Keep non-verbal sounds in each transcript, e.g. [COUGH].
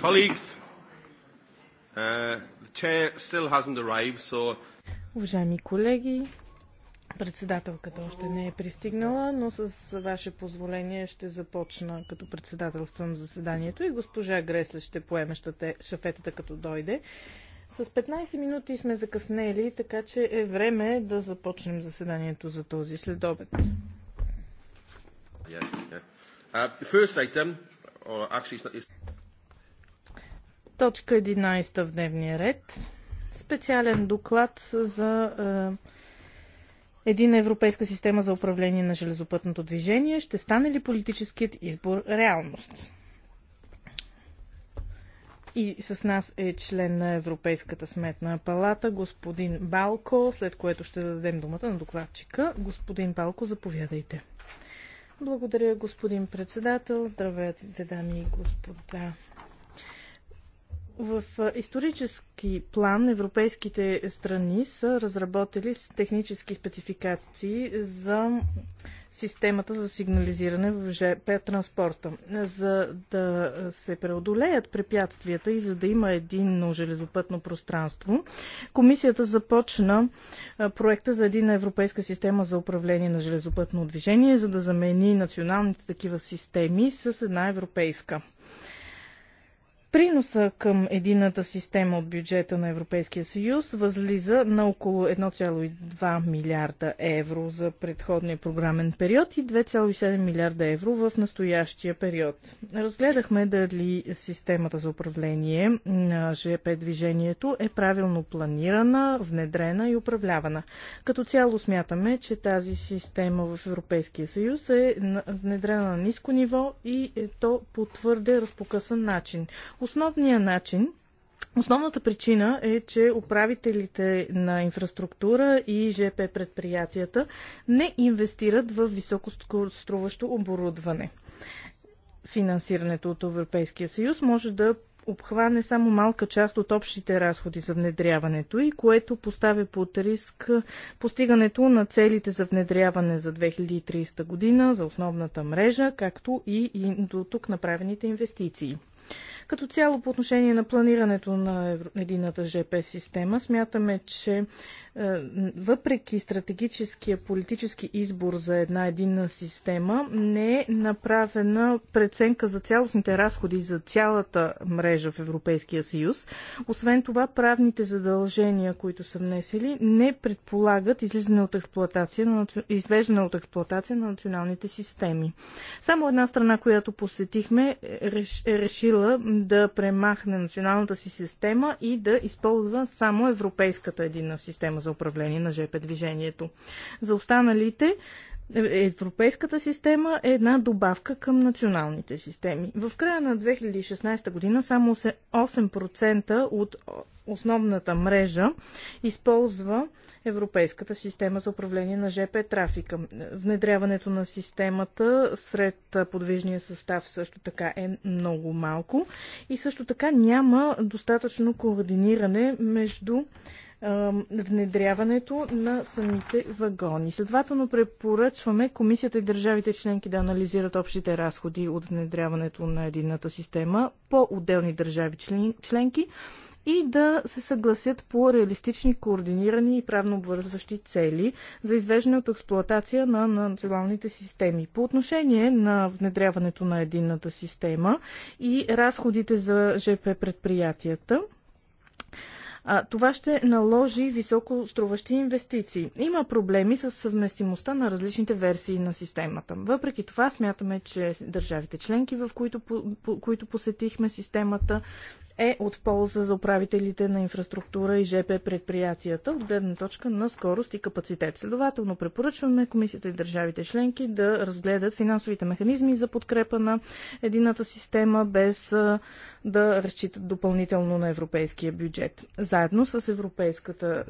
Colleagues, uh, the chair still hasn't arrived, so... Уважаеми колеги, председателката още не е пристигнала, но с ваше позволение ще започна като председателствам заседанието и госпожа Гресле ще поеме шафетата като дойде. С 15 минути сме закъснели, така че е време да започнем заседанието за този следобед. Yes, yeah. uh, Точка 11 в дневния ред. Специален доклад за е, един европейска система за управление на железопътното движение. Ще стане ли политическият избор реалност? И с нас е член на Европейската сметна палата, господин Балко, след което ще дадем думата на докладчика. Господин Балко, заповядайте. Благодаря, господин председател. Здравейте, дами и господа в исторически план европейските страни са разработили технически спецификации за системата за сигнализиране в ЖП транспорта. За да се преодолеят препятствията и за да има единно железопътно пространство, комисията започна проекта за една европейска система за управление на железопътно движение, за да замени националните такива системи с една европейска. Приноса към едината система от бюджета на Европейския съюз възлиза на около 1,2 милиарда евро за предходния програмен период и 2,7 милиарда евро в настоящия период. Разгледахме дали системата за управление на ЖП движението е правилно планирана, внедрена и управлявана. Като цяло смятаме, че тази система в Европейския съюз е внедрена на ниско ниво и е то по твърде разпокъсан начин. Основния начин Основната причина е, че управителите на инфраструктура и ЖП предприятията не инвестират в високоструващо оборудване. Финансирането от Европейския съюз може да обхване само малка част от общите разходи за внедряването и което поставя под риск постигането на целите за внедряване за 2030 година за основната мрежа, както и до тук направените инвестиции. Като цяло по отношение на планирането на едината ЖП система, смятаме, че е, въпреки стратегическия политически избор за една единна система, не е направена преценка за цялостните разходи за цялата мрежа в Европейския съюз. Освен това, правните задължения, които са внесели, не предполагат излизане от експлуатация на, извеждане от експлуатация на националните системи. Само една страна, която посетихме, е, е решила да премахне националната си система и да използва само европейската единна система за управление на ЖП движението. За останалите е, Европейската система е една добавка към националните системи. В края на 2016 година само 8% от основната мрежа използва Европейската система за управление на ЖП трафика. Внедряването на системата сред подвижния състав също така е много малко и също така няма достатъчно координиране между внедряването на самите вагони. Следователно препоръчваме комисията и държавите членки да анализират общите разходи от внедряването на единната система по отделни държави член, членки и да се съгласят по реалистични, координирани и правно обвързващи цели за извеждане от експлоатация на националните системи. По отношение на внедряването на единната система и разходите за ЖП предприятията, а, това ще наложи високо струващи инвестиции. Има проблеми с съвместимостта на различните версии на системата. Въпреки това смятаме, че държавите членки, в които, по, които посетихме системата, е от полза за управителите на инфраструктура и ЖП предприятията от гледна точка на скорост и капацитет. Следователно препоръчваме комисията и държавите членки да разгледат финансовите механизми за подкрепа на едината система без да разчитат допълнително на европейския бюджет. Заедно с Европейската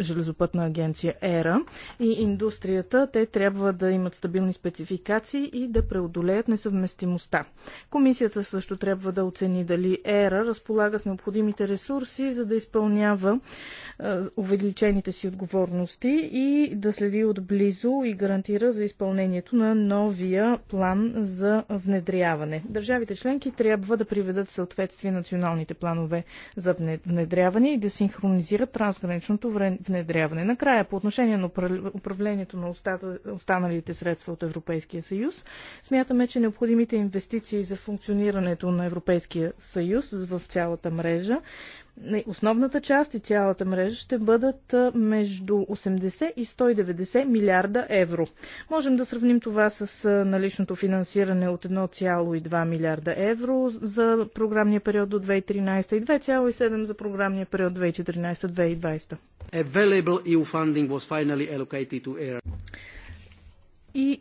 железопътна агенция ЕРА и индустрията, те трябва да имат стабилни спецификации и да преодолеят несъвместимостта. Комисията също трябва да оцени дали ЕРА разполага с необходимите ресурси, за да изпълнява е, увеличените си отговорности и да следи отблизо и гарантира за изпълнението на новия план за внедряване. Държавите членки трябва да приведат съответствие националните планове за внедряване и да синхронизират трансграничното внедряване. Накрая, по отношение на управлението на останалите средства от Европейския съюз, смятаме, че необходимите инвестиции за функционирането на Европейския съюз в цялата мрежа. Основната част и цялата мрежа ще бъдат между 80 и 190 милиарда евро. Можем да сравним това с наличното финансиране от 1,2 милиарда евро за програмния период до 2013 и 2,7 за програмния период 2014-2020. Available EU funding was finally allocated to air. И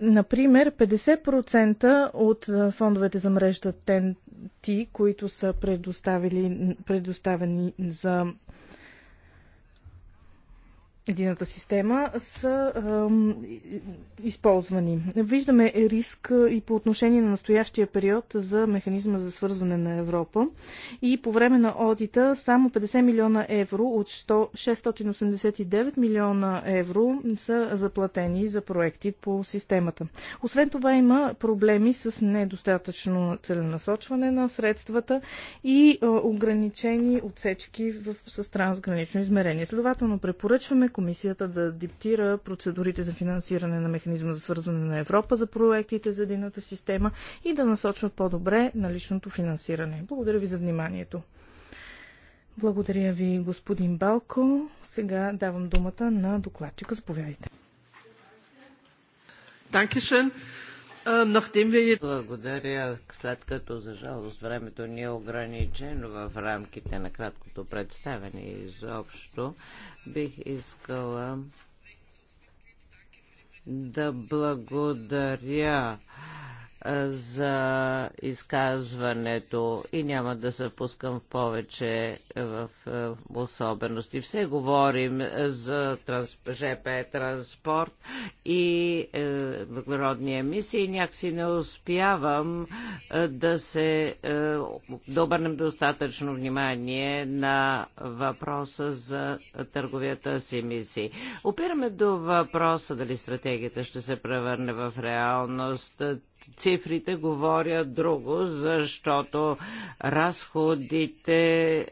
Например, 50% от фондовете за мрежата ти, които са предоставени за едината система са е, използвани. Виждаме риск и по отношение на настоящия период за механизма за свързване на Европа и по време на одита само 50 милиона евро от 689 милиона евро са заплатени за проекти по системата. Освен това има проблеми с недостатъчно целенасочване на средствата и е, ограничени отсечки в, с трансгранично измерение. Следователно препоръчваме комисията да диктира процедурите за финансиране на механизма за свързване на Европа за проектите за едината система и да насочва по-добре наличното финансиране. Благодаря ви за вниманието. Благодаря ви, господин Балко. Сега давам думата на докладчика. Заповядайте. Благодаря, след като за жалост времето ни е ограничено в рамките на краткото представяне изобщо, бих искала да благодаря за изказването и няма да се впускам в повече в особености. Все говорим за ЖП транспорт и е, въглеродни емисии. Някакси не успявам е, да се е, да обърнем достатъчно внимание на въпроса за търговията с емисии. Опираме до въпроса дали стратегията ще се превърне в реалност цифрите говорят друго, защото разходите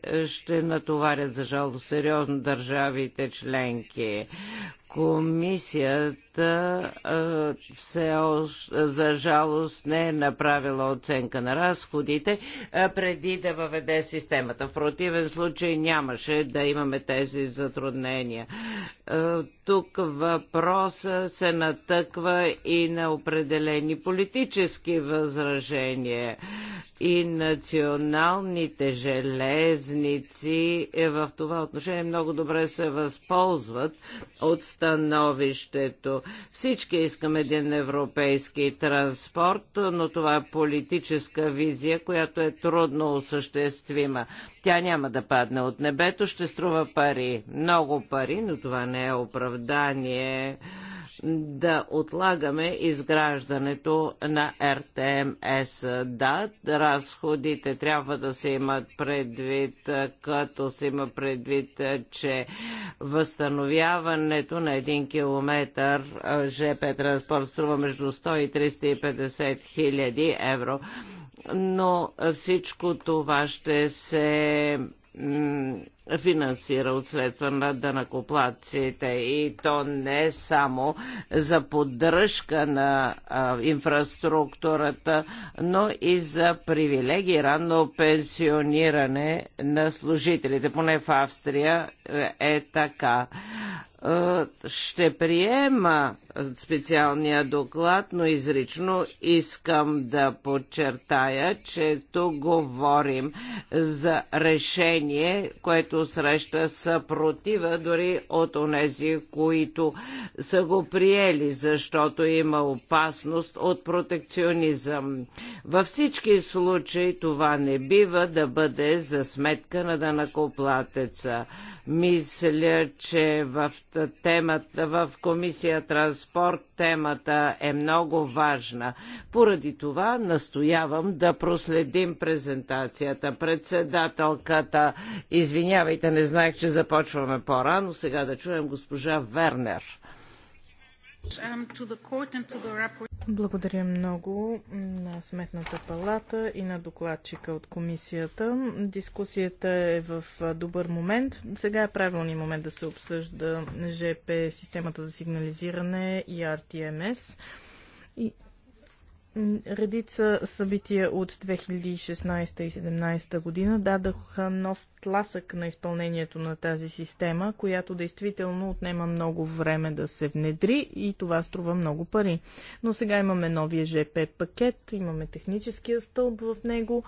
е, ще натоварят за жало сериозно държавите членки. Комисията все още, за жалост, не е направила оценка на разходите преди да въведе системата. В противен случай нямаше да имаме тези затруднения. Тук въпроса се натъква и на определени политически възражения. И националните железници е, в това отношение много добре се възползват от становището. Всички искаме един европейски транспорт, но това е политическа визия, която е трудно осъществима. Тя няма да падне от небето, ще струва пари. Много пари, но това не е оправдание да отлагаме изграждането на РТМС. Да, разходите трябва да се имат предвид, като се има предвид, че възстановяването на един километр ЖП транспорт струва между 100 и 350 хиляди евро но всичко това ще се финансира от средства на данакоплаците и то не само за поддръжка на инфраструктурата, но и за привилегирано пенсиониране на служителите. Поне в Австрия е така. Е, ще приема специалния доклад, но изрично искам да подчертая, че тук говорим за решение, което среща съпротива дори от онези, които са го приели, защото има опасност от протекционизъм. Във всички случаи това не бива да бъде за сметка на данакоплатеца. Мисля, че в темата в комисия транспорт темата е много важна. Поради това настоявам да проследим презентацията. Председателката, извинявайте, не знаех, че започваме по-рано. Сега да чуем госпожа Вернер. Благодаря много на Сметната палата и на докладчика от комисията. Дискусията е в добър момент. Сега е правилният момент да се обсъжда ЖП, системата за сигнализиране и RTMS. И Редица събития от 2016 и 2017 година дадаха нов тласък на изпълнението на тази система, която действително отнема много време да се внедри и това струва много пари. Но сега имаме новия ЖП пакет, имаме техническия стълб в него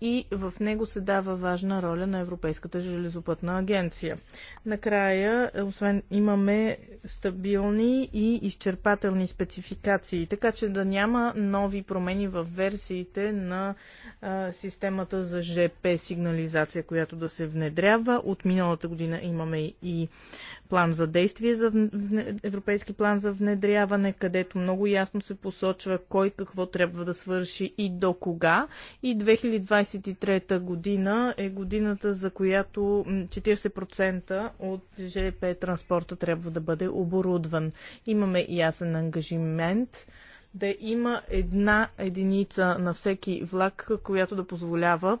и в него се дава важна роля на Европейската железопътна агенция. Накрая, освен имаме стабилни и изчерпателни спецификации, така че да няма нови промени в версиите на а, системата за ЖП сигнализация, която да се внедрява. От миналата година имаме и план за действие, за европейски план за внедряване, където много ясно се посочва кой какво трябва да свърши и до кога. И 2023 година е годината, за която 40% от ЖП транспорта трябва да бъде оборудван. Имаме ясен ангажимент да има една единица на всеки влак, която да позволява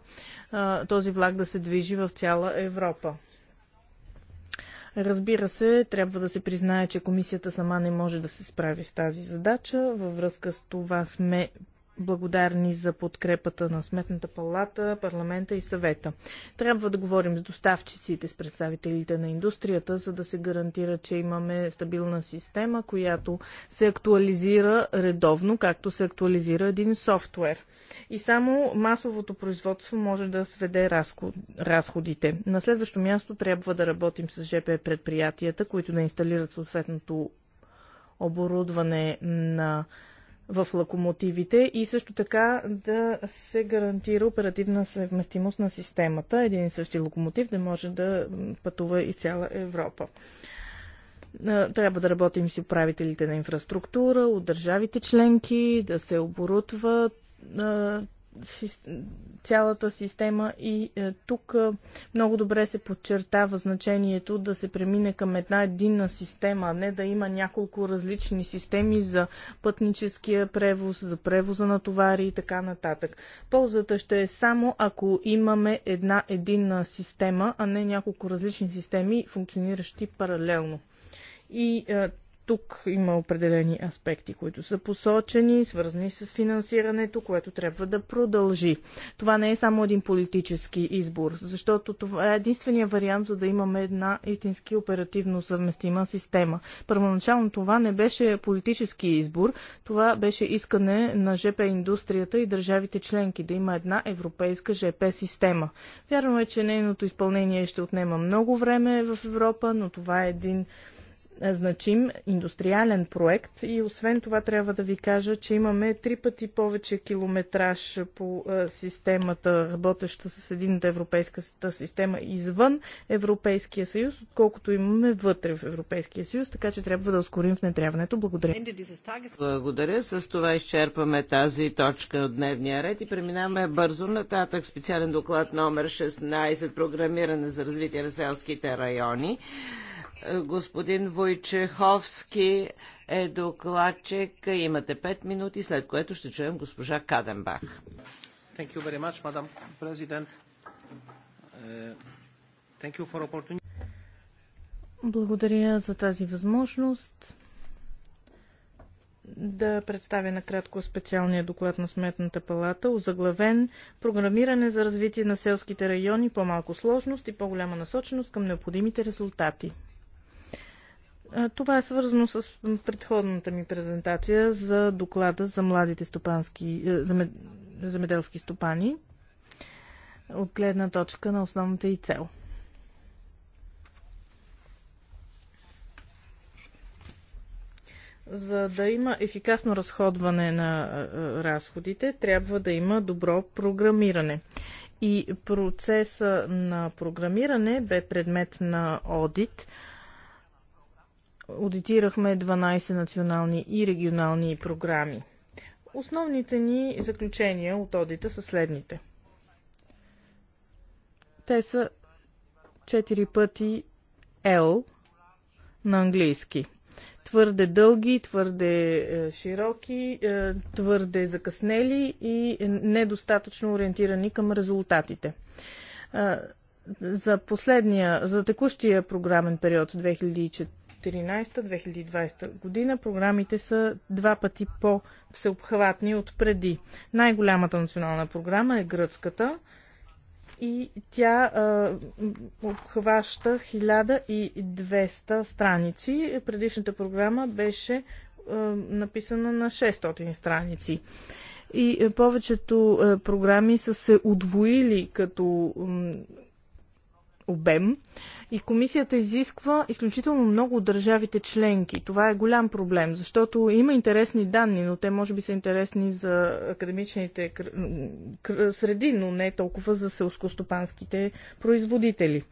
а, този влак да се движи в цяла Европа. Разбира се, трябва да се признае, че комисията сама не може да се справи с тази задача. Във връзка с това сме благодарни за подкрепата на Сметната палата, парламента и съвета. Трябва да говорим с доставчиците, с представителите на индустрията, за да се гарантира, че имаме стабилна система, която се актуализира редовно, както се актуализира един софтуер. И само масовото производство може да сведе разходите. На следващо място трябва да работим с ЖП предприятията, които да инсталират съответното оборудване на в локомотивите и също така да се гарантира оперативна съвместимост на системата. Един и същи локомотив да може да пътува и цяла Европа. Трябва да работим с управителите на инфраструктура, от държавите членки, да се оборудва цялата система и е, тук е, много добре се подчертава значението да се премине към една единна система, а не да има няколко различни системи за пътническия превоз, за превоза на товари и така нататък. Ползата ще е само ако имаме една единна система, а не няколко различни системи, функциониращи паралелно. И е, тук има определени аспекти, които са посочени, свързани с финансирането, което трябва да продължи. Това не е само един политически избор, защото това е единствения вариант, за да имаме една истински оперативно съвместима система. Първоначално това не беше политически избор, това беше искане на ЖП индустрията и държавите членки да има една европейска ЖП система. Вярно е, че нейното изпълнение ще отнема много време в Европа, но това е един значим индустриален проект и освен това трябва да ви кажа, че имаме три пъти повече километраж по системата, работеща с едината европейската система извън Европейския съюз, отколкото имаме вътре в Европейския съюз, така че трябва да ускорим внедряването. Благодаря. Благодаря. С това изчерпаме тази точка от дневния ред и преминаваме бързо нататък. Специален доклад номер 16 програмиране за развитие на селските райони. Господин Войчеховски е докладчик. Имате 5 минути, след което ще чуем госпожа Каденбах. Thank you very much, Madam President. Е, thank you for opportunity. Благодаря за тази възможност да представя накратко специалния доклад на Сметната палата, озаглавен Програмиране за развитие на селските райони, по-малко сложност и по-голяма насоченост към необходимите резултати. Това е свързано с предходната ми презентация за доклада за младите стопански, е, земеделски стопани от гледна точка на основната и цел. За да има ефикасно разходване на е, е, разходите, трябва да има добро програмиране. И процеса на програмиране бе предмет на одит – Аудитирахме 12 национални и регионални програми. Основните ни заключения от одита са следните. Те са 4 пъти L на английски. Твърде дълги, твърде е, широки, е, твърде закъснели и недостатъчно ориентирани към резултатите. Е, за последния, за текущия програмен период 2014-2020 година програмите са два пъти по-всеобхватни от преди. Най-голямата национална програма е гръцката и тя а, обхваща 1200 страници. Предишната програма беше а, написана на 600 страници и повечето програми са се удвоили като обем и комисията изисква изключително много от държавите членки. Това е голям проблем, защото има интересни данни, но те може би са интересни за академичните среди, но не толкова за селскостопанските производители.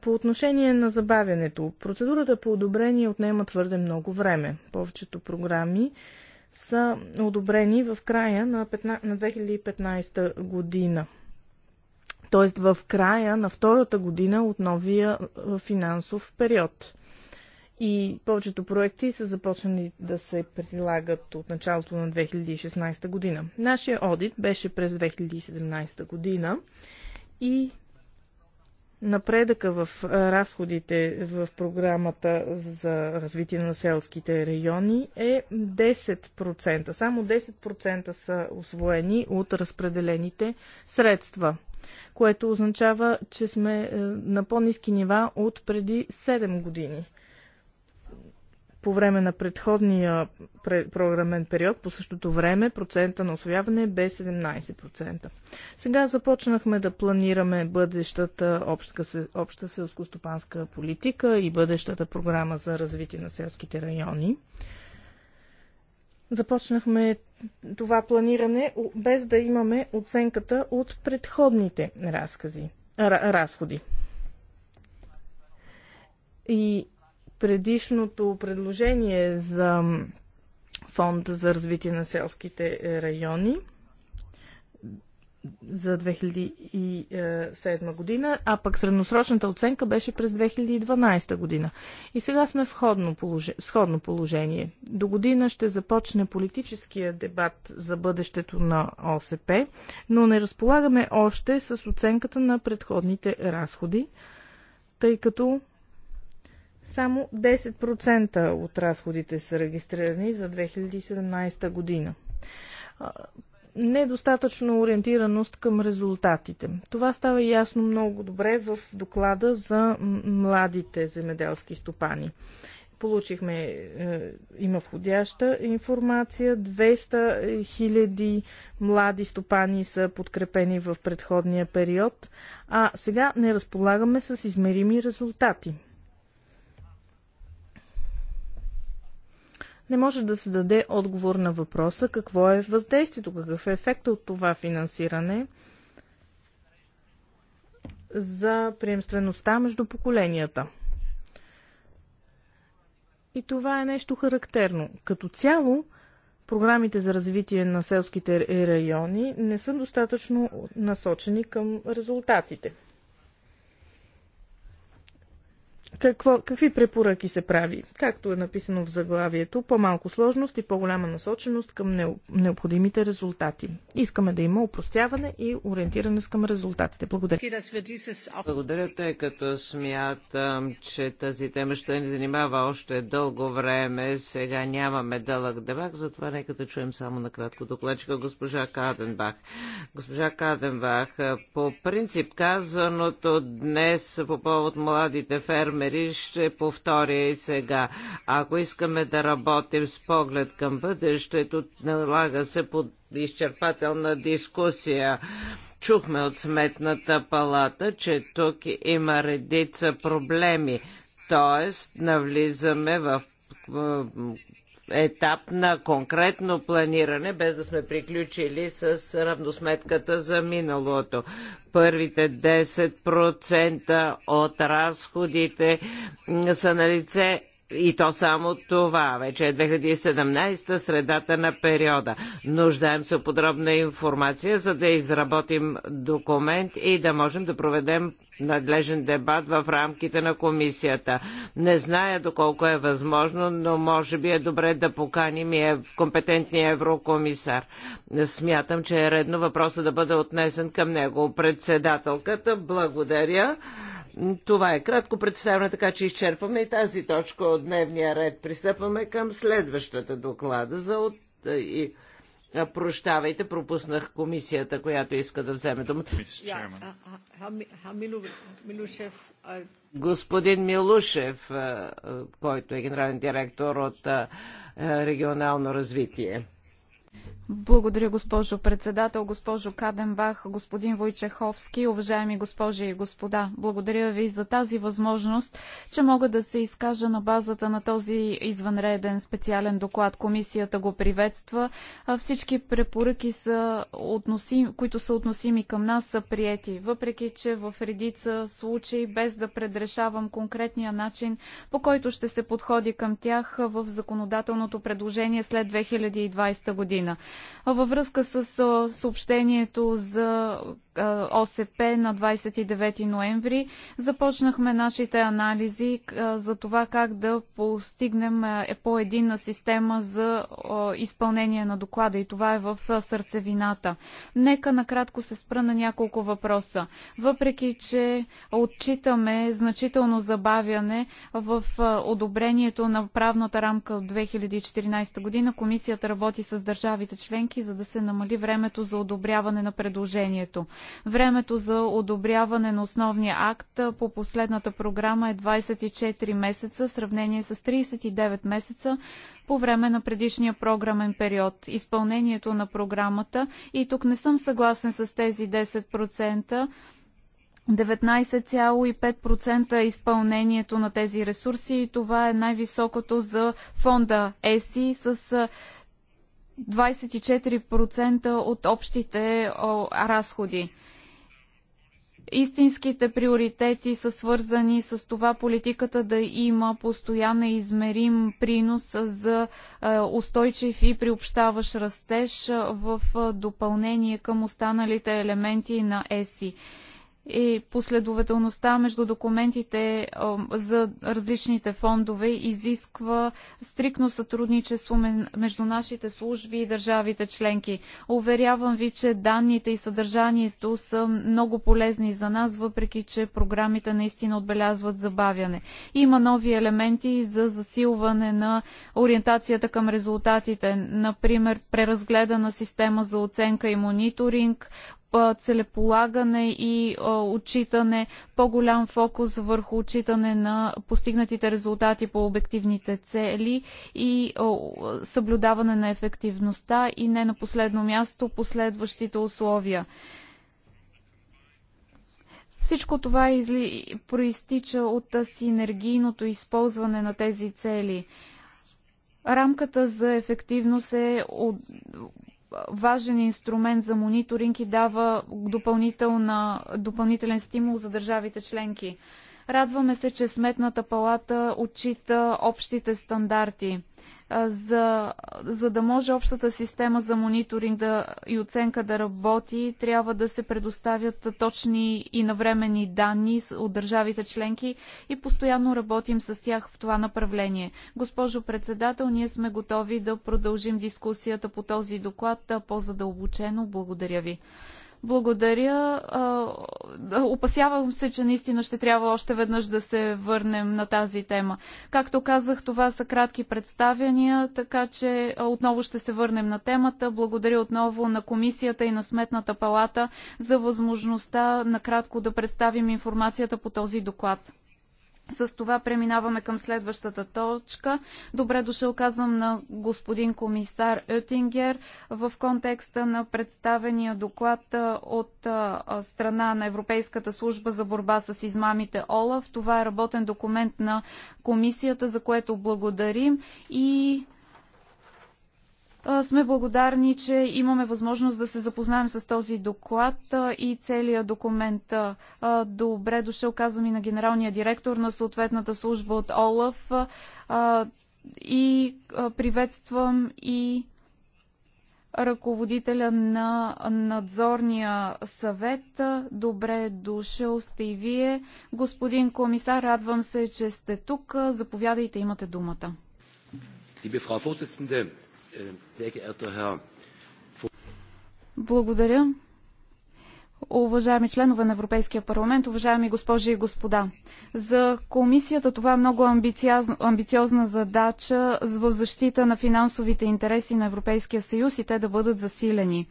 По отношение на забавянето, процедурата по одобрение отнема твърде много време. Повечето програми са одобрени в края на 2015 година т.е. в края на втората година от новия финансов период. И повечето проекти са започнали да се прилагат от началото на 2016 година. Нашия одит беше през 2017 година и напредъка в разходите в програмата за развитие на селските райони е 10%. Само 10% са освоени от разпределените средства което означава, че сме е, на по-низки нива от преди 7 години. По време на предходния програмен период, по същото време, процента на освояване бе 17%. Сега започнахме да планираме бъдещата обща, обща селско-стопанска политика и бъдещата програма за развитие на селските райони. Започнахме това планиране без да имаме оценката от предходните разкази, разходи. И предишното предложение за фонд за развитие на селските райони – за 2007 година, а пък средносрочната оценка беше през 2012 година. И сега сме в ходно положение, сходно положение. До година ще започне политическия дебат за бъдещето на ОСП, но не разполагаме още с оценката на предходните разходи, тъй като само 10% от разходите са регистрирани за 2017 година недостатъчно ориентираност към резултатите. Това става ясно много добре в доклада за младите земеделски стопани. Получихме, е, има входяща информация, 200 хиляди млади стопани са подкрепени в предходния период, а сега не разполагаме с измерими резултати. не може да се даде отговор на въпроса какво е въздействието, какъв е ефекта от това финансиране за приемствеността между поколенията. И това е нещо характерно. Като цяло, програмите за развитие на селските райони не са достатъчно насочени към резултатите. Какво, какви препоръки се прави? Както е написано в заглавието, по-малко сложност и по-голяма насоченост към необходимите резултати. Искаме да има упростяване и ориентиране към резултатите. Благодаря. Благодаря, тъй като смятам, че тази тема ще ни занимава още дълго време. Сега нямаме дълъг дебак, затова нека да чуем само накратко докладчика госпожа Каденбах. Госпожа Каденбах, по принцип казаното днес по повод младите ферми примери ще повторя и сега. Ако искаме да работим с поглед към бъдещето, налага се под изчерпателна дискусия. Чухме от Сметната палата, че тук има редица проблеми, т.е. навлизаме в етап на конкретно планиране, без да сме приключили с равносметката за миналото. Първите 10% от разходите са на лице и то само това. Вече е 2017 средата на периода. Нуждаем се подробна информация, за да изработим документ и да можем да проведем надлежен дебат в рамките на комисията. Не зная доколко е възможно, но може би е добре да поканим и компетентния еврокомисар. Смятам, че е редно въпросът да бъде отнесен към него. Председателката, благодаря. Това е кратко представяне, така че изчерпваме и тази точка от дневния ред. Пристъпваме към следващата доклада за от... Е, и... Е, прощавайте, пропуснах комисията, която иска да вземе думата. Господин Милушев, е, който е генерален директор от регионално развитие. Благодаря, госпожо председател, госпожо Каденбах, господин Войчеховски, уважаеми госпожи и господа. Благодаря ви за тази възможност, че мога да се изкажа на базата на този извънреден специален доклад. Комисията го приветства. Всички препоръки, са относим, които са относими към нас, са приети. Въпреки, че в редица случаи, без да предрешавам конкретния начин, по който ще се подходи към тях в законодателното предложение след 2020 година във връзка с съобщението за ОСП на 29 ноември започнахме нашите анализи за това как да постигнем е по-единна система за изпълнение на доклада и това е в сърцевината. Нека накратко се спра на няколко въпроса. Въпреки, че отчитаме значително забавяне в одобрението на правната рамка от 2014 година, комисията работи с държавите член членки, за да се намали времето за одобряване на предложението. Времето за одобряване на основния акт по последната програма е 24 месеца, в сравнение с 39 месеца по време на предишния програмен период. Изпълнението на програмата и тук не съм съгласен с тези 10%. 19,5% е изпълнението на тези ресурси и това е най-високото за фонда ЕСИ с 24% от общите разходи. Истинските приоритети са свързани с това политиката да има постоянно измерим принос за е, устойчив и приобщаващ растеж в е, допълнение към останалите елементи на ЕСИ и е последователността между документите за различните фондове изисква стрикно сътрудничество между нашите служби и държавите членки. Уверявам ви, че данните и съдържанието са много полезни за нас, въпреки че програмите наистина отбелязват забавяне. Има нови елементи за засилване на ориентацията към резултатите, например преразгледана система за оценка и мониторинг, целеполагане и отчитане, по-голям фокус върху отчитане на постигнатите резултати по обективните цели и съблюдаване на ефективността и не на последно място последващите условия. Всичко това изли... проистича от синергийното използване на тези цели. Рамката за ефективност е важен инструмент за мониторинг и дава допълнителен стимул за държавите членки. Радваме се, че Сметната палата отчита общите стандарти за, за да може общата система за мониторинг да, и оценка да работи, трябва да се предоставят точни и навремени данни от държавите членки и постоянно работим с тях в това направление. Госпожо председател, ние сме готови да продължим дискусията по този доклад по-задълбочено. Благодаря ви. Благодаря. Опасявам се, че наистина ще трябва още веднъж да се върнем на тази тема. Както казах, това са кратки представяния, така че отново ще се върнем на темата. Благодаря отново на комисията и на Сметната палата за възможността накратко да представим информацията по този доклад. С това преминаваме към следващата точка. Добре дошъл казвам на господин комисар Оетингер в контекста на представения доклад от страна на Европейската служба за борба с измамите ОЛАВ. Това е работен документ на комисията, за което благодарим и сме благодарни, че имаме възможност да се запознаем с този доклад и целият документ. Добре дошъл, казвам и на генералния директор на съответната служба от ОЛАФ и приветствам и ръководителя на надзорния съвет. Добре дошъл сте и вие. Господин комисар, радвам се, че сте тук. Заповядайте, имате думата. Liebe Frau Vorsitzende, благодаря. Уважаеми членове на Европейския парламент, уважаеми госпожи и господа, за комисията това е много амбициозна, задача за защита на финансовите интереси на Европейския съюз и те да бъдат засилени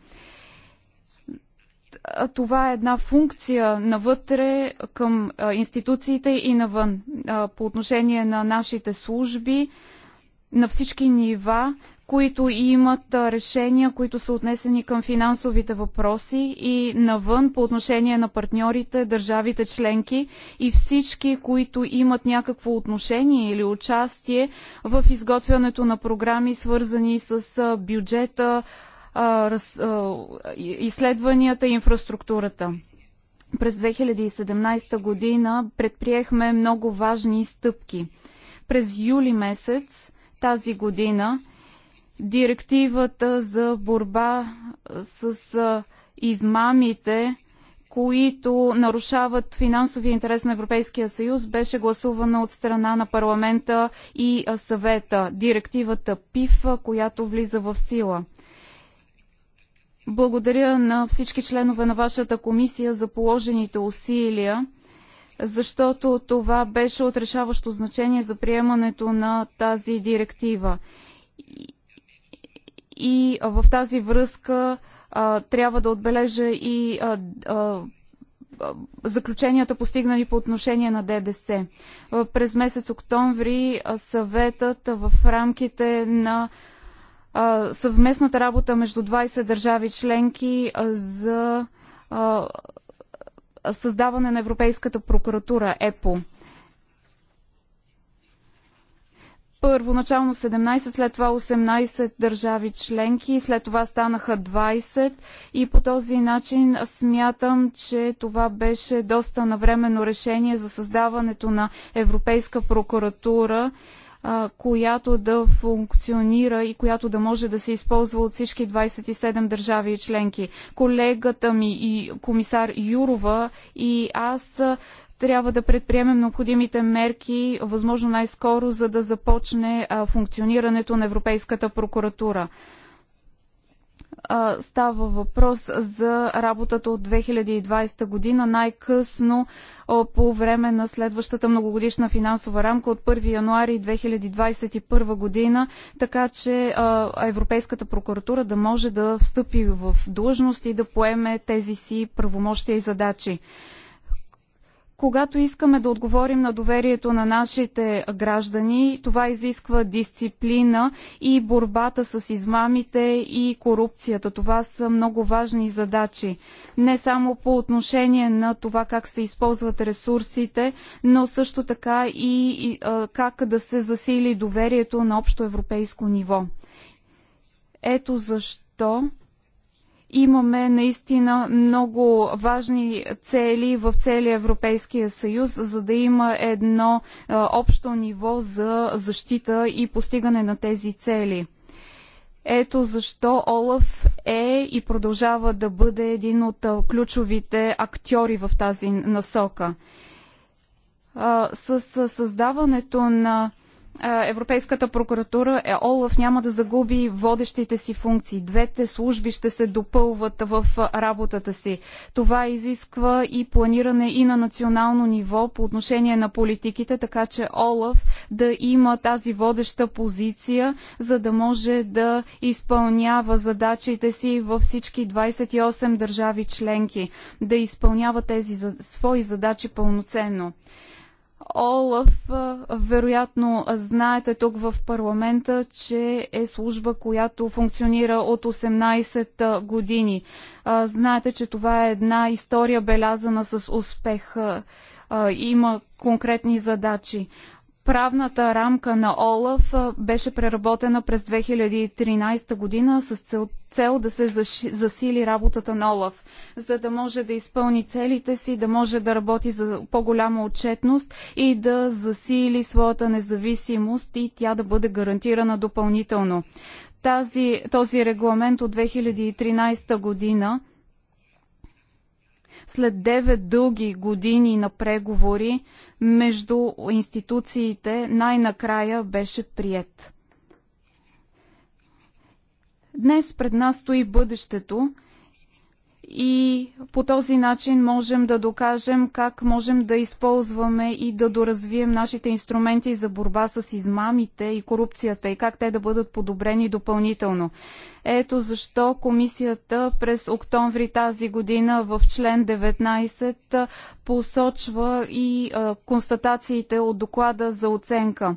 това е една функция навътре към институциите и навън по отношение на нашите служби на всички нива които имат решения, които са отнесени към финансовите въпроси и навън по отношение на партньорите, държавите членки и всички, които имат някакво отношение или участие в изготвянето на програми, свързани с бюджета, изследванията и инфраструктурата. През 2017 година предприехме много важни стъпки. През юли месец тази година директивата за борба с измамите, които нарушават финансовия интерес на Европейския съюз, беше гласувана от страна на парламента и съвета. Директивата ПИФ, която влиза в сила. Благодаря на всички членове на вашата комисия за положените усилия, защото това беше отрешаващо значение за приемането на тази директива. И в тази връзка трябва да отбележа и заключенията постигнали по отношение на ДДС. През месец октомври съветът в рамките на съвместната работа между 20 държави членки за създаване на Европейската прокуратура ЕПО. първоначално 17, след това 18 държави членки, след това станаха 20 и по този начин смятам, че това беше доста навременно решение за създаването на Европейска прокуратура, която да функционира и която да може да се използва от всички 27 държави и членки. Колегата ми и комисар Юрова и аз трябва да предприемем необходимите мерки, възможно най-скоро, за да започне функционирането на Европейската прокуратура става въпрос за работата от 2020 година, най-късно по време на следващата многогодишна финансова рамка от 1 януари 2021 година, така че Европейската прокуратура да може да встъпи в длъжност и да поеме тези си правомощия и задачи. Когато искаме да отговорим на доверието на нашите граждани, това изисква дисциплина и борбата с измамите и корупцията. Това са много важни задачи. Не само по отношение на това как се използват ресурсите, но също така и как да се засили доверието на общо европейско ниво. Ето защо Имаме наистина много важни цели в целия Европейския съюз, за да има едно общо ниво за защита и постигане на тези цели. Ето защо Олаф е и продължава да бъде един от ключовите актьори в тази насока. С създаването на Европейската прокуратура, е Олаф няма да загуби водещите си функции. Двете служби ще се допълват в работата си. Това изисква и планиране и на национално ниво по отношение на политиките, така че Олаф да има тази водеща позиция, за да може да изпълнява задачите си във всички 28 държави членки, да изпълнява тези свои задачи пълноценно. Олаф, вероятно знаете тук в парламента, че е служба, която функционира от 18 години. Знаете, че това е една история белязана с успех. Има конкретни задачи. Правната рамка на ОЛАФ беше преработена през 2013 година с цел, цел да се засили работата на ОЛАФ, за да може да изпълни целите си, да може да работи за по-голяма отчетност и да засили своята независимост и тя да бъде гарантирана допълнително. Тази, този регламент от 2013 година след 9 дълги години на преговори между институциите най-накрая беше прият. Днес пред нас стои бъдещето и по този начин можем да докажем как можем да използваме и да доразвием нашите инструменти за борба с измамите и корупцията и как те да бъдат подобрени допълнително. Ето защо комисията през октомври тази година в член 19 посочва и констатациите от доклада за оценка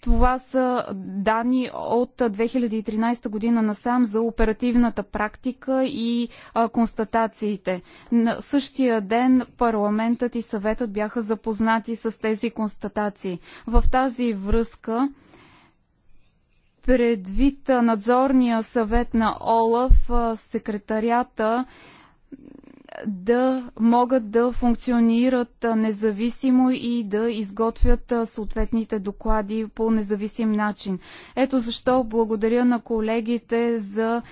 това са данни от 2013 година насам за оперативната практика и а, констатациите. На същия ден парламентът и съветът бяха запознати с тези констатации. В тази връзка предвид надзорния съвет на ОЛАФ, секретарята да могат да функционират независимо и да изготвят съответните доклади по независим начин. Ето защо благодаря на колегите за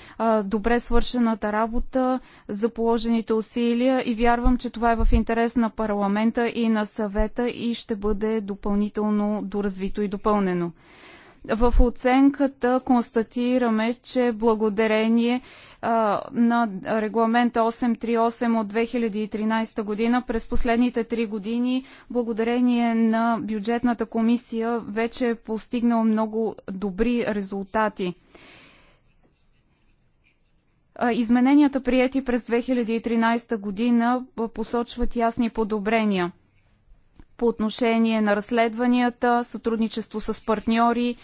добре свършената работа, за положените усилия и вярвам, че това е в интерес на парламента и на съвета и ще бъде допълнително доразвито и допълнено. В оценката констатираме, че благодарение на регламент 838 от 2013 година през последните три години, благодарение на бюджетната комисия, вече е постигнал много добри резултати. Измененията, прияти през 2013 година, посочват ясни подобрения – по отношение на разследванията, сътрудничество с партньори,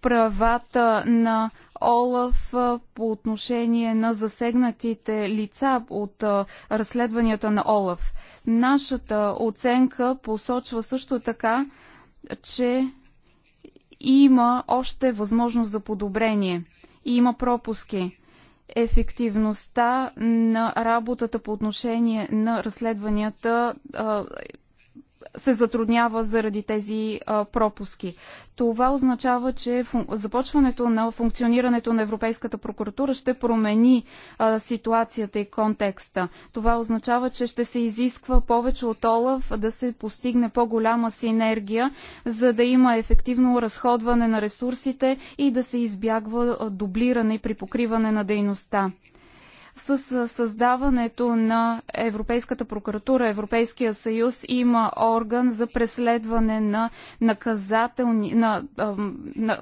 правата на Олаф по отношение на засегнатите лица от разследванията на Олаф. Нашата оценка посочва също така, че има още възможност за подобрение и има пропуски. Ефективността на работата по отношение на разследванията се затруднява заради тези а, пропуски. Това означава, че започването на функционирането на Европейската прокуратура ще промени а, ситуацията и контекста. Това означава, че ще се изисква повече от Олаф да се постигне по-голяма синергия, за да има ефективно разходване на ресурсите и да се избягва дублиране при покриване на дейността. С създаването на Европейската прокуратура, Европейския съюз има орган за преследване на наказателни, на, на, на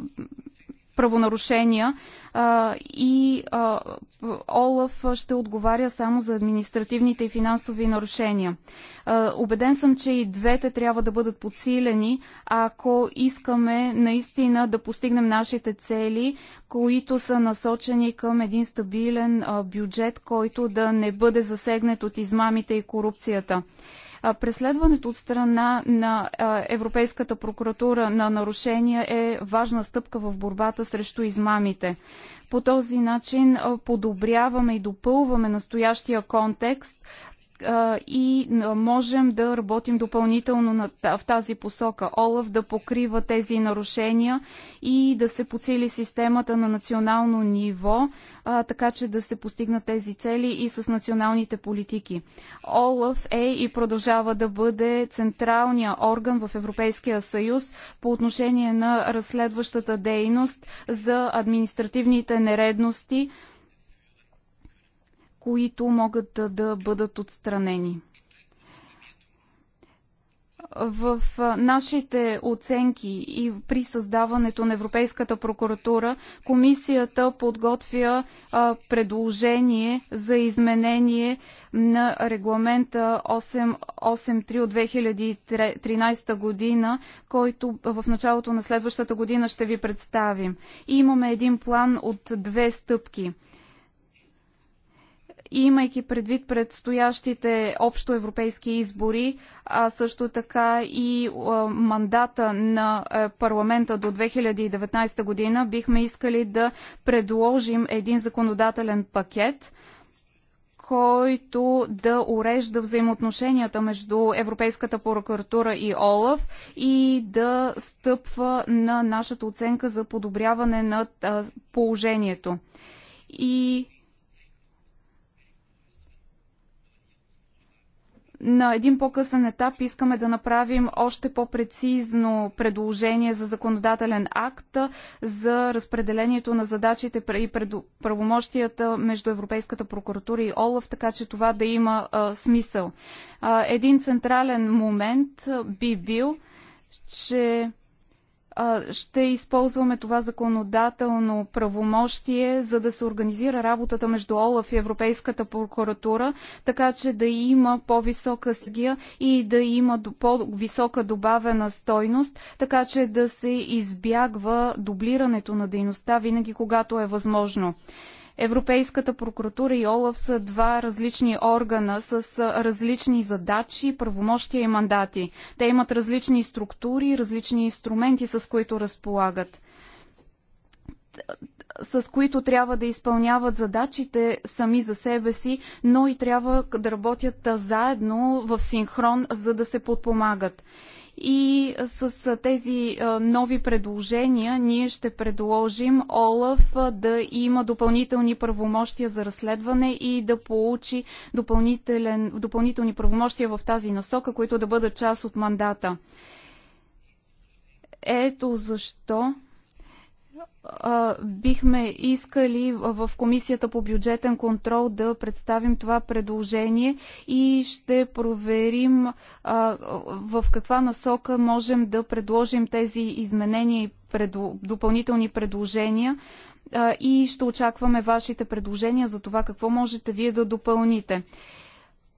правонарушения а, и а, Олаф ще отговаря само за административните и финансови нарушения. А, убеден съм, че и двете трябва да бъдат подсилени, ако искаме наистина да постигнем нашите цели, които са насочени към един стабилен а, бюджет, който да не бъде засегнат от измамите и корупцията. Преследването от страна на Европейската прокуратура на нарушения е важна стъпка в борбата срещу измамите. По този начин подобряваме и допълваме настоящия контекст и можем да работим допълнително в тази посока. Олаф да покрива тези нарушения и да се подсили системата на национално ниво, така че да се постигнат тези цели и с националните политики. Олаф е и продължава да бъде централния орган в Европейския съюз по отношение на разследващата дейност за административните нередности, които могат да бъдат отстранени. В нашите оценки и при създаването на Европейската прокуратура, комисията подготвя предложение за изменение на регламента 883 от 2013 година, който в началото на следващата година ще ви представим. И имаме един план от две стъпки – и имайки предвид предстоящите общо европейски избори, а също така и мандата на парламента до 2019 година, бихме искали да предложим един законодателен пакет, който да урежда взаимоотношенията между Европейската прокуратура и ОЛАФ и да стъпва на нашата оценка за подобряване на положението. И на един по-късен етап искаме да направим още по-прецизно предложение за законодателен акт за разпределението на задачите и правомощията между Европейската прокуратура и ОЛАФ, така че това да има а, смисъл. А, един централен момент би бил, че ще използваме това законодателно правомощие, за да се организира работата между ОЛАФ и Европейската прокуратура, така че да има по-висока сигия и да има по-висока добавена стойност, така че да се избягва дублирането на дейността винаги, когато е възможно. Европейската прокуратура и ОЛАФ са два различни органа с различни задачи, правомощия и мандати. Те имат различни структури, различни инструменти, с които разполагат с които трябва да изпълняват задачите сами за себе си, но и трябва да работят заедно в синхрон, за да се подпомагат и с тези нови предложения ние ще предложим ОЛАФ да има допълнителни правомощия за разследване и да получи допълнителни правомощия в тази насока, които да бъдат част от мандата. Ето защо бихме искали в Комисията по бюджетен контрол да представим това предложение и ще проверим в каква насока можем да предложим тези изменения и допълнителни предложения и ще очакваме вашите предложения за това какво можете вие да допълните.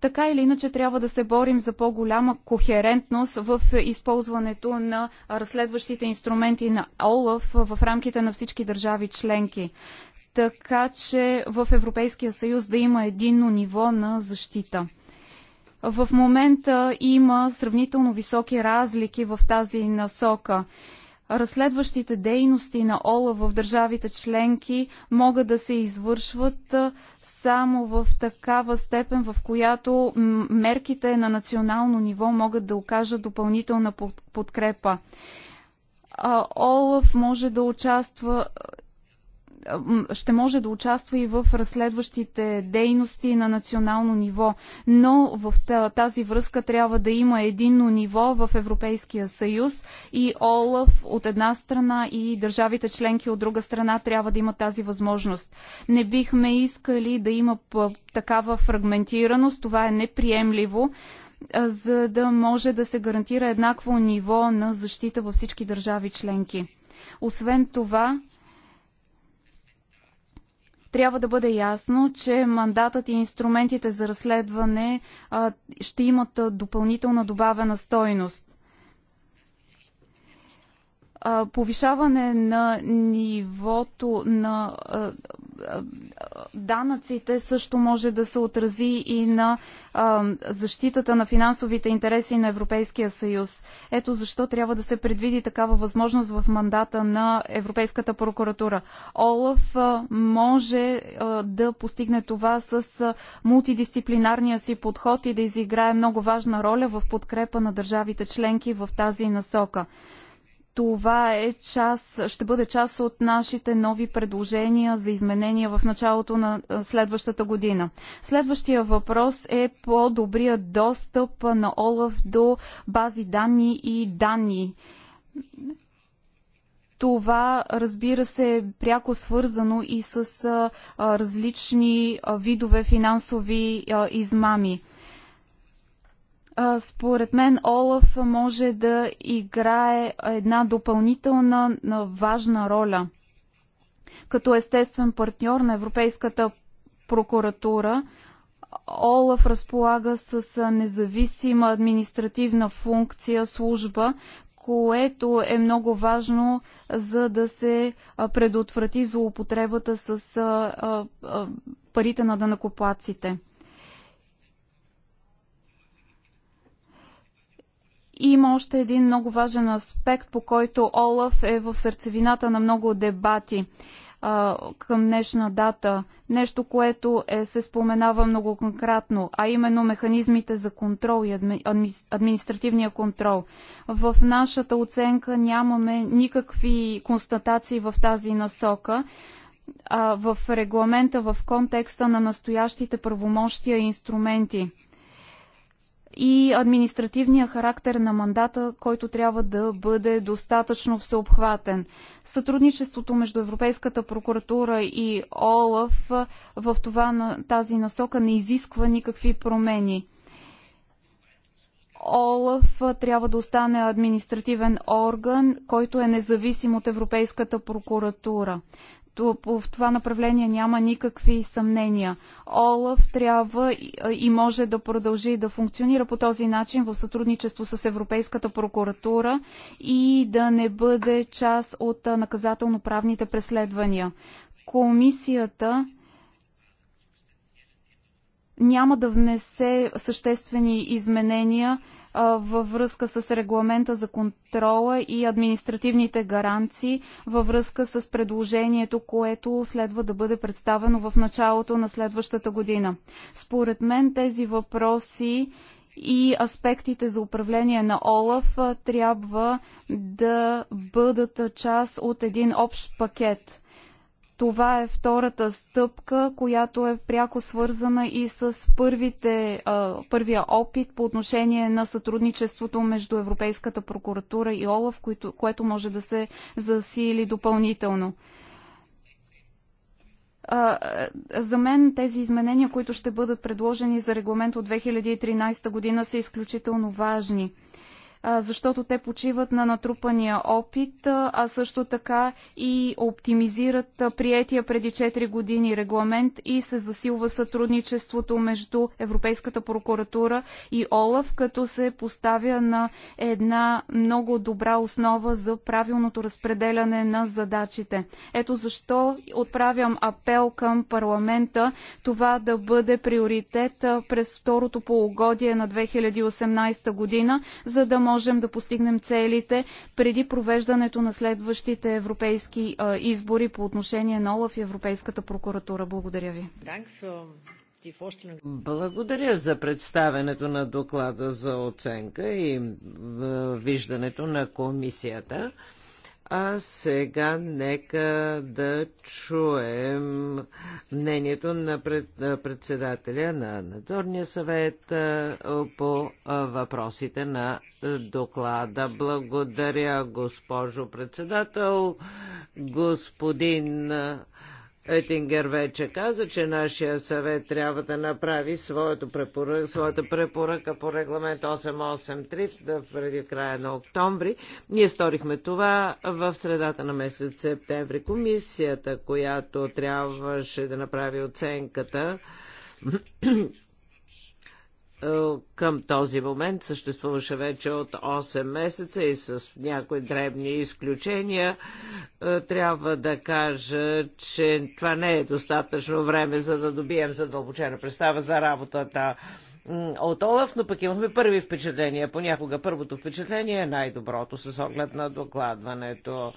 Така или иначе трябва да се борим за по-голяма кохерентност в използването на разследващите инструменти на ОЛАФ в рамките на всички държави членки така че в Европейския съюз да има единно ниво на защита. В момента има сравнително високи разлики в тази насока разследващите дейности на ОЛА в държавите членки могат да се извършват само в такава степен, в която мерките на национално ниво могат да окажат допълнителна подкрепа. ОЛАФ може да участва ще може да участва и в разследващите дейности на национално ниво. Но в тази връзка трябва да има единно ниво в Европейския съюз и ОЛАФ от една страна и държавите членки от друга страна трябва да имат тази възможност. Не бихме искали да има такава фрагментираност. Това е неприемливо за да може да се гарантира еднакво ниво на защита във всички държави членки. Освен това, трябва да бъде ясно, че мандатът и инструментите за разследване ще имат допълнителна добавена стойност повишаване на нивото на данъците също може да се отрази и на защитата на финансовите интереси на Европейския съюз. Ето защо трябва да се предвиди такава възможност в мандата на Европейската прокуратура. Олаф може да постигне това с мултидисциплинарния си подход и да изиграе много важна роля в подкрепа на държавите членки в тази насока това е част, ще бъде част от нашите нови предложения за изменения в началото на следващата година. Следващия въпрос е по-добрия достъп на ОЛАФ до бази данни и данни. Това, разбира се, е пряко свързано и с различни видове финансови измами според мен Олаф може да играе една допълнителна важна роля като естествен партньор на Европейската прокуратура. Олаф разполага с независима административна функция, служба, което е много важно, за да се предотврати злоупотребата с парите на данакоплаците. Има още един много важен аспект, по който Олаф е в сърцевината на много дебати а, към днешна дата. Нещо, което е, се споменава многократно, а именно механизмите за контрол и адми, адми, административния контрол. В нашата оценка нямаме никакви констатации в тази насока а, в регламента в контекста на настоящите правомощия и инструменти и административния характер на мандата, който трябва да бъде достатъчно всеобхватен. Сътрудничеството между Европейската прокуратура и ОЛАФ в това, на тази насока не изисква никакви промени. ОЛАФ трябва да остане административен орган, който е независим от Европейската прокуратура по това направление няма никакви съмнения. Олаф трябва и може да продължи да функционира по този начин в сътрудничество с Европейската прокуратура и да не бъде част от наказателно-правните преследвания. Комисията няма да внесе съществени изменения във връзка с регламента за контрола и административните гаранции във връзка с предложението, което следва да бъде представено в началото на следващата година. Според мен тези въпроси и аспектите за управление на ОЛАФ трябва да бъдат част от един общ пакет. Това е втората стъпка, която е пряко свързана и с първите, първия опит по отношение на сътрудничеството между Европейската прокуратура и ОЛАФ, което, което може да се засили допълнително. За мен тези изменения, които ще бъдат предложени за регламент от 2013 година, са изключително важни защото те почиват на натрупания опит, а също така и оптимизират приетия преди 4 години регламент и се засилва сътрудничеството между Европейската прокуратура и ОЛАФ, като се поставя на една много добра основа за правилното разпределяне на задачите. Ето защо отправям апел към парламента това да бъде приоритет през второто полугодие на 2018 година, за да може можем да постигнем целите преди провеждането на следващите европейски избори по отношение на ОЛАФ и Европейската прокуратура. Благодаря ви. Благодаря за представенето на доклада за оценка и виждането на комисията. А сега нека да чуем мнението на пред, председателя на надзорния съвет по въпросите на доклада. Благодаря, госпожо председател, господин Етингер вече каза, че нашия съвет трябва да направи своята препоръка, своята препоръка по регламент 883 да преди края на октомври. Ние сторихме това в средата на месец септември. Комисията, която трябваше да направи оценката е, към този момент съществуваше вече от 8 месеца и с някои дребни изключения. Е, трябва да кажа, че това не е достатъчно време, за да добием задълбочена представа за работата от Олаф, но пък имахме първи впечатления. Понякога първото впечатление е най-доброто с оглед на докладването.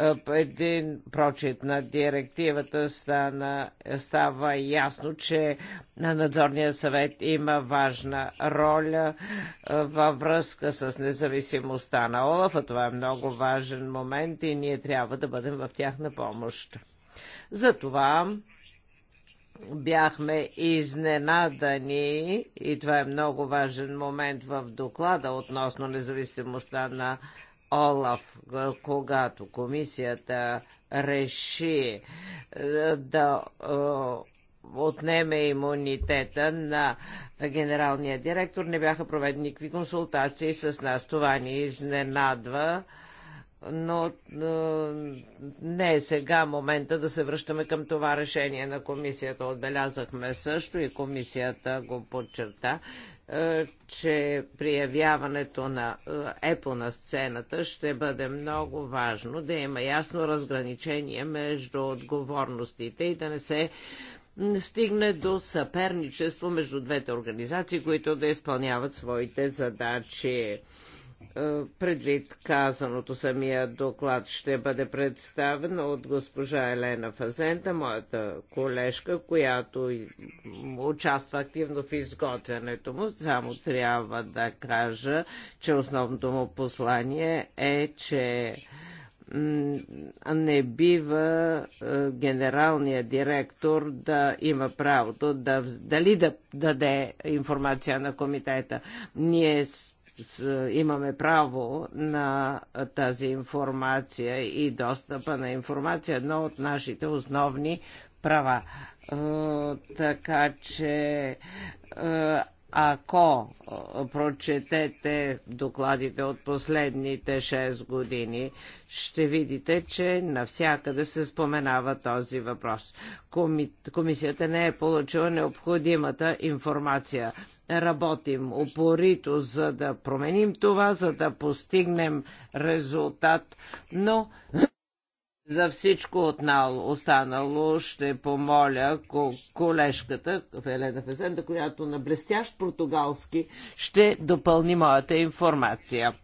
Е, един прочит на директивата стана, става ясно, че на надзорния съвет има важна роля е, във връзка с независимостта на Олаф, а това е много важен момент и ние трябва да бъдем в тяхна помощ. Затова бяхме изненадани, и това е много важен момент в доклада относно независимостта на Олаф, когато комисията реши е, да е, отнеме имунитета на генералния директор, не бяха проведени никакви консултации с нас. Това ни изненадва но не е сега момента да се връщаме към това решение на комисията. Отбелязахме също и комисията го подчерта, че приявяването на ЕПО на сцената ще бъде много важно, да има ясно разграничение между отговорностите и да не се стигне до съперничество между двете организации, които да изпълняват своите задачи. Е, предвид казаното самия доклад ще бъде представен от госпожа Елена Фазента, моята колежка, която участва активно в изготвянето му. Само трябва да кажа, че основното му послание е, че не бива е, генералният директор да има правото да, дали да даде информация на комитета. Ние е, имаме право на е, тази информация и достъпа на информация, едно от нашите основни права. Е, така че ако прочетете докладите от последните 6 години, ще видите, че навсякъде се споменава този въпрос. Коми... Комисията не е получила необходимата информация. Работим упорито, за да променим това, за да постигнем резултат, но за всичко отнало, останало ще помоля колежката Елена Фезенда, която на блестящ португалски ще допълни моята информация.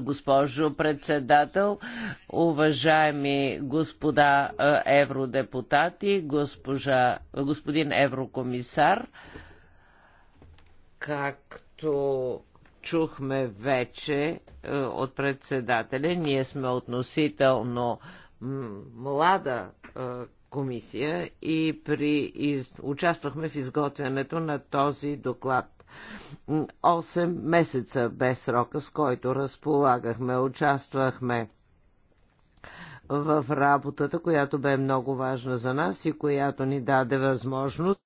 Госпожо председател, уважаеми господа е, евродепутати, госпожа, господин еврокомисар, както чухме вече е, от председателя, ние сме относително млада комисия и при из... участвахме в изготвянето на този доклад. 8 месеца без срока, с който разполагахме, участвахме в работата, която бе много важна за нас и която ни даде възможност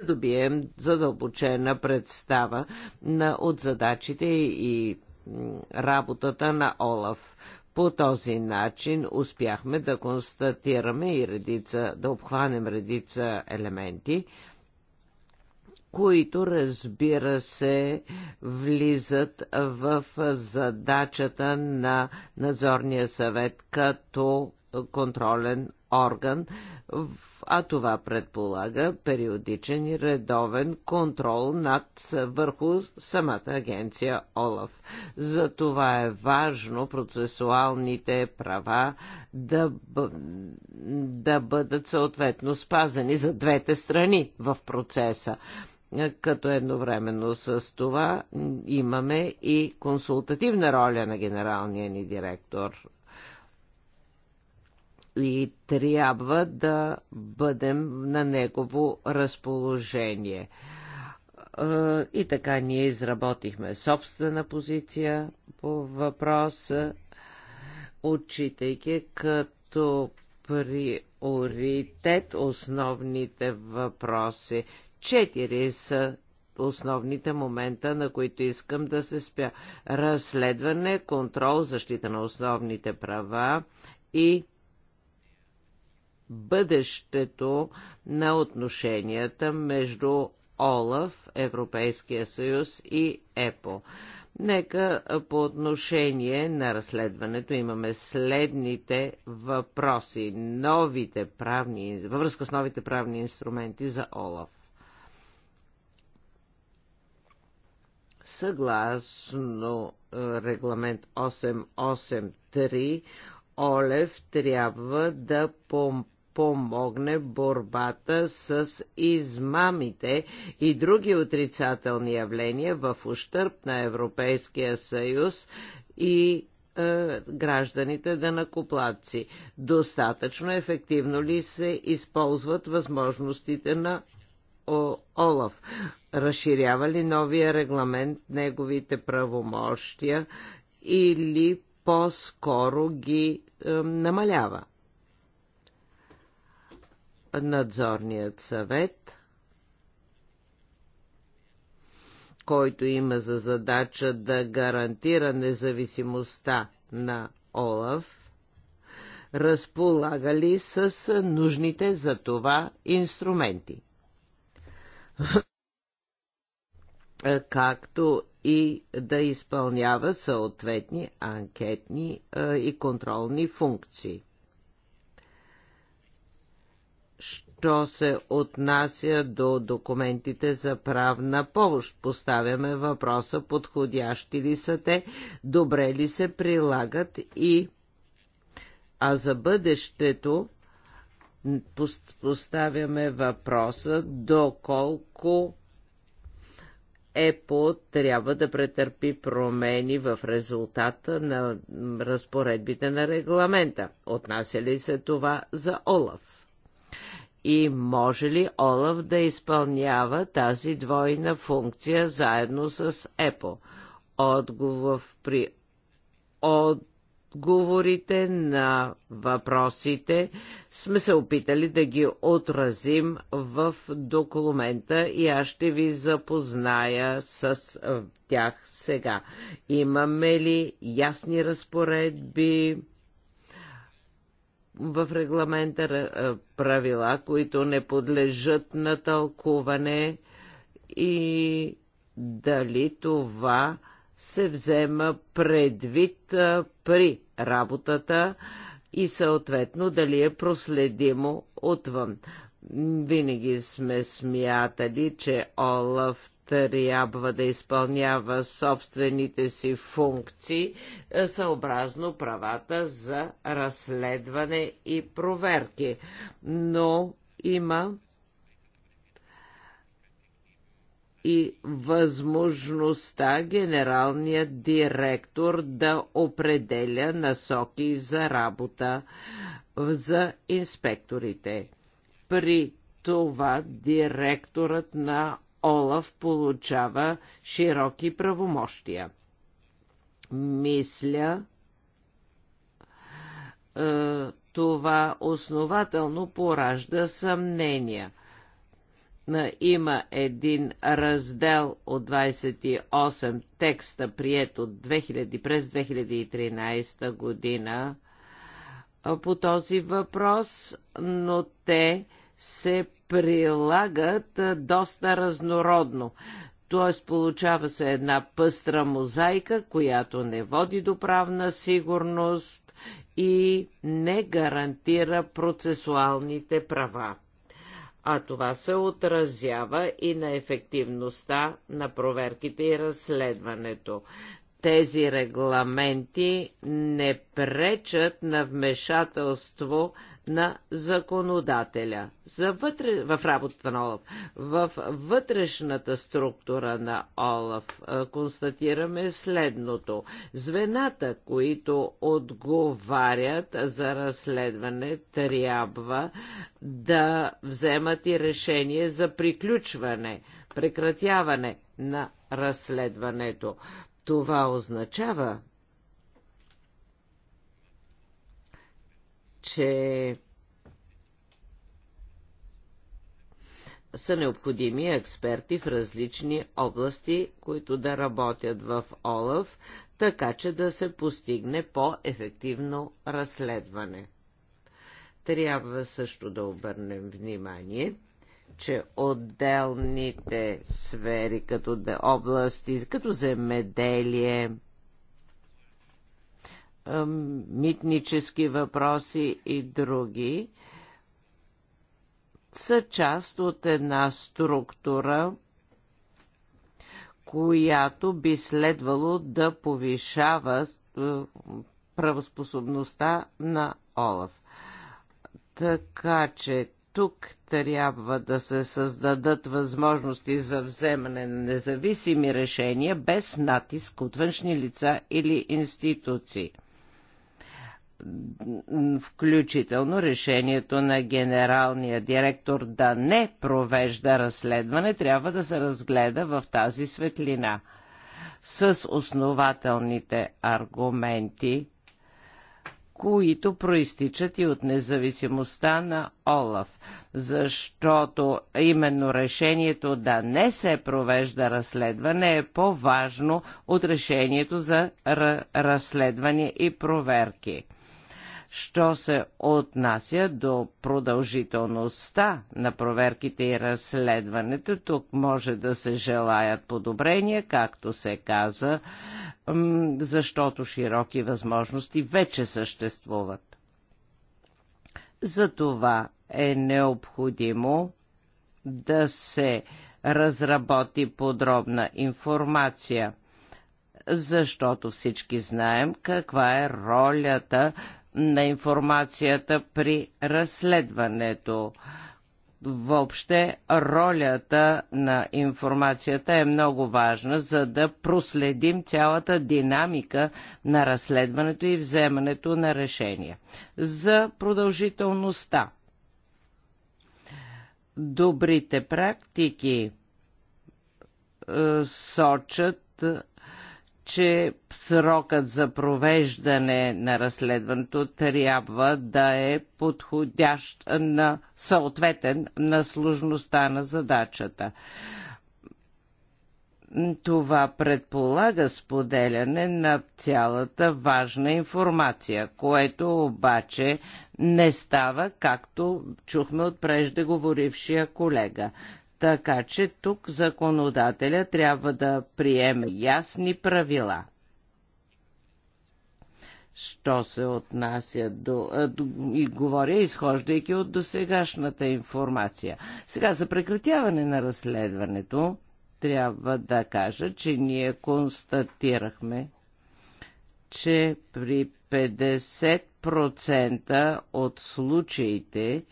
да добием задълбочена представа на, от задачите и, и работата на Олаф. По този начин успяхме да констатираме и редица, да обхванем редица елементи, които, разбира се, влизат в задачата на надзорния съвет като контролен орган, а това предполага периодичен и редовен контрол над върху самата агенция ОЛАФ. За това е важно процесуалните права да, да бъдат съответно спазени за двете страни в процеса като едновременно с това имаме и консултативна роля на генералния ни директор и трябва да бъдем на негово разположение. И така ние изработихме собствена позиция по въпроса, отчитайки като приоритет основните въпроси. Четири са основните момента, на които искам да се спя. Разследване, контрол, защита на основните права и бъдещето на отношенията между ОЛАФ, Европейския съюз и ЕПО. Нека по отношение на разследването имаме следните въпроси. Новите правни, във връзка с новите правни инструменти за ОЛАФ. Съгласно е, регламент 883, ОЛЕФ трябва да помпа помогне борбата с измамите и други отрицателни явления в ущърп на Европейския съюз и е, гражданите да накоплатци. Достатъчно ефективно ли се използват възможностите на О, Олаф? Разширява ли новия регламент неговите правомощия или по-скоро ги е, намалява? надзорният съвет, който има за задача да гарантира независимостта на ОЛАФ, разполагали с нужните за това инструменти. [LAUGHS] както и да изпълнява съответни анкетни и контролни функции. що се отнася до документите за правна помощ. Поставяме въпроса, подходящи ли са те, добре ли се прилагат и... А за бъдещето поставяме въпроса доколко ЕПО трябва да претърпи промени в резултата на разпоредбите на регламента. Отнася ли се това за Олаф? и може ли Олаф да изпълнява тази двойна функция заедно с ЕПО? Отговор при отговорите на въпросите сме се опитали да ги отразим в документа и аз ще ви запозная с тях сега. Имаме ли ясни разпоредби? в регламента правила, които не подлежат на тълкуване и дали това се взема предвид при работата и съответно дали е проследимо отвън. Винаги сме смятали, че Олаф трябва да изпълнява собствените си функции е, съобразно правата за разследване и проверки. Но има и възможността генералният директор да определя насоки за работа за инспекторите. При това директорът на Олаф получава широки правомощия. Мисля, е, това основателно поражда съмнения. Има един раздел от 28 текста, прият от 2000, през 2013 година е, по този въпрос, но те се прилагат доста разнородно. Т.е. получава се една пъстра мозайка, която не води до правна сигурност и не гарантира процесуалните права. А това се отразява и на ефективността на проверките и разследването тези регламенти не пречат на вмешателство на законодателя за вътре, в работата на Олаф. В вътрешната структура на Олаф констатираме следното. Звената, които отговарят за разследване, трябва да вземат и решение за приключване, прекратяване на разследването. Това означава, че са необходими експерти в различни области, които да работят в ОЛАФ, така че да се постигне по-ефективно разследване. Трябва също да обърнем внимание, че отделните сфери, като области, като земеделие, митнически въпроси и други, са част от една структура, която би следвало да повишава правоспособността на Олаф. Така че тук трябва да се създадат възможности за вземане на независими решения без натиск от външни лица или институции включително решението на генералния директор да не провежда разследване, трябва да се разгледа в тази светлина. С основателните аргументи, които проистичат и от независимостта на Олаф, защото именно решението да не се провежда разследване е по-важно от решението за разследване и проверки. Що се отнася до продължителността на проверките и разследването, тук може да се желаят подобрения, както се каза, защото широки възможности вече съществуват. Затова е необходимо да се разработи подробна информация, защото всички знаем каква е ролята на информацията при разследването. Въобще ролята на информацията е много важна, за да проследим цялата динамика на разследването и вземането на решения. За продължителността. Добрите практики е, сочат че срокът за провеждане на разследването трябва да е подходящ на съответен на сложността на задачата. Това предполага споделяне на цялата важна информация, което обаче не става, както чухме от преждеговорившия колега. Така че тук законодателя трябва да приеме ясни правила. Що се отнася до... и говоря, изхождайки от досегашната информация. Сега, за прекратяване на разследването, трябва да кажа, че ние констатирахме, че при 50% от случаите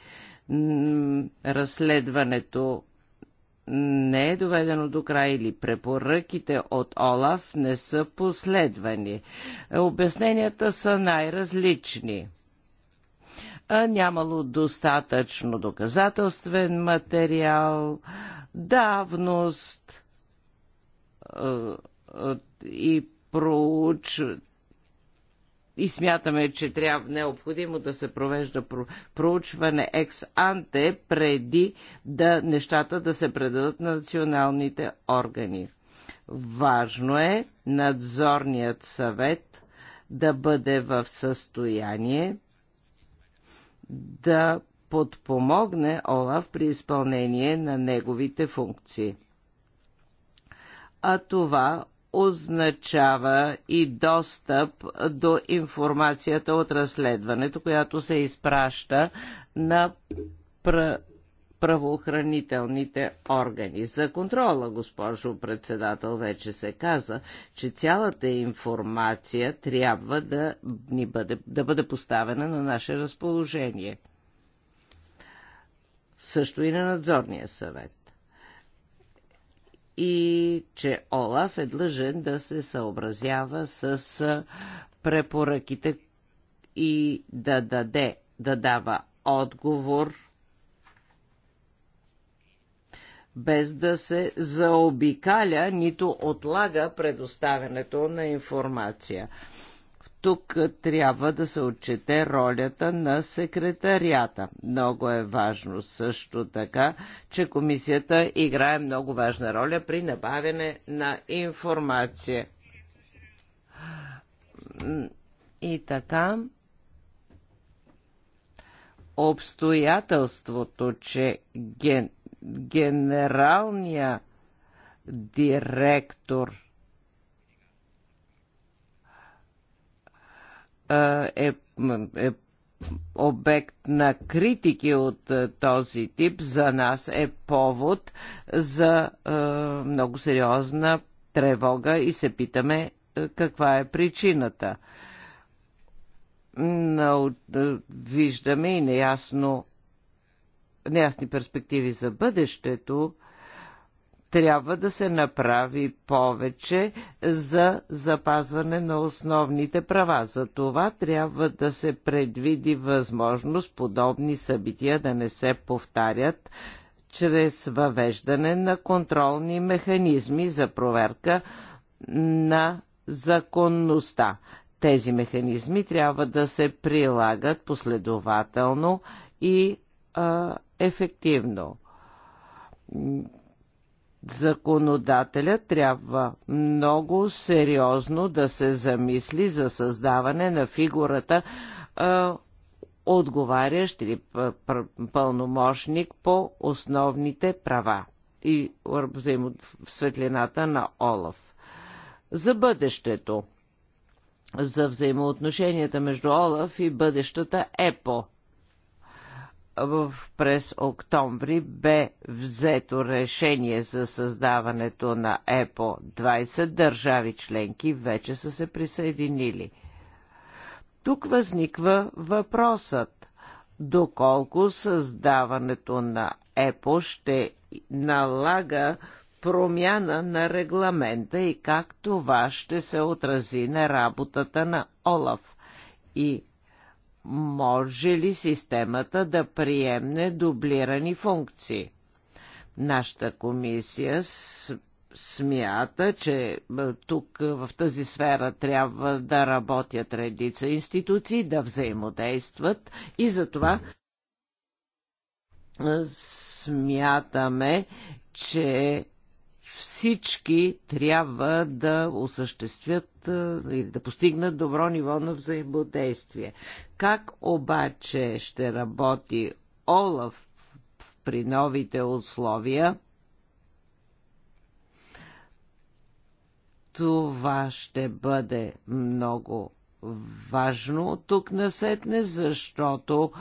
разследването не е доведено до край или препоръките от Олаф не са последвани. Обясненията са най-различни. Нямало достатъчно доказателствен материал, давност и проучване и смятаме, че трябва необходимо да се провежда проучване екс-анте преди да нещата да се предадат на националните органи. Важно е надзорният съвет да бъде в състояние да подпомогне Олаф при изпълнение на неговите функции. А това означава и достъп до информацията от разследването, която се изпраща на правоохранителните органи. За контрола, госпожо председател, вече се каза, че цялата информация трябва да, ни бъде, да бъде поставена на наше разположение. Също и на надзорния съвет и че Олаф е длъжен да се съобразява с препоръките и да даде, да дава отговор без да се заобикаля, нито отлага предоставянето на информация тук трябва да се отчете ролята на секретарията. Много е важно също така, че комисията играе много важна роля при набавяне на информация. И така, обстоятелството, че ген, генералния директор – е, е обект на критики от този тип, за нас е повод за е, много сериозна тревога и се питаме каква е причината. Но, виждаме и неясно, неясни перспективи за бъдещето трябва да се направи повече за запазване на основните права. За това трябва да се предвиди възможност подобни събития да не се повтарят чрез въвеждане на контролни механизми за проверка на законността. Тези механизми трябва да се прилагат последователно и а, ефективно Законодателя трябва много сериозно да се замисли за създаване на фигурата а, отговарящ или пълномощник по основните права и в светлината на Олаф. За бъдещето за взаимоотношенията между Олаф и бъдещата ЕПО – в, през октомври бе взето решение за създаването на ЕПО. 20 държави членки вече са се присъединили. Тук възниква въпросът доколко създаването на ЕПО ще налага промяна на регламента и как това ще се отрази на работата на ОЛАФ. И може ли системата да приемне дублирани функции? Нашата комисия смята, че тук в тази сфера трябва да работят редица институции, да взаимодействат и затова смятаме, че всички трябва да осъществят или да постигнат добро ниво на взаимодействие. Как обаче ще работи Олаф при новите условия? Това ще бъде много важно от тук насетне, защото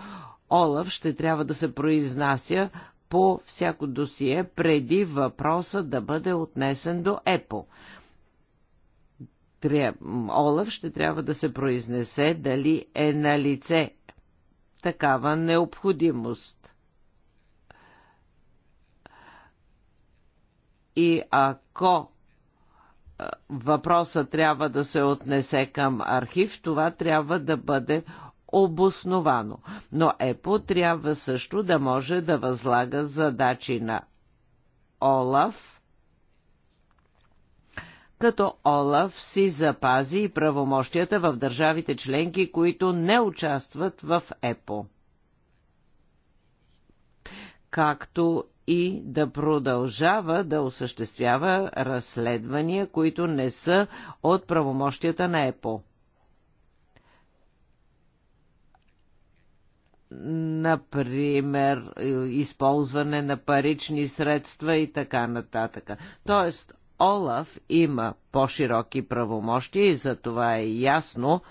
Олаф ще трябва да се произнася по всяко досие преди въпроса да бъде отнесен до ЕПО. Олаф ще трябва да се произнесе дали е на лице такава необходимост. И ако въпроса трябва да се отнесе към архив, това трябва да бъде обосновано. Но ЕПО трябва също да може да възлага задачи на Олаф – като Олаф си запази и правомощията в държавите членки, които не участват в ЕПО. Както и да продължава да осъществява разследвания, които не са от правомощията на ЕПО. например, използване на парични средства и така нататък. Тоест, Олаф има по-широки правомощи и за това е ясно,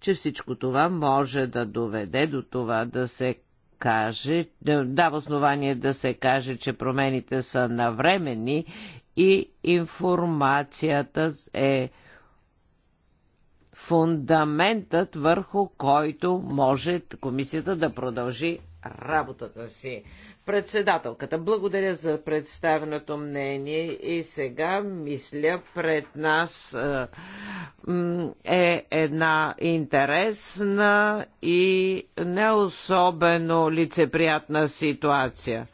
че всичко това може да доведе до това да се каже, да дава основание да се каже, че промените са навремени и информацията е фундаментът, върху който може комисията да продължи работата си. Председателката, благодаря за представеното мнение и сега мисля пред нас е една интересна и не особено лицеприятна ситуация.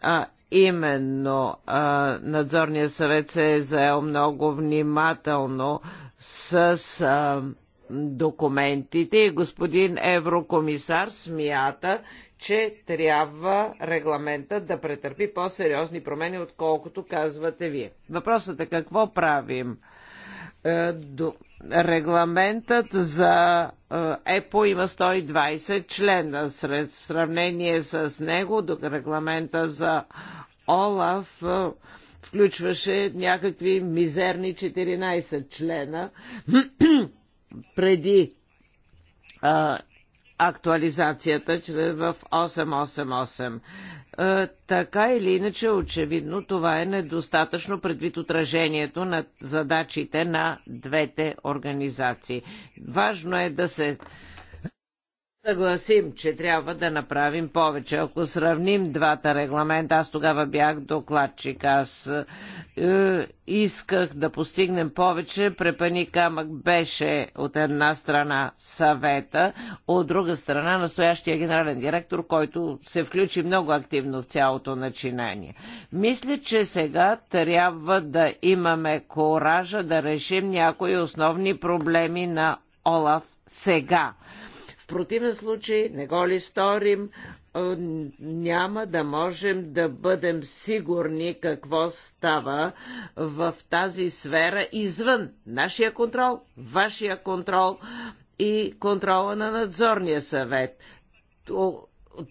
А, именно а, надзорният съвет се е заел много внимателно с а, документите и господин еврокомисар смята, че трябва регламентът да претърпи по-сериозни промени, отколкото казвате вие. Въпросът е какво правим? Е, регламентът за е, ЕПО има 120 члена. Сред в сравнение с него регламента за ОЛАФ е, включваше някакви мизерни 14 члена [CLEARS THROAT] преди актуализацията в 888. Е, така или иначе, очевидно, това е недостатъчно предвид отражението на задачите на двете организации. Важно е да се съгласим, че трябва да направим повече. Ако сравним двата регламента, аз тогава бях докладчик, аз е, исках да постигнем повече. Препани камък беше от една страна съвета, от друга страна настоящия генерален директор, който се включи много активно в цялото начинание. Мисля, че сега трябва да имаме коража да решим някои основни проблеми на Олаф сега в противен случай, не го ли сторим, е, няма да можем да бъдем сигурни какво става в тази сфера извън нашия контрол, вашия контрол и контрола на надзорния съвет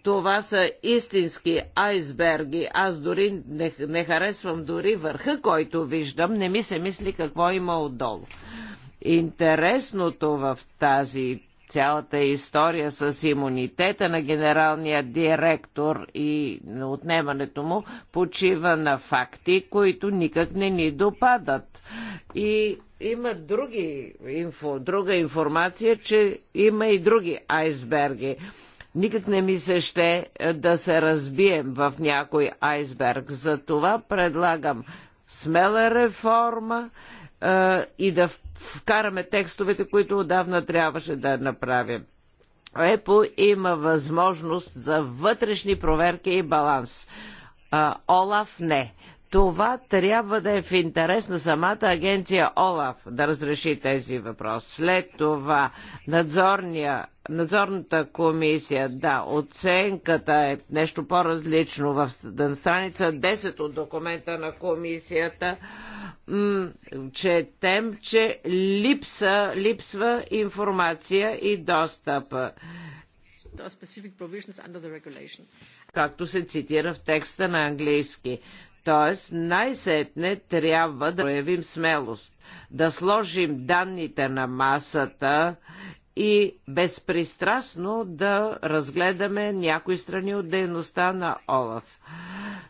това са истински айсберги. Аз дори не, не харесвам дори върха, който виждам. Не ми се мисли какво има отдолу. Интересното в тази цялата история с имунитета на генералния директор и отнемането му почива на факти, които никак не ни допадат. И има други инфо, друга информация, че има и други айсберги. Никак не ми се ще е, да се разбием в някой айсберг. Затова предлагам смела реформа и да вкараме текстовете, които отдавна трябваше да направим. ЕПО има възможност за вътрешни проверки и баланс. А, Олаф не. Това трябва да е в интерес на самата агенция ОЛАФ да разреши тези въпроси. След това надзорния, надзорната комисия, да, оценката е нещо по-различно. В страница 10 от документа на комисията четем, че липса, липсва информация и достъп. Както се цитира в текста на английски. Тоест, най-сетне трябва да проявим смелост, да сложим данните на масата и безпристрастно да разгледаме някои страни от дейността на Олаф.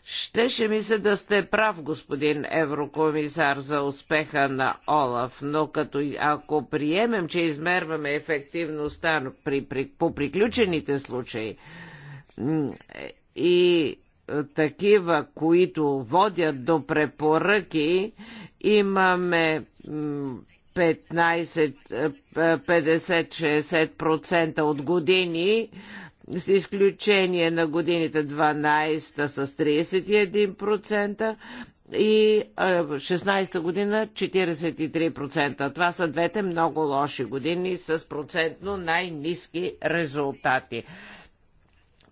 Щеше ми се да сте прав, господин еврокомисар, за успеха на Олаф, но като ако приемем, че измерваме ефективността при, при, по приключените случаи е, и е, такива, които водят до препоръки, имаме 15-50-60% е, от години, с изключение на годините 12 с 31% и 16-та година 43%. Това са двете много лоши години с процентно най-низки резултати.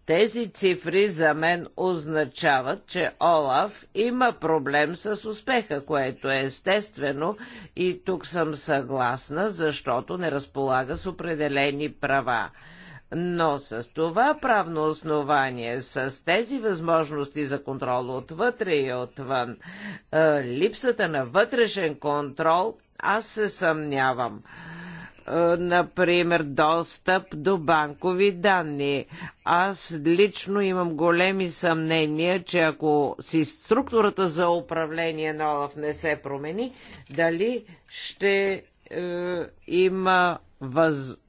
Тези цифри за мен означават, че Олаф има проблем с успеха, което е естествено и тук съм съгласна, защото не разполага с определени права. Но с това правно основание, с тези възможности за контрол отвътре и отвън, липсата на вътрешен контрол, аз се съмнявам например, достъп до банкови данни. Аз лично имам големи съмнения, че ако си структурата за управление на ОЛАФ не се промени, дали ще е, има възможност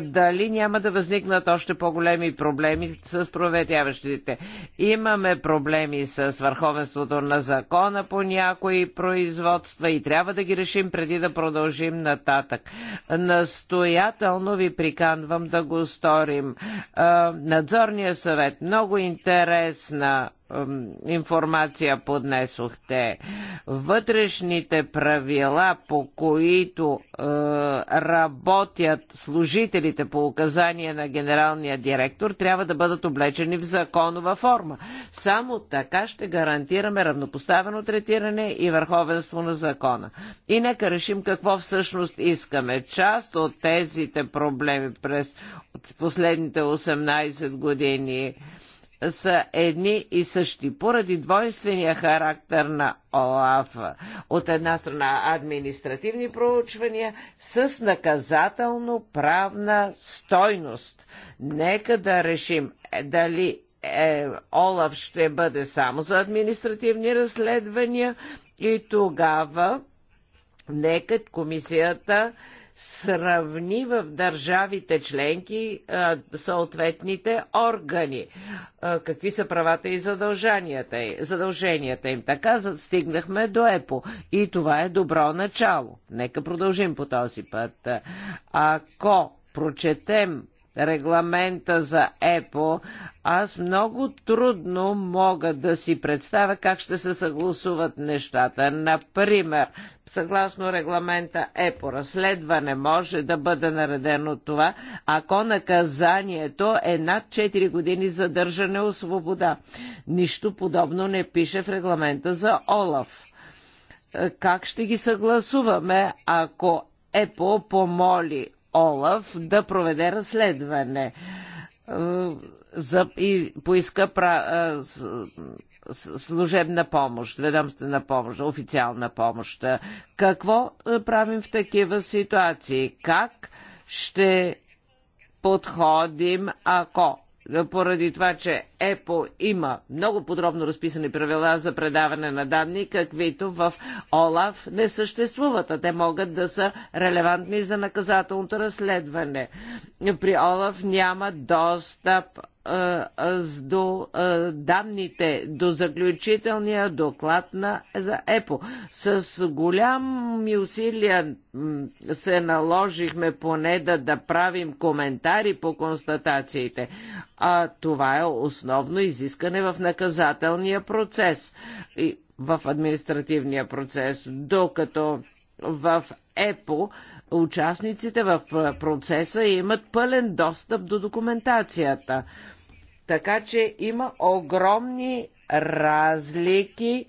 дали няма да възникнат още по-големи проблеми с проветяващите. Имаме проблеми с върховенството на закона по някои производства и трябва да ги решим преди да продължим нататък. Настоятелно ви приканвам да го сторим. Надзорния съвет, много интересна информация поднесохте. Вътрешните правила, по които е, работят служителите по указания на генералния директор, трябва да бъдат облечени в законова форма. Само така ще гарантираме равнопоставено третиране и върховенство на закона. И нека решим какво всъщност искаме. Част от тези проблеми през последните 18 години са едни и същи. Поради двойствения характер на ОЛАФ, от една страна административни проучвания с наказателно-правна стойност. Нека да решим е, дали е, ОЛАФ ще бъде само за административни разследвания и тогава нека комисията сравни в държавите членки съответните органи. какви са правата и задълженията, задълженията им. Така стигнахме до ЕПО. И това е добро начало. Нека продължим по този път. Ако прочетем регламента за ЕПО, аз много трудно мога да си представя как ще се съгласуват нещата. Например, съгласно регламента ЕПО, разследване може да бъде наредено това, ако наказанието е над 4 години задържане от свобода. Нищо подобно не пише в регламента за ОЛАФ. Е, как ще ги съгласуваме, ако ЕПО помоли Олаф да проведе разследване е, за, и поиска пра, е, служебна помощ, ведомствена помощ, официална помощ. Какво е, правим в такива ситуации? Как ще подходим, ако поради това, че ЕПО има много подробно разписани правила за предаване на данни, каквито в ОЛАФ не съществуват, а те могат да са релевантни за наказателното разследване. При ОЛАФ няма достъп до данните, до заключителния доклад на, за ЕПО. С голями усилия се наложихме поне да, да правим коментари по констатациите. А това е основно изискане в наказателния процес и в административния процес, докато в ЕПО участниците в процеса имат пълен достъп до документацията. Така че има огромни разлики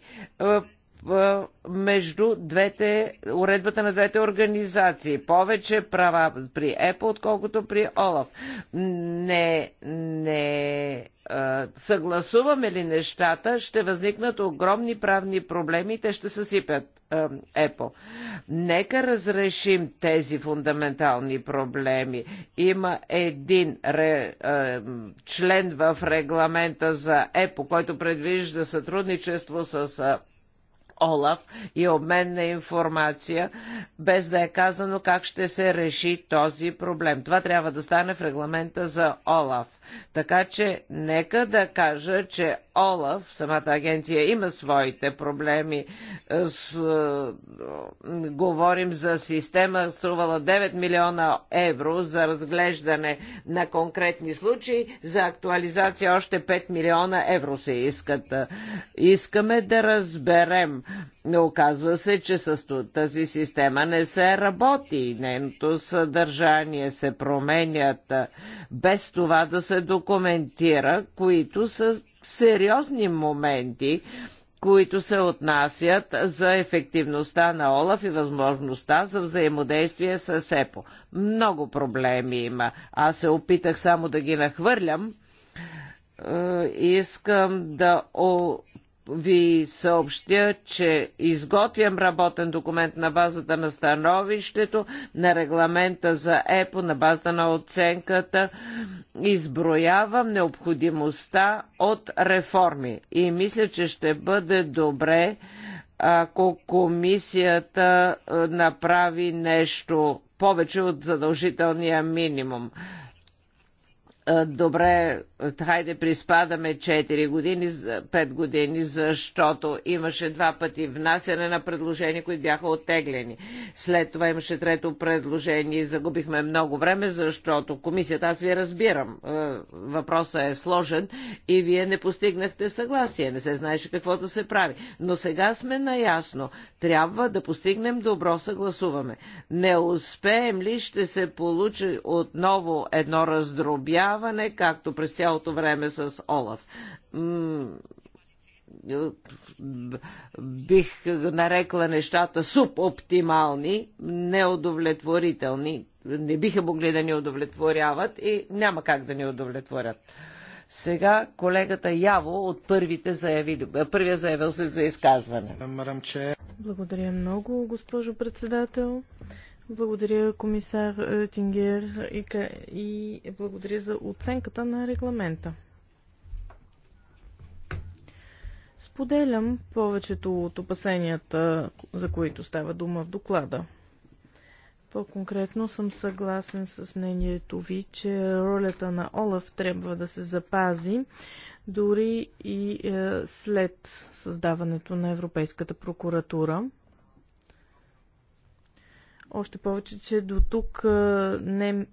между двете, уредбата на двете организации. Повече права при ЕПО, отколкото при ОЛАФ. Не, не съгласуваме ли нещата, ще възникнат огромни правни проблеми и те ще съсипят ЕПО. Нека разрешим тези фундаментални проблеми. Има един ре, е, член в регламента за ЕПО, който предвижда сътрудничество с Олаф и обмен на информация, без да е казано как ще се реши този проблем. Това трябва да стане в регламента за Олаф така че нека да кажа, че Олаф, самата агенция, има своите проблеми. Е, с, е, говорим за система, струвала 9 милиона евро за разглеждане на конкретни случаи. За актуализация още 5 милиона евро се искат. Е, искаме да разберем но оказва се, че с тази система не се работи. Нейното съдържание се променят без това да се документира, които са сериозни моменти, които се отнасят за ефективността на ОЛАФ и възможността за взаимодействие с ЕПО. Много проблеми има. Аз се опитах само да ги нахвърлям. Е, искам да ви съобщя, че изготвям работен документ на базата на становището на регламента за ЕПО, на базата на оценката. Изброявам необходимостта от реформи и мисля, че ще бъде добре ако комисията направи нещо повече от задължителния минимум добре, хайде приспадаме 4 години, 5 години, защото имаше два пъти внасяне на предложения, които бяха оттеглени. След това имаше трето предложение и загубихме много време, защото комисията, аз ви разбирам, въпросът е сложен и вие не постигнахте съгласие, не се знаеше какво да се прави. Но сега сме наясно, трябва да постигнем добро съгласуваме. Не успеем ли, ще се получи отново едно раздробя сближаване, както през цялото време с Олаф бих нарекла нещата субоптимални, неудовлетворителни. Не биха могли да ни удовлетворяват и няма как да ни удовлетворят. Сега колегата Яво от първите заяви, първия заявил се за изказване. Благодаря много, госпожо председател. Благодаря комисар е, Тингер и, и благодаря за оценката на регламента. Споделям повечето от опасенията, за които става дума в доклада. По-конкретно съм съгласен с мнението ви, че ролята на Олаф трябва да се запази дори и е, след създаването на Европейската прокуратура. Още повече, че до тук не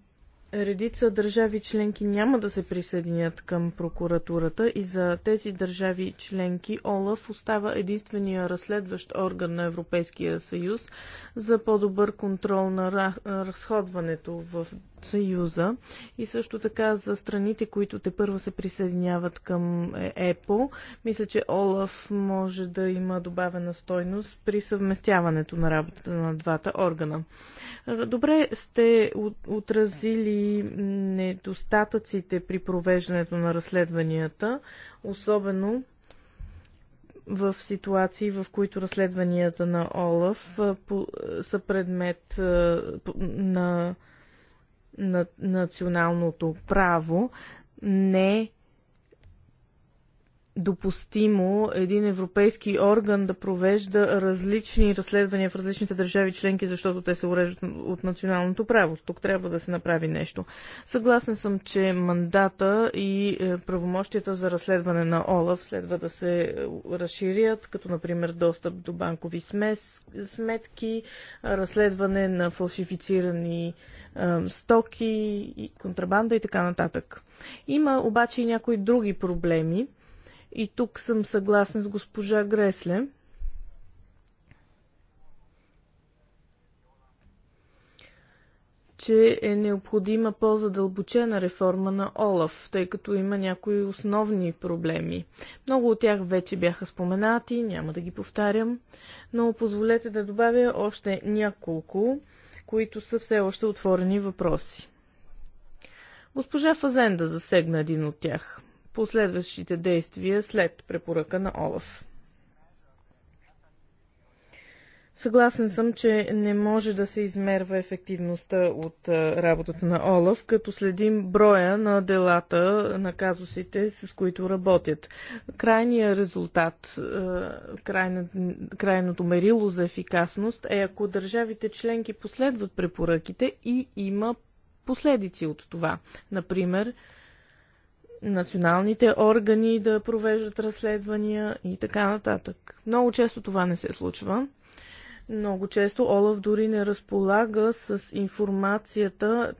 редица държави членки няма да се присъединят към прокуратурата и за тези държави членки ОЛАФ остава единствения разследващ орган на Европейския съюз за по-добър контрол на разходването в Съюза и също така за страните, които те първо се присъединяват към ЕПО. Мисля, че ОЛАФ може да има добавена стойност при съвместяването на работата на двата органа. Добре сте отразили недостатъците при провеждането на разследванията, особено в ситуации, в които разследванията на Олаф са предмет на на националното право не допустимо един европейски орган да провежда различни разследвания в различните държави членки, защото те се уреждат от националното право. Тук трябва да се направи нещо. Съгласен съм, че мандата и е, правомощията за разследване на ОЛАФ следва да се е, разширят, като например достъп до банкови смес, сметки, разследване на фалшифицирани е, стоки, контрабанда и така нататък. Има обаче и някои други проблеми и тук съм съгласен с госпожа Гресле. че е необходима по-задълбочена реформа на ОЛАФ, тъй като има някои основни проблеми. Много от тях вече бяха споменати, няма да ги повтарям, но позволете да добавя още няколко, които са все още отворени въпроси. Госпожа Фазенда засегна един от тях последващите действия след препоръка на Олаф. Съгласен съм, че не може да се измерва ефективността от работата на Олаф, като следим броя на делата, на казусите, с които работят. Крайният резултат, крайното мерило за ефикасност е ако държавите членки последват препоръките и има последици от това. Например, националните органи да провеждат разследвания и така нататък. Много често това не се случва. Много често Олаф дори не разполага с информацията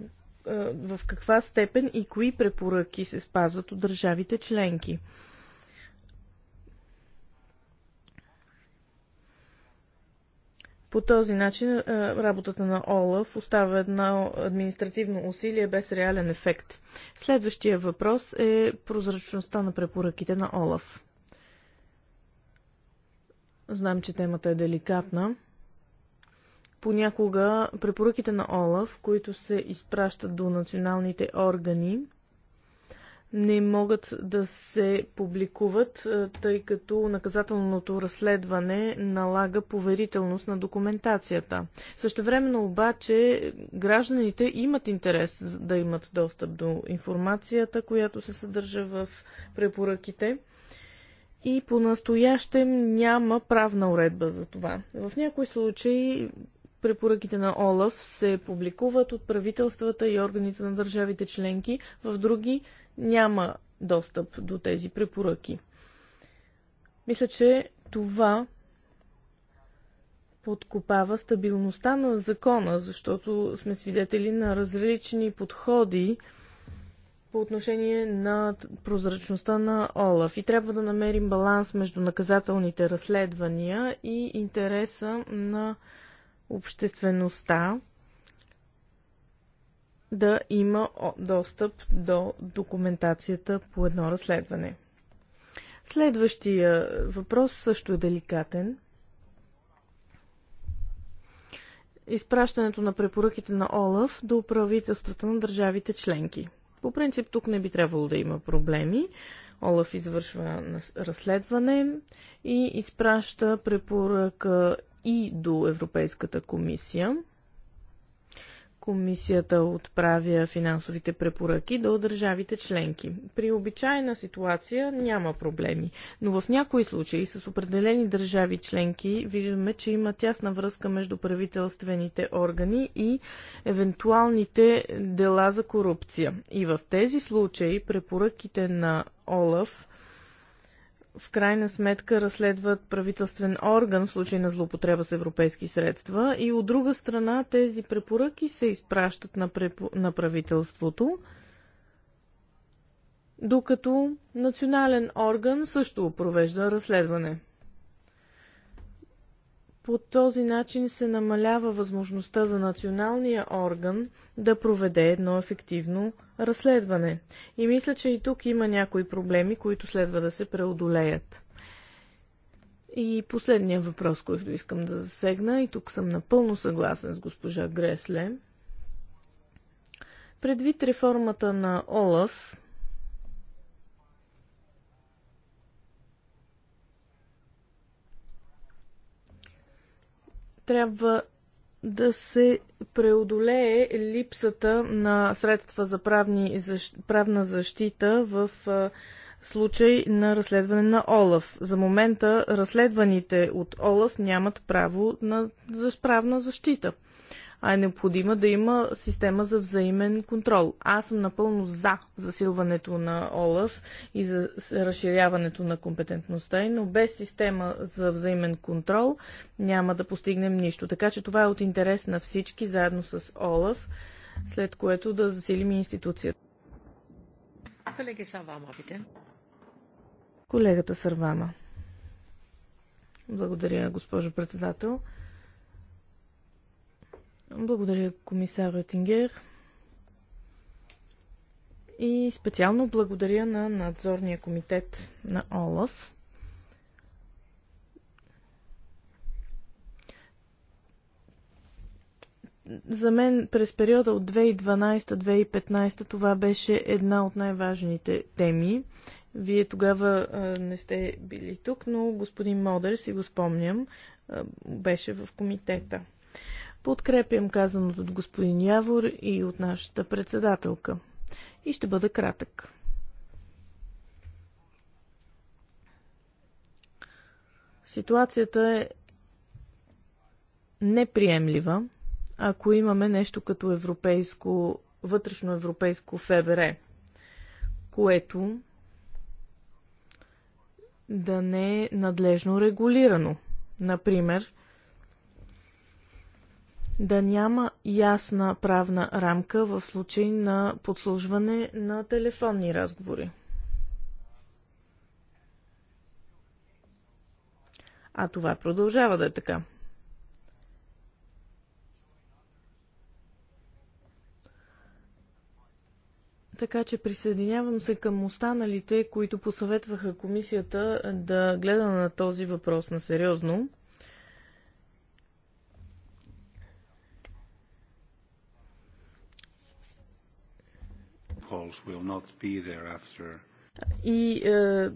е, в каква степен и кои препоръки се спазват от държавите членки. По този начин е, работата на ОЛАФ остава едно административно усилие без реален ефект. Следващия въпрос е прозрачността на препоръките на ОЛАФ. Знам, че темата е деликатна. Понякога препоръките на ОЛАФ, които се изпращат до националните органи, не могат да се публикуват, е, тъй като наказателното разследване налага поверителност на документацията. Също времено обаче гражданите имат интерес да имат достъп до информацията, която се съдържа в препоръките и по-настоящем няма правна уредба за това. В някои случаи препоръките на ОЛАФ се публикуват от правителствата и органите на държавите членки, в други няма достъп до тези препоръки. Мисля, че това подкопава стабилността на закона, защото сме свидетели на различни подходи по отношение на прозрачността на Олаф. И трябва да намерим баланс между наказателните разследвания и интереса на обществеността да има достъп до документацията по едно разследване. Следващия въпрос също е деликатен. Изпращането на препоръките на ОЛАФ до правителствата на държавите членки. По принцип тук не би трябвало да има проблеми. Олаф извършва разследване и изпраща препоръка и до Европейската комисия. Комисията отправя финансовите препоръки до държавите членки. При обичайна ситуация няма проблеми, но в някои случаи с определени държави членки виждаме, че има тясна връзка между правителствените органи и евентуалните дела за корупция. И в тези случаи препоръките на ОЛАФ в крайна сметка разследват правителствен орган в случай на злоупотреба с европейски средства и от друга страна тези препоръки се изпращат на, преп... на правителството, докато национален орган също провежда разследване. По този начин се намалява възможността за националния орган да проведе едно ефективно разследване. И мисля, че и тук има някои проблеми, които следва да се преодолеят. И последния въпрос, който искам да засегна, и тук съм напълно съгласен с госпожа Гресле. Предвид реформата на Олаф, трябва да се преодолее липсата на средства за правни, правна защита в случай на разследване на Олаф. За момента разследваните от Олаф нямат право на правна защита а е необходима да има система за взаимен контрол. Аз съм напълно за засилването на ОЛАФ и за разширяването на компетентността, но без система за взаимен контрол няма да постигнем нищо. Така че това е от интерес на всички, заедно с ОЛАФ, след което да засилим институцията. Колеги Савама, бите. Колегата Сървама. Благодаря, госпожо председател. Благодаря, комисар Ротингер. И специално благодаря на надзорния комитет на ОЛАФ. за мен през периода от 2012-2015 това беше една от най-важните теми. Вие тогава а, не сте били тук, но господин Модер, си го спомням, а, беше в комитета. Подкрепям казаното от господин Явор и от нашата председателка. И ще бъда кратък. Ситуацията е неприемлива, ако имаме нещо като европейско, вътрешно европейско ФБР, което да не е надлежно регулирано. Например, да няма ясна правна рамка в случай на подслужване на телефонни разговори. А това продължава да е така. Така че присъединявам се към останалите, които посъветваха комисията да гледа на този въпрос на сериозно will not be there after. И е,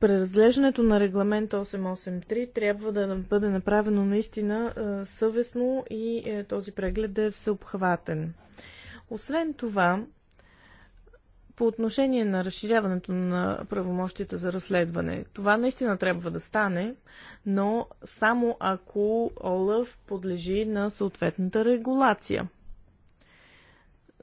преразглеждането на регламент 883 трябва да бъде направено наистина е, съвестно и е, този преглед да е всеобхватен. Освен това, по отношение на разширяването на правомощията за разследване. Това наистина трябва да стане, но само ако ОЛАВ подлежи на съответната регулация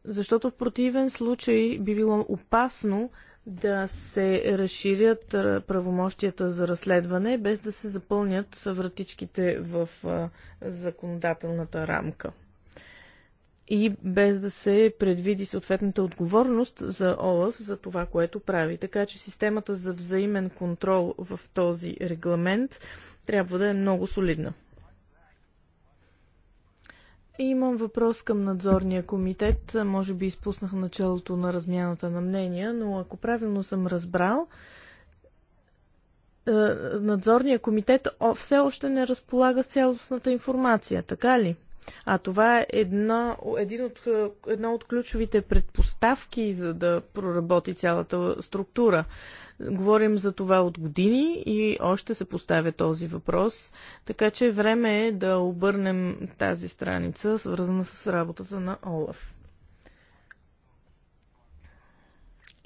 защото в противен случай би било опасно да се разширят правомощията за разследване, без да се запълнят вратичките в законодателната рамка. И без да се предвиди съответната отговорност за ОЛАФ за това, което прави. Така че системата за взаимен контрол в този регламент трябва да е много солидна. Имам въпрос към надзорния комитет. Може би изпуснах началото на размяната на мнения, но ако правилно съм разбрал, е, надзорния комитет все още не разполага с цялостната информация, така ли? А това е една, един от, е, една от ключовите предпоставки, за да проработи цялата структура. Говорим за това от години и още се поставя този въпрос, така че време е да обърнем тази страница, свързана с работата на Олаф.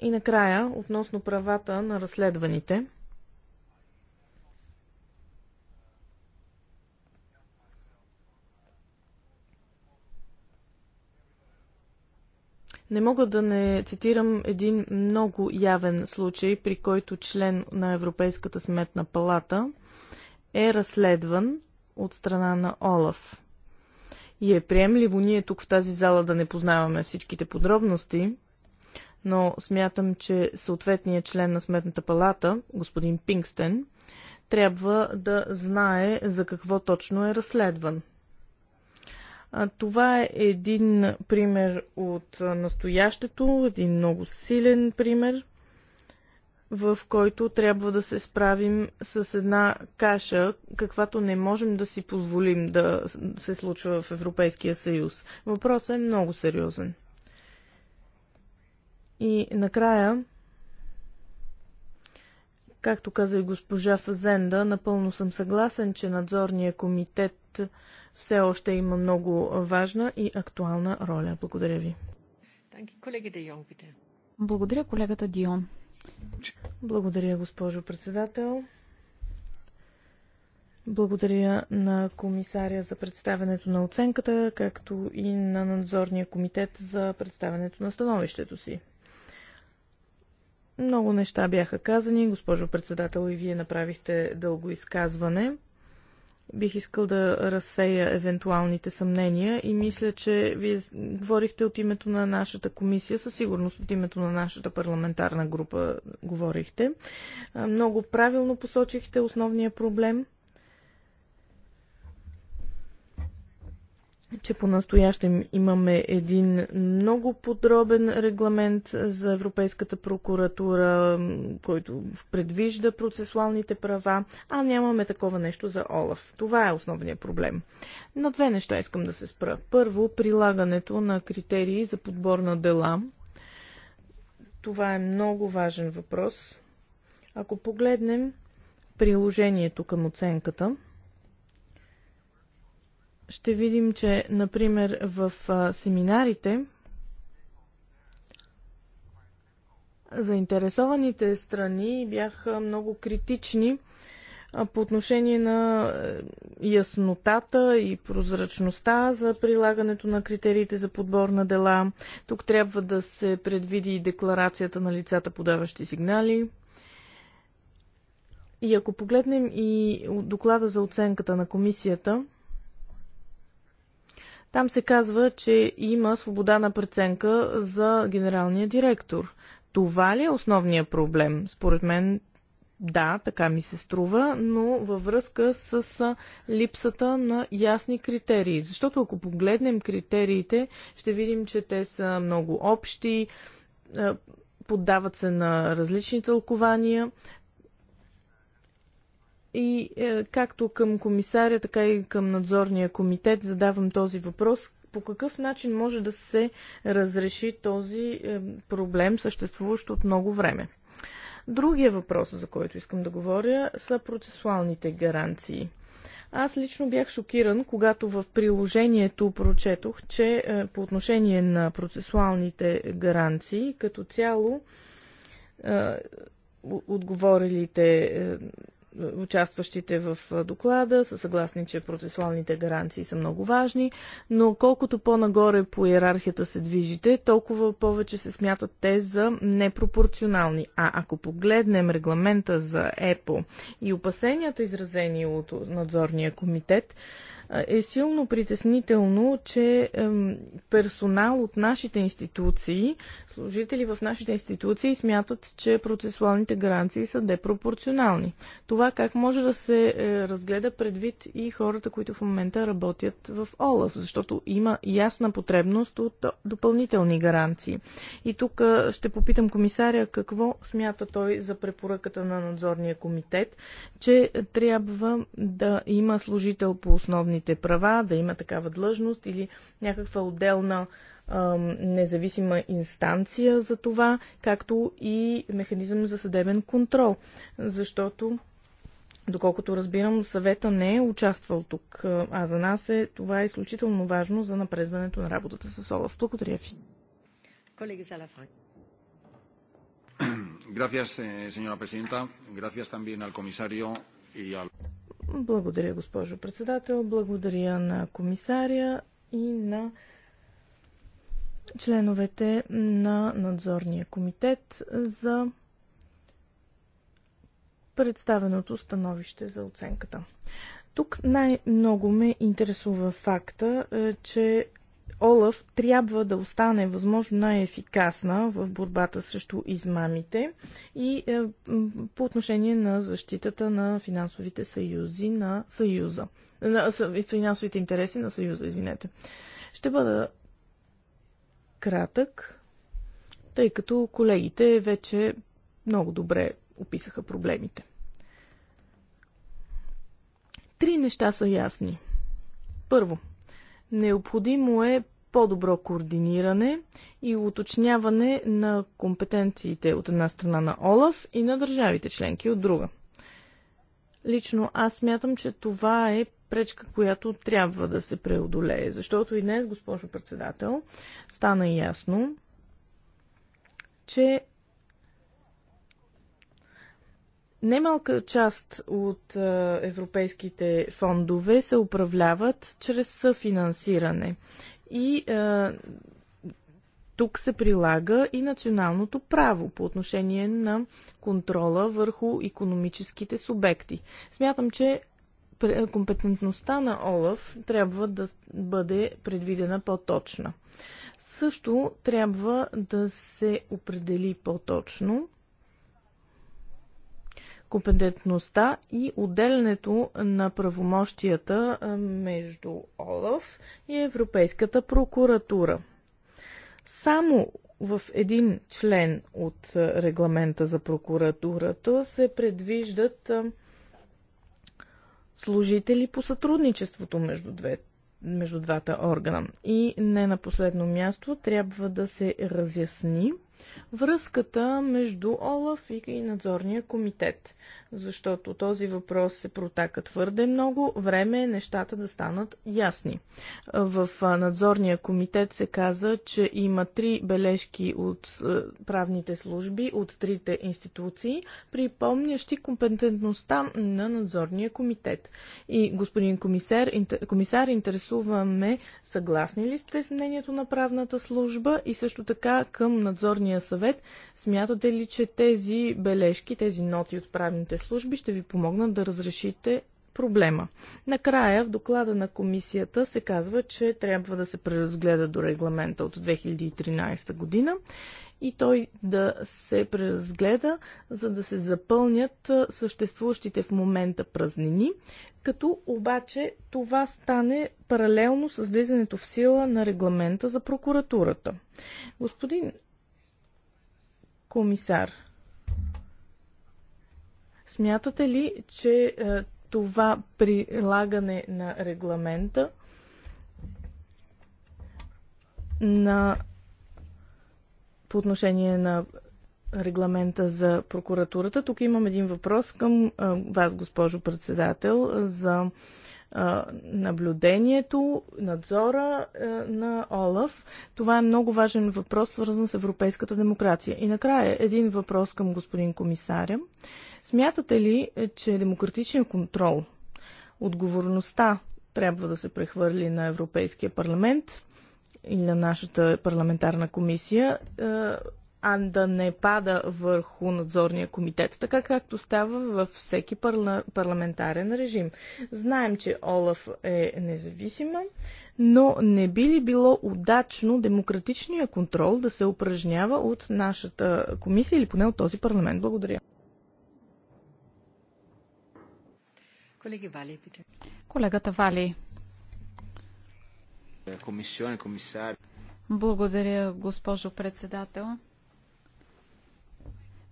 И накрая, относно правата на разследваните – Не мога да не цитирам един много явен случай, при който член на Европейската сметна палата е разследван от страна на Олаф. И е приемливо ние тук в тази зала да не познаваме всичките подробности, но смятам, че съответният член на Сметната палата, господин Пингстен, трябва да знае за какво точно е разследван. Това е един пример от настоящето, един много силен пример, в който трябва да се справим с една каша, каквато не можем да си позволим да се случва в Европейския съюз. Въпросът е много сериозен. И накрая Както каза и госпожа Фазенда, напълно съм съгласен, че надзорния комитет все още има много важна и актуална роля. Благодаря ви. Благодаря колегата Дион. Благодаря, госпожо председател. Благодаря на комисаря за представенето на оценката, както и на надзорния комитет за представенето на становището си. Много неща бяха казани. Госпожо председател, и вие направихте дълго изказване. Бих искал да разсея евентуалните съмнения и мисля, че вие говорихте от името на нашата комисия, със сигурност от името на нашата парламентарна група говорихте. Много правилно посочихте основния проблем. че по-настоящем имаме един много подробен регламент за Европейската прокуратура, който предвижда процесуалните права, а нямаме такова нещо за ОЛАФ. Това е основният проблем. На две неща искам да се спра. Първо, прилагането на критерии за подбор на дела. Това е много важен въпрос. Ако погледнем приложението към оценката, ще видим, че, например, в семинарите заинтересованите страни бяха много критични по отношение на е, яснотата и прозрачността за прилагането на критериите за подбор на дела. Тук трябва да се предвиди и декларацията на лицата, подаващи сигнали. И ако погледнем и доклада за оценката на комисията, там се казва, че има свобода на преценка за генералния директор. Това ли е основният проблем? Според мен да, така ми се струва, но във връзка с липсата на ясни критерии. Защото ако погледнем критериите, ще видим, че те са много общи, поддават се на различни тълкования, и е, както към комисаря, така и към надзорния комитет задавам този въпрос. По какъв начин може да се разреши този е, проблем, съществуващ от много време? Другия въпрос, за който искам да говоря, са процесуалните гаранции. Аз лично бях шокиран, когато в приложението прочетох, че е, по отношение на процесуалните гаранции, като цяло, е, отговорилите е, участващите в доклада са съгласни, че процесуалните гаранции са много важни, но колкото по-нагоре по иерархията се движите, толкова повече се смятат те за непропорционални. А ако погледнем регламента за ЕПО и опасенията, изразени от надзорния комитет, е силно притеснително, че персонал от нашите институции Служители в нашите институции смятат, че процесуалните гаранции са депропорционални. Това как може да се е, разгледа предвид и хората, които в момента работят в ОЛАФ, защото има ясна потребност от допълнителни гаранции. И тук е, ще попитам комисаря какво смята той за препоръката на надзорния комитет, че трябва да има служител по основните права, да има такава длъжност или някаква отделна независима инстанция за това, както и механизъм за съдебен контрол, защото Доколкото разбирам, съвета не е участвал тук, а за нас е това е изключително важно за напредването на работата с Олаф. Благодаря ви. Колеги Салафранк. [CLEARS THROAT] Eh, Благодаря, госпожо председател. Благодаря на комисаря и на членовете на надзорния комитет за представеното становище за оценката. Тук най-много ме интересува факта, е, че Олаф трябва да остане възможно най-ефикасна в борбата срещу измамите и е, по отношение на защитата на финансовите съюзи на Съюза. На, финансовите интереси на Съюза, извинете. Ще бъда кратък, тъй като колегите вече много добре описаха проблемите. Три неща са ясни. Първо, необходимо е по-добро координиране и уточняване на компетенциите от една страна на ОЛАФ и на държавите членки от друга. Лично аз смятам, че това е пречка, която трябва да се преодолее. Защото и днес, госпожо председател, стана ясно, че Немалка част от европейските фондове се управляват чрез съфинансиране. И е, тук се прилага и националното право по отношение на контрола върху економическите субекти. Смятам, че компетентността на ОЛАФ трябва да бъде предвидена по-точна. Също трябва да се определи по-точно компетентността и отделянето на правомощията между ОЛАФ и Европейската прокуратура. Само в един член от регламента за прокуратурата се предвиждат служители по сътрудничеството между две, между двата органа. И не на последно място трябва да се разясни Връзката между ОЛАФ и надзорния комитет, защото този въпрос се протака твърде много, време е нещата да станат ясни. В надзорния комитет се каза, че има три бележки от правните служби от трите институции, припомнящи компетентността на надзорния комитет. И господин комисар, комисар интересуваме съгласни ли сте с мнението на правната служба и също така към надзорния правния съвет. Смятате ли, че тези бележки, тези ноти от правните служби ще ви помогнат да разрешите проблема. Накрая в доклада на комисията се казва, че трябва да се преразгледа до регламента от 2013 година и той да се преразгледа, за да се запълнят съществуващите в момента празнини, като обаче това стане паралелно с влизането в сила на регламента за прокуратурата. Господин комисар. Смятате ли, че е, това прилагане на регламента на по отношение на регламента за прокуратурата. Тук имам един въпрос към е, вас, госпожо председател, за наблюдението, надзора на ОЛАФ. Това е много важен въпрос, свързан с европейската демокрация. И накрая един въпрос към господин комисаря. Смятате ли, е, че демократичен контрол, отговорността трябва да се прехвърли на Европейския парламент или на нашата парламентарна комисия? Е, а да не пада върху надзорния комитет, така както става във всеки парла... парламентарен режим. Знаем, че Олаф е независима, но не би ли било удачно демократичния контрол да се упражнява от нашата комисия или поне от този парламент? Благодаря. Колеги Вали, Колегата Вали. Комисион, комисар. Благодаря, госпожо председател.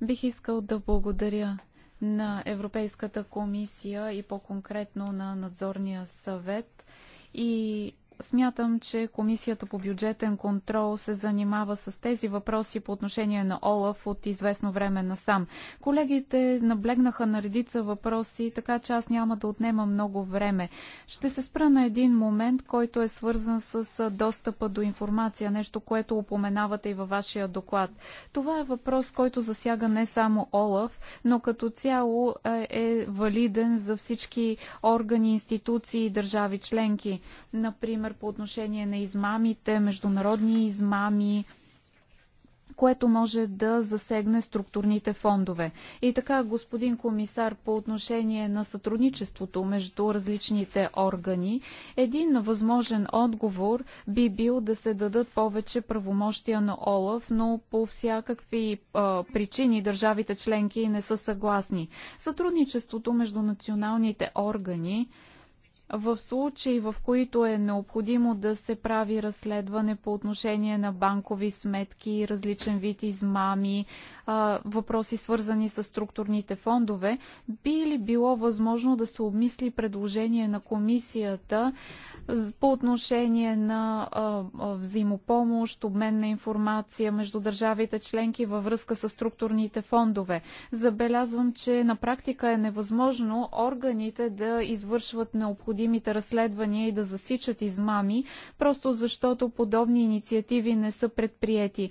Бих искал да благодаря на Европейската комисия и по-конкретно на надзорния съвет и Смятам, че Комисията по бюджетен контрол се занимава с тези въпроси по отношение на Олаф от известно време насам. Колегите наблегнаха на редица въпроси, така че аз няма да отнема много време. Ще се спра на един момент, който е свързан с достъпа до информация, нещо, което упоменавате и във вашия доклад. Това е въпрос, който засяга не само Олаф, но като цяло е валиден за всички органи, институции и държави членки. Например, например по отношение на измамите, международни измами, което може да засегне структурните фондове. И така, господин комисар, по отношение на сътрудничеството между различните органи, един възможен отговор би бил да се дадат повече правомощия на ОЛАФ, но по всякакви а, причини държавите членки не са съгласни. Сътрудничеството между националните органи в случаи, в които е необходимо да се прави разследване по отношение на банкови сметки, различен вид измами, въпроси свързани с структурните фондове, би ли било възможно да се обмисли предложение на комисията по отношение на взаимопомощ, обмен на информация между държавите членки във връзка с структурните фондове? Забелязвам, че на практика е невъзможно органите да извършват необходимо необходимите разследвания и да засичат измами, просто защото подобни инициативи не са предприяти.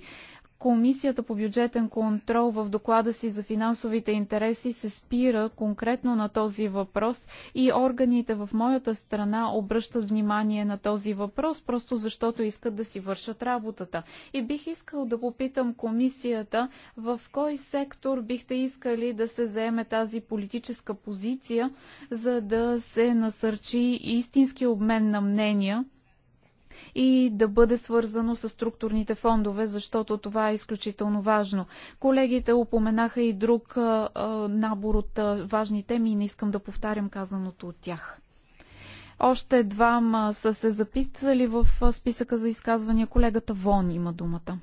Комисията по бюджетен контрол в доклада си за финансовите интереси се спира конкретно на този въпрос и органите в моята страна обръщат внимание на този въпрос, просто защото искат да си вършат работата. И бих искал да попитам комисията в кой сектор бихте искали да се заеме тази политическа позиция, за да се насърчи истински обмен на мнения и да бъде свързано с структурните фондове, защото това е изключително важно. Колегите упоменаха и друг набор от важни теми и не искам да повтарям казаното от тях. Още двама са се записали в списъка за изказвания. Колегата Вон има думата.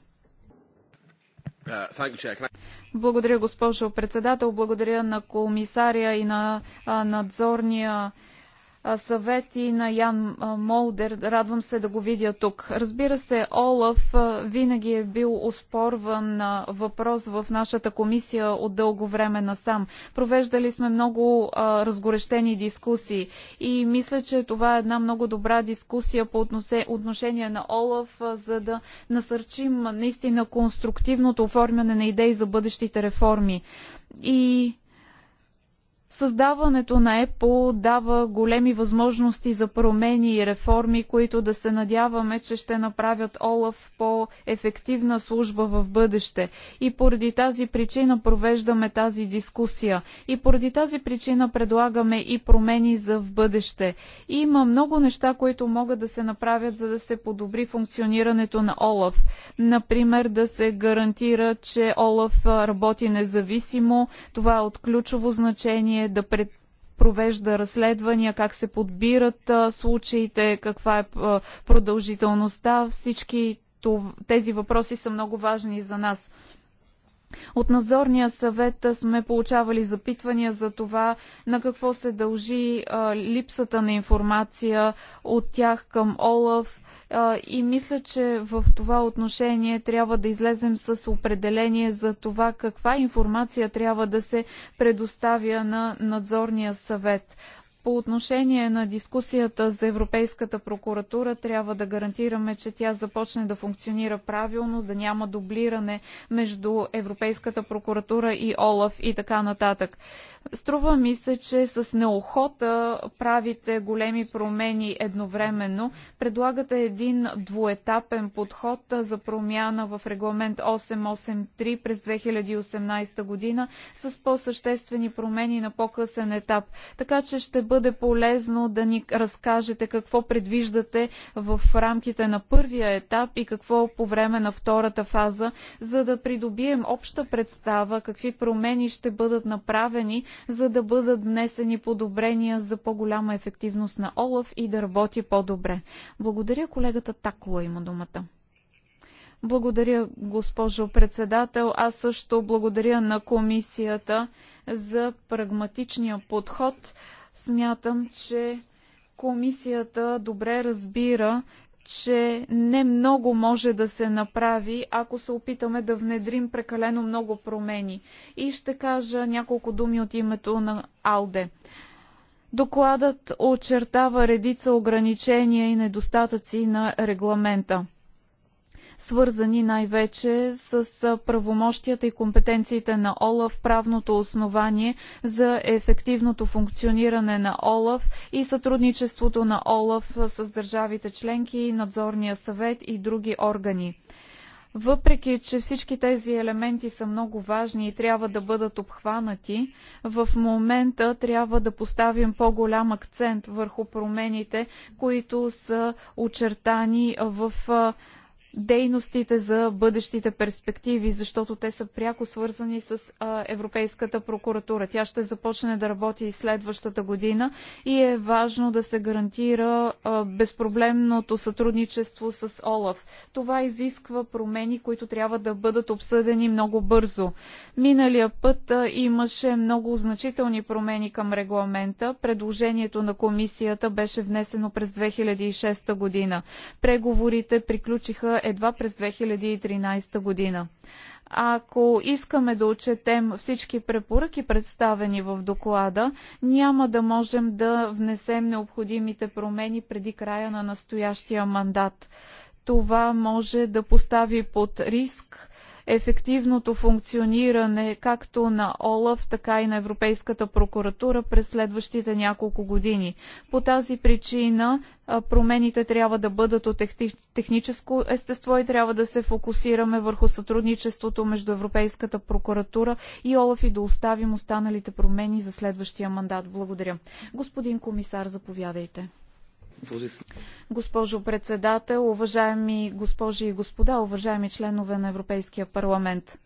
Uh, Благодаря, госпожо председател. Благодаря на комисаря и на надзорния съвети на Ян Молдер. Радвам се да го видя тук. Разбира се, Олаф винаги е бил оспорван въпрос в нашата комисия от дълго време насам. Провеждали сме много разгорещени дискусии и мисля, че това е една много добра дискусия по отношение на Олаф, за да насърчим наистина конструктивното оформяне на идеи за бъдещите реформи. И Създаването на ЕПО дава големи възможности за промени и реформи, които да се надяваме, че ще направят ОЛАФ по-ефективна служба в бъдеще. И поради тази причина провеждаме тази дискусия. И поради тази причина предлагаме и промени за в бъдеще. И има много неща, които могат да се направят, за да се подобри функционирането на ОЛАФ. Например, да се гарантира, че ОЛАФ работи независимо. Това е от ключово значение състояние да пред провежда разследвания, как се подбират а, случаите, каква е а, продължителността. Всички това, тези въпроси са много важни за нас. От надзорния съвет сме получавали запитвания за това на какво се дължи а, липсата на информация от тях към Олаф. А, и мисля, че в това отношение трябва да излезем с определение за това каква информация трябва да се предоставя на надзорния съвет. По отношение на дискусията за Европейската прокуратура, трябва да гарантираме, че тя започне да функционира правилно, да няма дублиране между Европейската прокуратура и ОЛАФ и така нататък. Струва ми се, че с неохота правите големи промени едновременно. Предлагате един двуетапен подход за промяна в регламент 883 през 2018 година с по-съществени промени на по-късен етап. Така че ще бъде бъде полезно да ни разкажете какво предвиждате в рамките на първия етап и какво по време на втората фаза, за да придобием обща представа какви промени ще бъдат направени, за да бъдат внесени подобрения за по-голяма ефективност на ОЛАФ и да работи по-добре. Благодаря, колегата Такола има думата. Благодаря, госпожо председател. Аз също благодаря на комисията за прагматичния подход. Смятам, че комисията добре разбира, че не много може да се направи, ако се опитаме да внедрим прекалено много промени. И ще кажа няколко думи от името на Алде. Докладът очертава редица ограничения и недостатъци на регламента свързани най-вече с правомощията и компетенциите на ОЛАФ, правното основание за ефективното функциониране на ОЛАФ и сътрудничеството на ОЛАФ с държавите членки, надзорния съвет и други органи. Въпреки, че всички тези елементи са много важни и трябва да бъдат обхванати, в момента трябва да поставим по-голям акцент върху промените, които са очертани в дейностите за бъдещите перспективи, защото те са пряко свързани с Европейската прокуратура. Тя ще започне да работи и следващата година и е важно да се гарантира безпроблемното сътрудничество с ОЛАФ. Това изисква промени, които трябва да бъдат обсъдени много бързо. Миналия път имаше много значителни промени към регламента. Предложението на комисията беше внесено през 2006 година. Преговорите приключиха едва през 2013 година. Ако искаме да отчетем всички препоръки, представени в доклада, няма да можем да внесем необходимите промени преди края на настоящия мандат. Това може да постави под риск ефективното функциониране както на ОЛАФ, така и на Европейската прокуратура през следващите няколко години. По тази причина промените трябва да бъдат от техническо естество и трябва да се фокусираме върху сътрудничеството между Европейската прокуратура и ОЛАФ и да оставим останалите промени за следващия мандат. Благодаря. Господин комисар, заповядайте. Госпожо председател, уважаеми госпожи и господа, уважаеми членове на Европейския парламент.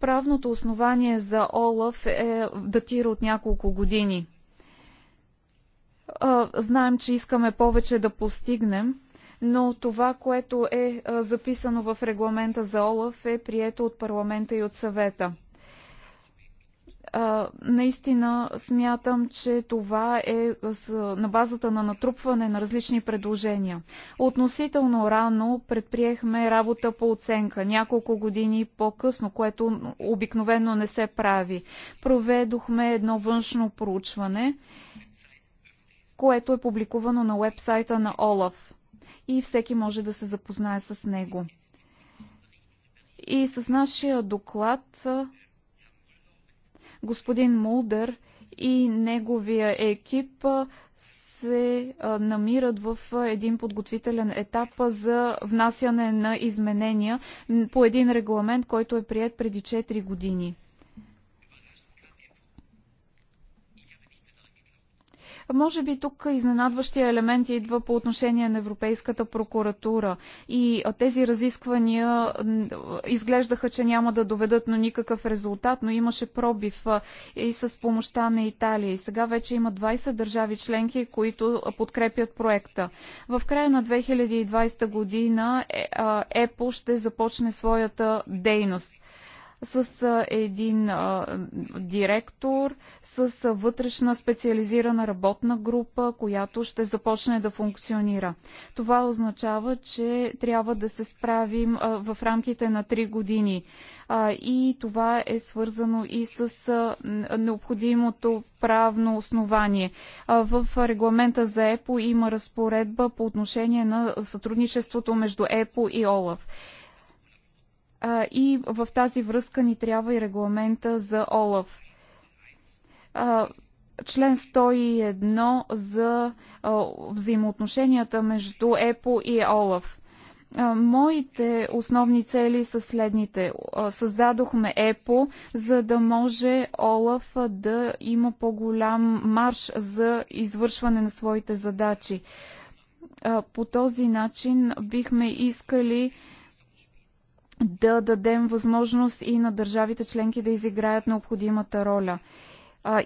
Правното основание за ОЛАФ е, датира от няколко години. Знаем, че искаме повече да постигнем, но това, което е записано в регламента за ОЛАФ е прието от парламента и от съвета. А, наистина смятам, че това е с, на базата на натрупване на различни предложения. Относително рано предприехме работа по оценка, няколко години по-късно, което обикновено не се прави. Проведохме едно външно проучване, което е публикувано на вебсайта на ОЛАФ и всеки може да се запознае с него. И с нашия доклад господин Мулдър и неговия екип се намират в един подготвителен етап за внасяне на изменения по един регламент, който е прият преди 4 години. Може би тук изненадващия елемент идва по отношение на Европейската прокуратура и тези разисквания изглеждаха, че няма да доведат на никакъв резултат, но имаше пробив и с помощта на Италия. И сега вече има 20 държави членки, които подкрепят проекта. В края на 2020 година е, ЕПО ще започне своята дейност с един директор, с вътрешна специализирана работна група, която ще започне да функционира. Това означава, че трябва да се справим в рамките на 3 години. И това е свързано и с необходимото правно основание. В регламента за ЕПО има разпоредба по отношение на сътрудничеството между ЕПО и ОЛАФ. А, и в тази връзка ни трябва и регламента за ОЛАВ. А, член 101 за а, взаимоотношенията между ЕПО и ОЛАВ. Моите основни цели са следните. Създадохме ЕПО, за да може Олаф да има по-голям марш за извършване на своите задачи. По този начин бихме искали да дадем възможност и на държавите членки да изиграят необходимата роля.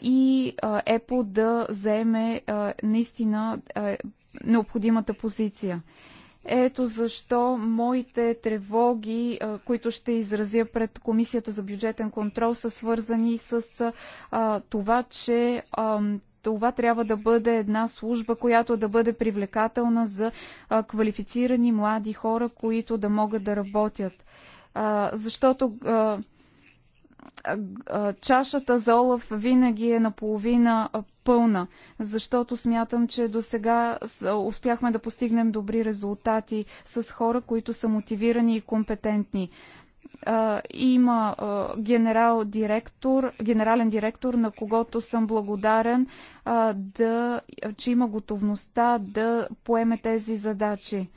И ЕПО да заеме наистина необходимата позиция. Ето защо моите тревоги, които ще изразя пред Комисията за бюджетен контрол, са свързани с това, че това трябва да бъде една служба, която да бъде привлекателна за квалифицирани млади хора, които да могат да работят. Защото чашата за Олаф винаги е наполовина пълна, защото смятам, че до сега успяхме да постигнем добри резултати с хора, които са мотивирани и компетентни. Има генерал директор, генерален директор, на когото съм благодарен, да, че има готовността да поеме тези задачи.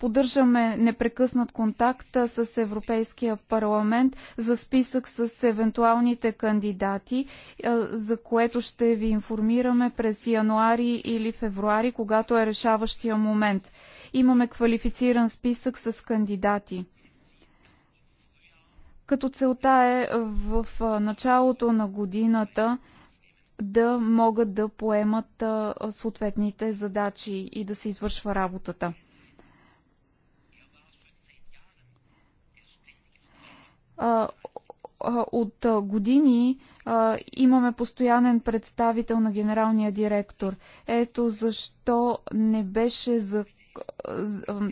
Поддържаме непрекъснат контакт с Европейския парламент за списък с евентуалните кандидати, за което ще ви информираме през януари или февруари, когато е решаващия момент имаме квалифициран списък с кандидати. Като целта е в началото на годината да могат да поемат съответните задачи и да се извършва работата. от години а, имаме постоянен представител на генералния директор. Ето защо не беше за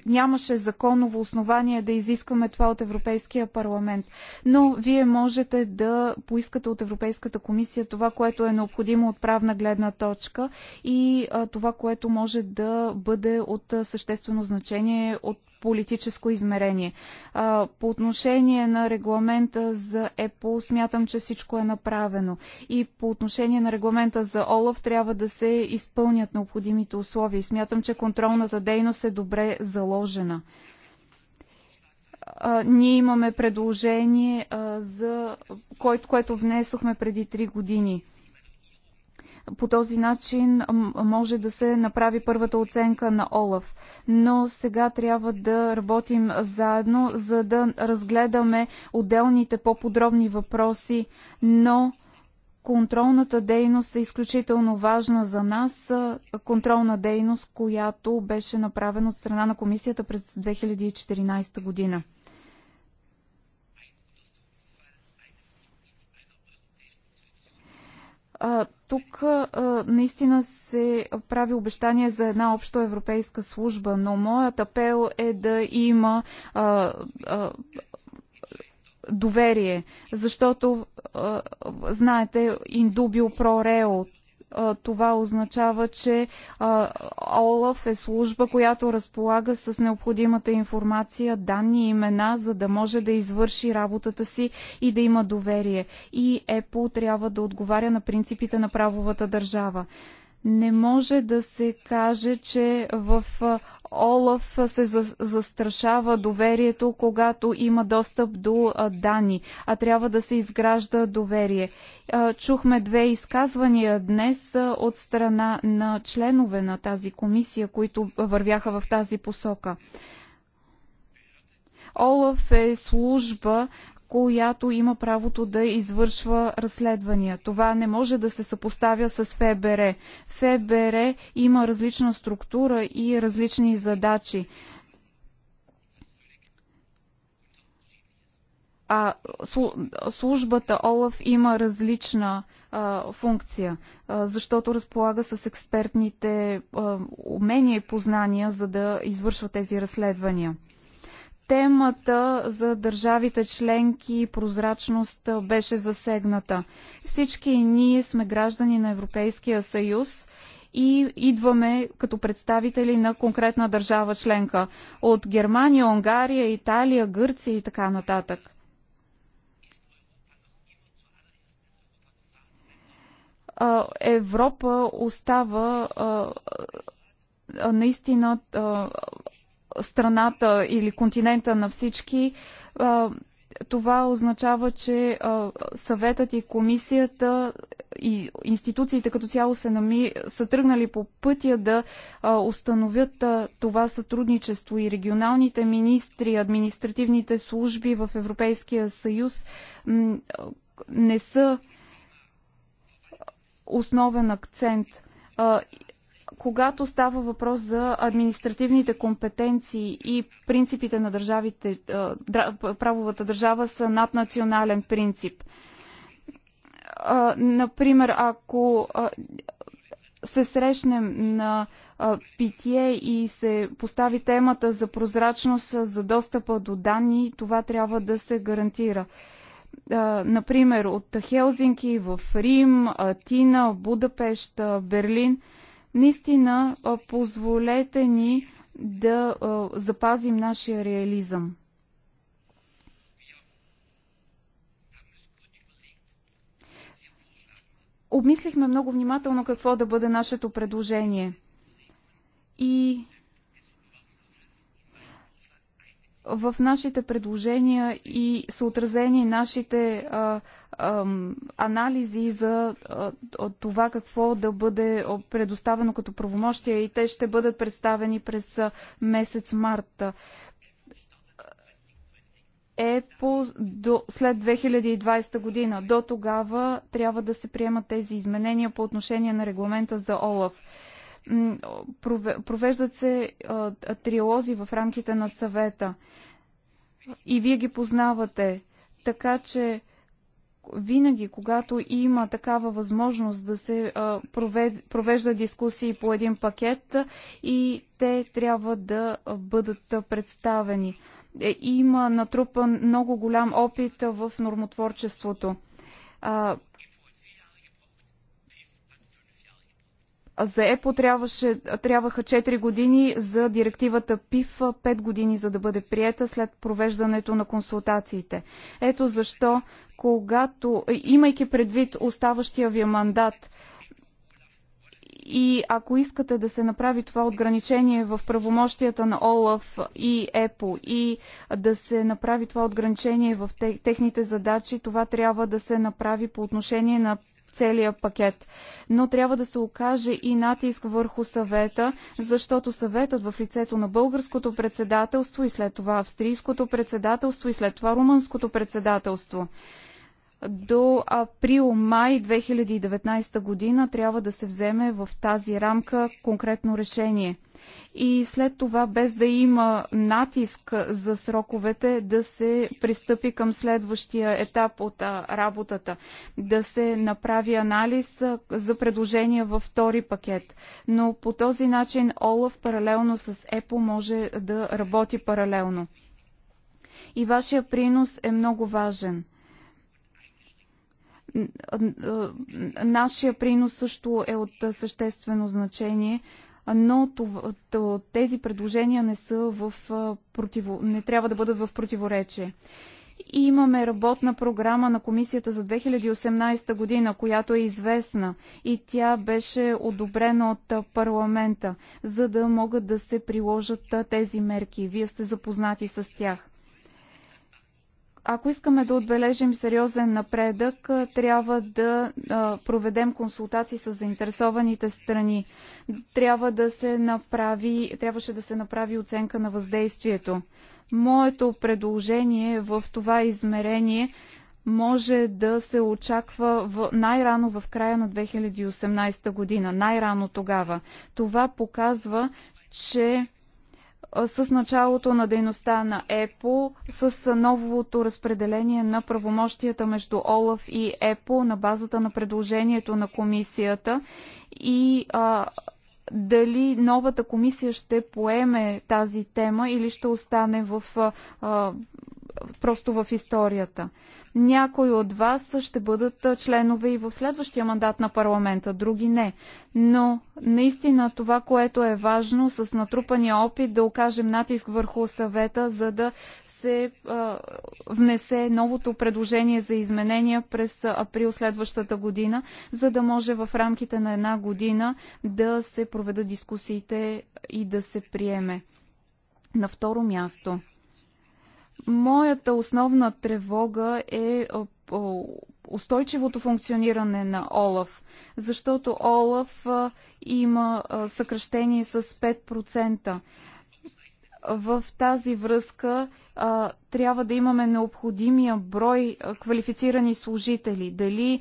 нямаше законово основание да изискваме това от Европейския парламент. Но вие можете да поискате от Европейската комисия това, което е необходимо от правна гледна точка и това, което може да бъде от съществено значение от политическо измерение. По отношение на регламента за ЕПО смятам, че всичко е направено. И по отношение на регламента за ОЛАВ трябва да се изпълнят необходимите условия. Смятам, че контролната дейност е добра добре заложена. А, ние имаме предложение, а, за кое, което внесохме преди 3 години. По този начин може да се направи първата оценка на Олаф. Но сега трябва да работим заедно, за да разгледаме отделните по-подробни въпроси, но Контролната дейност е изключително важна за нас. Контролна дейност, която беше направена от страна на комисията през 2014 година. А, тук а, наистина се прави обещание за една общо европейска служба, но моят апел е да има а, а, доверие, защото а, знаете индубио про рео. Това означава, че а, ОЛАФ е служба, която разполага с необходимата информация, данни и имена, за да може да извърши работата си и да има доверие. И ЕПО трябва да отговаря на принципите на правовата държава. Не може да се каже, че в Олаф се застрашава доверието, когато има достъп до данни, а трябва да се изгражда доверие. Чухме две изказвания днес от страна на членове на тази комисия, които вървяха в тази посока. Олаф е служба която има правото да извършва разследвания. Това не може да се съпоставя с ФБР. ФБР има различна структура и различни задачи. а службата ОЛАФ има различна а, функция, а, защото разполага с експертните а, умения и познания, за да извършва тези разследвания темата за държавите членки и прозрачност беше засегната. Всички ние сме граждани на Европейския съюз и идваме като представители на конкретна държава членка от Германия, Унгария, Италия, Гърция и така нататък. Европа остава наистина страната или континента на всички, това означава, че съветът и комисията и институциите като цяло са, нами, са тръгнали по пътя да установят това сътрудничество и регионалните министри, административните служби в Европейския съюз не са основен акцент когато става въпрос за административните компетенции и принципите на държавите, правовата държава са наднационален принцип. Например, ако се срещнем на питие и се постави темата за прозрачност, за достъпа до данни, това трябва да се гарантира например, от Хелзинки в Рим, Атина, Будапешт, Берлин. Наистина, позволете ни да запазим нашия реализъм. Обмислихме много внимателно какво да бъде нашето предложение. И в нашите предложения и са отразени нашите а, а, анализи за а, това какво да бъде предоставено като правомощия и те ще бъдат представени през месец март. Е по, до, след 2020 година. До тогава трябва да се приемат тези изменения по отношение на регламента за ОЛАФ провеждат се триолози в рамките на съвета. И вие ги познавате. Така че винаги, когато има такава възможност да се провежда дискусии по един пакет и те трябва да бъдат представени. Е, има натрупан много голям опит в нормотворчеството. За ЕПО трябваше, трябваха 4 години, за директивата ПИФ 5 години, за да бъде приета след провеждането на консултациите. Ето защо, когато, имайки предвид оставащия ви мандат, и ако искате да се направи това отграничение в правомощията на ОЛАФ и ЕПО и да се направи това отграничение в техните задачи, това трябва да се направи по отношение на целия пакет. Но трябва да се окаже и натиск върху съвета, защото съветът в лицето на българското председателство и след това австрийското председателство и след това румънското председателство до април-май 2019 година трябва да се вземе в тази рамка конкретно решение. И след това, без да има натиск за сроковете, да се пристъпи към следващия етап от работата, да се направи анализ за предложения във втори пакет. Но по този начин ОЛАФ паралелно с ЕПО може да работи паралелно. И вашия принос е много важен – Нашия принос също е от съществено значение, но тези предложения не са в противо... не трябва да бъдат в противоречие. И имаме работна програма на комисията за 2018 година, която е известна и тя беше одобрена от парламента, за да могат да се приложат тези мерки. Вие сте запознати с тях. Ако искаме да отбележим сериозен напредък, трябва да проведем консултации с заинтересованите страни. Трябва да се направи, трябваше да се направи оценка на въздействието. Моето предложение е в това измерение може да се очаква най-рано в края на 2018 година, най-рано тогава. Това показва, че с началото на дейността на ЕПО, с новото разпределение на правомощията между ОЛАФ и ЕПО на базата на предложението на комисията и а, дали новата комисия ще поеме тази тема или ще остане в а, просто в историята. Някои от вас ще бъдат членове и в следващия мандат на парламента, други не. Но наистина това, което е важно с натрупания опит да окажем натиск върху съвета, за да се а, внесе новото предложение за изменения през април следващата година, за да може в рамките на една година да се проведат дискусиите и да се приеме. На второ място. Моята основна тревога е устойчивото функциониране на ОЛАФ, защото ОЛАФ има съкръщение с 5%. В тази връзка трябва да имаме необходимия брой квалифицирани служители. Дали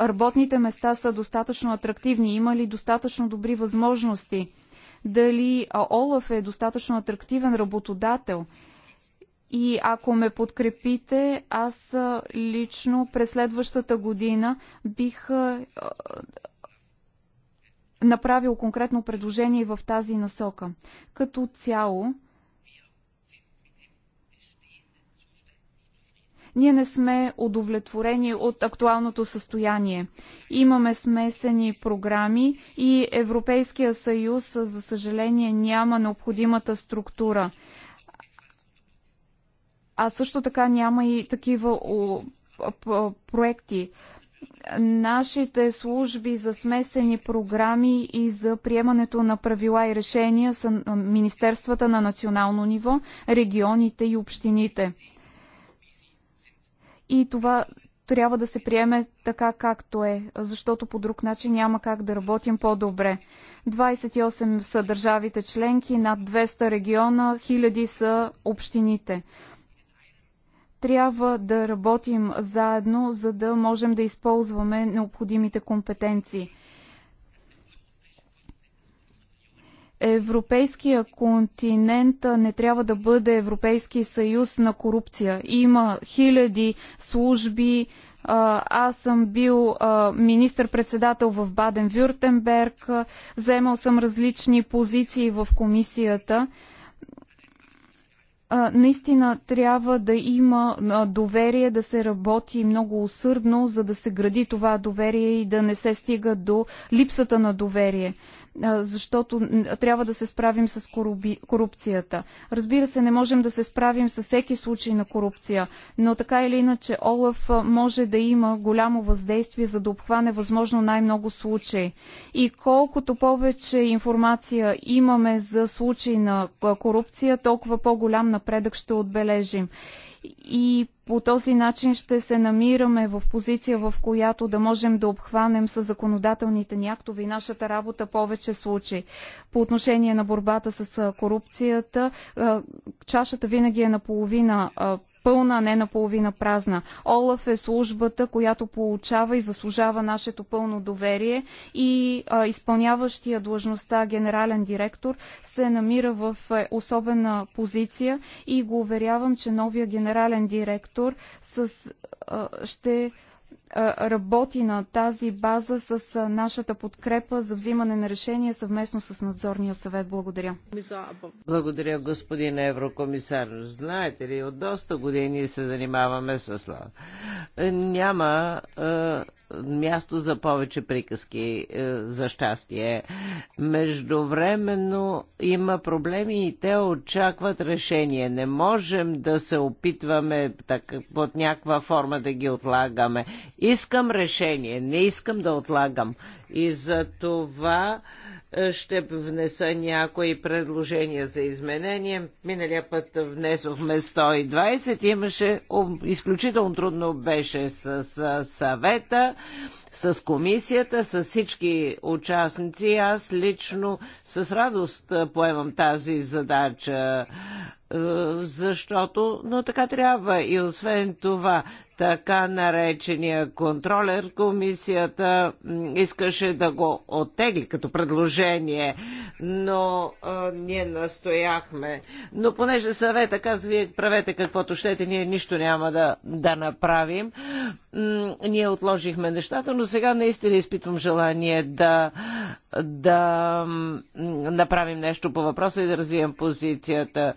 работните места са достатъчно атрактивни, има ли достатъчно добри възможности, дали ОЛАФ е достатъчно атрактивен работодател – и ако ме подкрепите, аз лично през следващата година бих направил конкретно предложение в тази насока. Като цяло, ние не сме удовлетворени от актуалното състояние. Имаме смесени програми и Европейския съюз, за съжаление, няма необходимата структура. А също така няма и такива проекти. Нашите служби за смесени програми и за приемането на правила и решения са министерствата на национално ниво, регионите и общините. И това трябва да се приеме така както е, защото по друг начин няма как да работим по-добре. 28 са държавите членки, над 200 региона, хиляди са общините трябва да работим заедно, за да можем да използваме необходимите компетенции. Европейския континент не трябва да бъде Европейски съюз на корупция. Има хиляди служби. Аз съм бил министър-председател в Баден-Вюртенберг. Заемал съм различни позиции в комисията наистина трябва да има доверие, да се работи много усърдно, за да се гради това доверие и да не се стига до липсата на доверие защото трябва да се справим с корупцията. Разбира се, не можем да се справим с всеки случай на корупция, но така или иначе Олаф може да има голямо въздействие, за да обхване възможно най-много случаи. И колкото повече информация имаме за случаи на корупция, толкова по-голям напредък ще отбележим и по този начин ще се намираме в позиция, в която да можем да обхванем с законодателните ни актове и нашата работа повече случаи. По отношение на борбата с корупцията, чашата винаги е наполовина пълна, а не наполовина празна. Олаф е службата, която получава и заслужава нашето пълно доверие и а, изпълняващия длъжността генерален директор се намира в е, особена позиция и го уверявам, че новия генерален директор с, а, ще работи на тази база с нашата подкрепа за взимане на решения съвместно с надзорния съвет. Благодаря. Благодаря, господин еврокомисар. Знаете ли, от доста години се занимаваме с Няма място за повече приказки е, за щастие. Междувременно има проблеми и те очакват решение. Не можем да се опитваме так, под някаква форма да ги отлагаме. Искам решение, не искам да отлагам. И за това ще внеса някои предложения за изменение. Миналия път внесохме 120. Имаше, изключително трудно беше с, съвета, с комисията, с всички участници. Аз лично с радост поемам тази задача. Е, защото, но така трябва. И освен това, така наречения контролер, комисията искаше да го оттегли като предложение, но а, е, ние настояхме. Но понеже съвета казва, вие правете каквото щете, ние нищо няма да, да направим, М ние отложихме нещата, но сега наистина изпитвам желание да да направим нещо по въпроса и да развием позицията.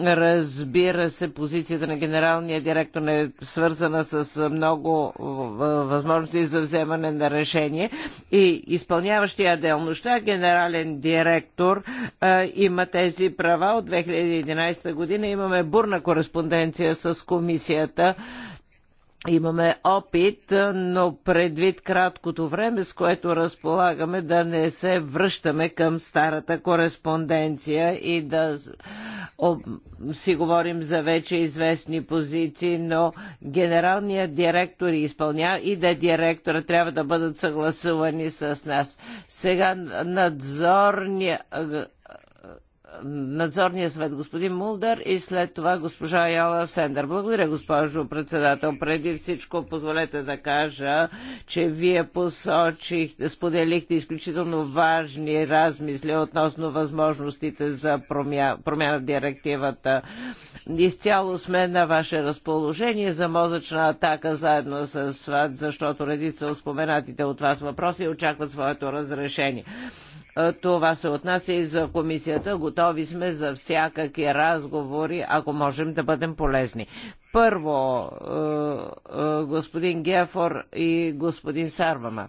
Разбира се, позицията на генералния директор е свързана с много възможности за вземане на решение и изпълняващия делността генерален директор има тези права. От 2011 година имаме бурна кореспонденция с комисията имаме опит, но предвид краткото време, с което разполагаме, да не се връщаме към старата кореспонденция и да си говорим за вече известни позиции, но генералният директор и изпълня и да е директора трябва да бъдат съгласувани с нас. Сега надзорния надзорния съвет господин Мулдър и след това госпожа Яла Сендър. Благодаря, госпожо председател. Преди всичко, позволете да кажа, че вие посочихте, споделихте изключително важни размисли относно възможностите за промя... промяна в директивата. Изцяло сме на ваше разположение за мозъчна атака заедно с вас, защото редица споменатите от вас въпроси очакват своето разрешение. Това се отнася и за комисията. Готов готови сме за всякакви разговори, ако можем да бъдем полезни. Първо, е, е, господин Гефор и господин Сарвама.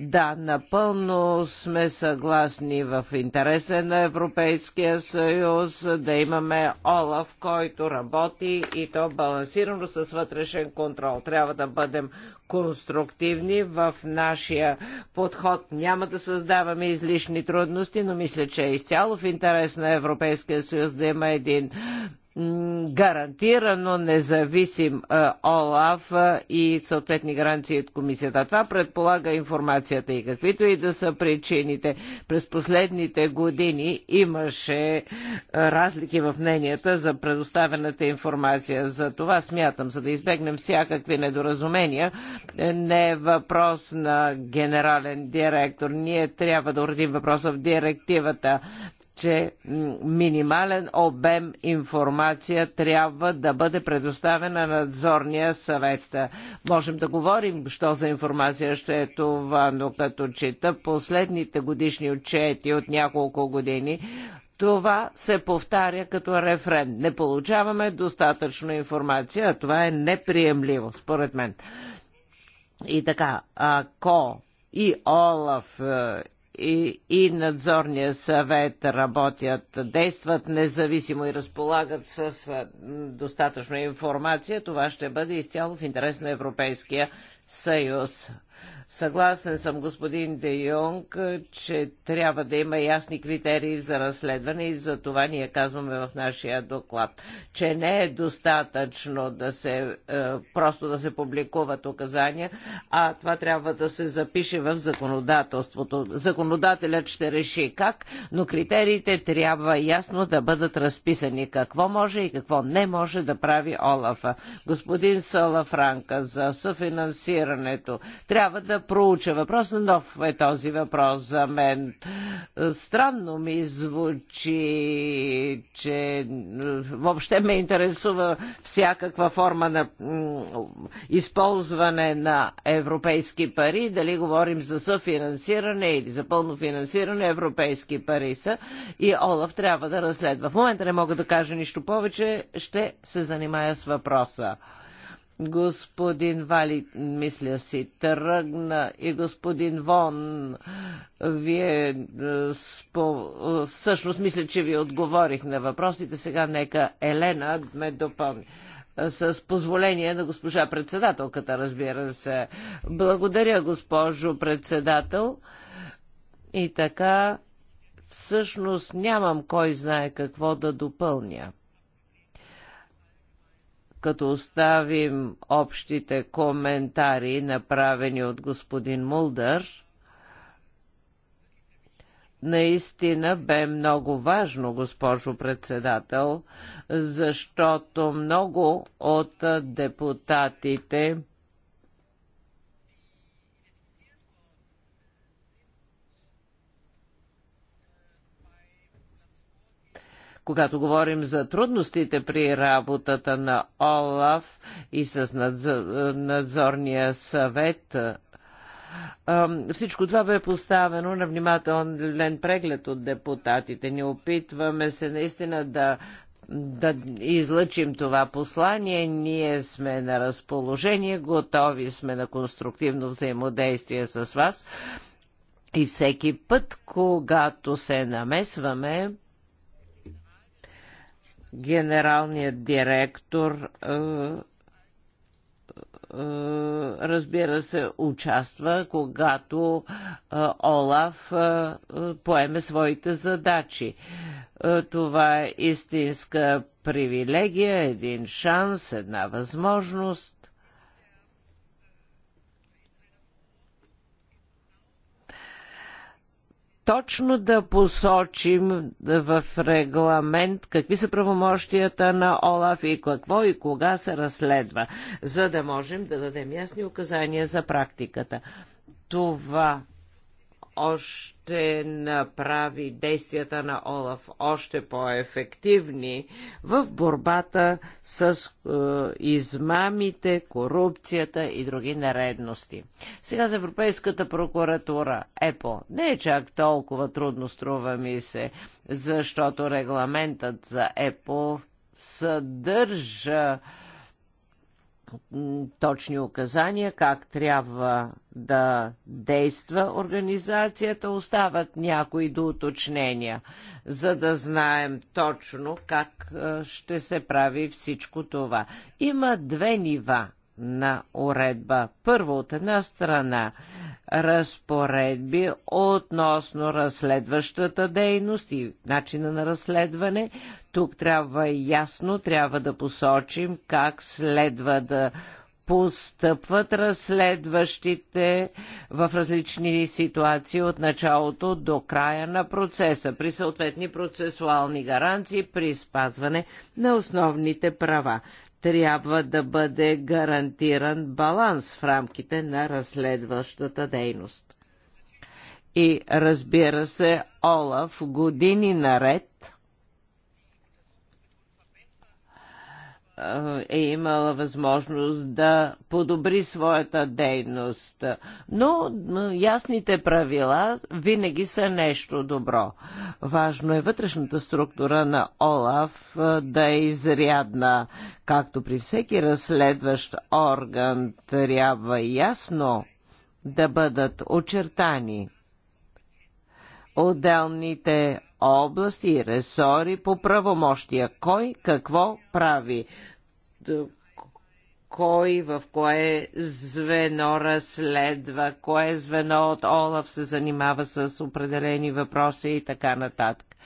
Да, напълно сме съгласни в интереса на Европейския съюз да имаме ОЛАФ, който работи и то балансирано с вътрешен контрол. Трябва да бъдем конструктивни в нашия подход. Няма да създаваме излишни трудности, но мисля, че е изцяло в интерес на Европейския съюз да има един гарантирано независим ОЛАФ и съответни гаранции от комисията. Това предполага информацията и каквито и да са причините. През последните години имаше разлики в мненията за предоставената информация. За това смятам, за да избегнем всякакви недоразумения, е, не е въпрос на генерален директор. Ние трябва да уредим въпроса в директивата че минимален обем информация трябва да бъде предоставена на надзорния съвет. Можем да говорим, що за информация ще е това, но като чета последните годишни отчети от няколко години, това се повтаря като рефрен. Не получаваме достатъчно информация, а това е неприемливо, според мен. И така, ако и Олаф е, и, и надзорния съвет работят, действат независимо и разполагат с достатъчно информация, това ще бъде изцяло в интерес на Европейския съюз. Съгласен съм, господин Де Йонг, че трябва да има ясни критерии за разследване и за това ние казваме в нашия доклад, че не е достатъчно да се, е, просто да се публикуват указания, а това трябва да се запише в законодателството. Законодателят ще реши как, но критериите трябва ясно да бъдат разписани какво може и какво не може да прави Олафа. Господин Салафранка за съфинансирането трябва да проуча. Въпрос на нов е този въпрос за мен. Странно ми звучи, че въобще ме интересува всякаква форма на използване на европейски пари, дали говорим за съфинансиране или за пълно финансиране, европейски пари са и Олаф трябва да разследва. В момента не мога да кажа нищо повече, ще се занимая с въпроса господин Вали, мисля си, тръгна и господин Вон, вие е, спо... Е, всъщност мисля, че ви отговорих на въпросите. Сега нека Елена ме допълни е, с позволение на госпожа председателката, разбира се. Благодаря, госпожо председател. И така, всъщност нямам кой знае какво да допълня като оставим общите коментари, направени от господин Мулдър, наистина бе много важно, госпожо председател, защото много от депутатите Когато говорим за трудностите при работата на ОЛАФ и с надзорния съвет, всичко това бе поставено на внимателен преглед от депутатите. Ни опитваме се наистина да да излъчим това послание. Ние сме на разположение, готови сме на конструктивно взаимодействие с вас. И всеки път, когато се намесваме, генералният директор е, е, разбира се, участва, когато е, Олаф поеме своите задачи. Това е истинска привилегия, един шанс, една възможност точно да посочим в регламент какви са правомощията на ОЛАФ и какво и кога се разследва, за да можем да дадем ясни указания за практиката. Това още направи действията на Олаф още по-ефективни в борбата с е, измамите, корупцията и други наредности. Сега за Европейската прокуратура ЕПО не е чак толкова трудно струва ми се, защото регламентът за ЕПО съдържа е, точни указания как трябва да действа организацията. Остават някои до уточнения, за да знаем точно как ще се прави всичко това. Има две нива на уредба. Първо, от една страна, разпоредби относно разследващата дейност и начина на разследване. Тук трябва ясно, трябва да посочим как следва да постъпват разследващите в различни ситуации от началото до края на процеса, при съответни процесуални гаранции, при спазване на основните права трябва да бъде гарантиран баланс в рамките на разследващата дейност. И разбира се, Олаф години наред е имала възможност да подобри своята дейност. Но ясните правила винаги са нещо добро. Важно е вътрешната структура на ОЛАФ да е изрядна. Както при всеки разследващ орган трябва ясно да бъдат очертани отделните области и ресори по правомощия. Кой какво прави? кой в кое звено разследва, кое звено от Олаф се занимава с определени въпроси и така нататък.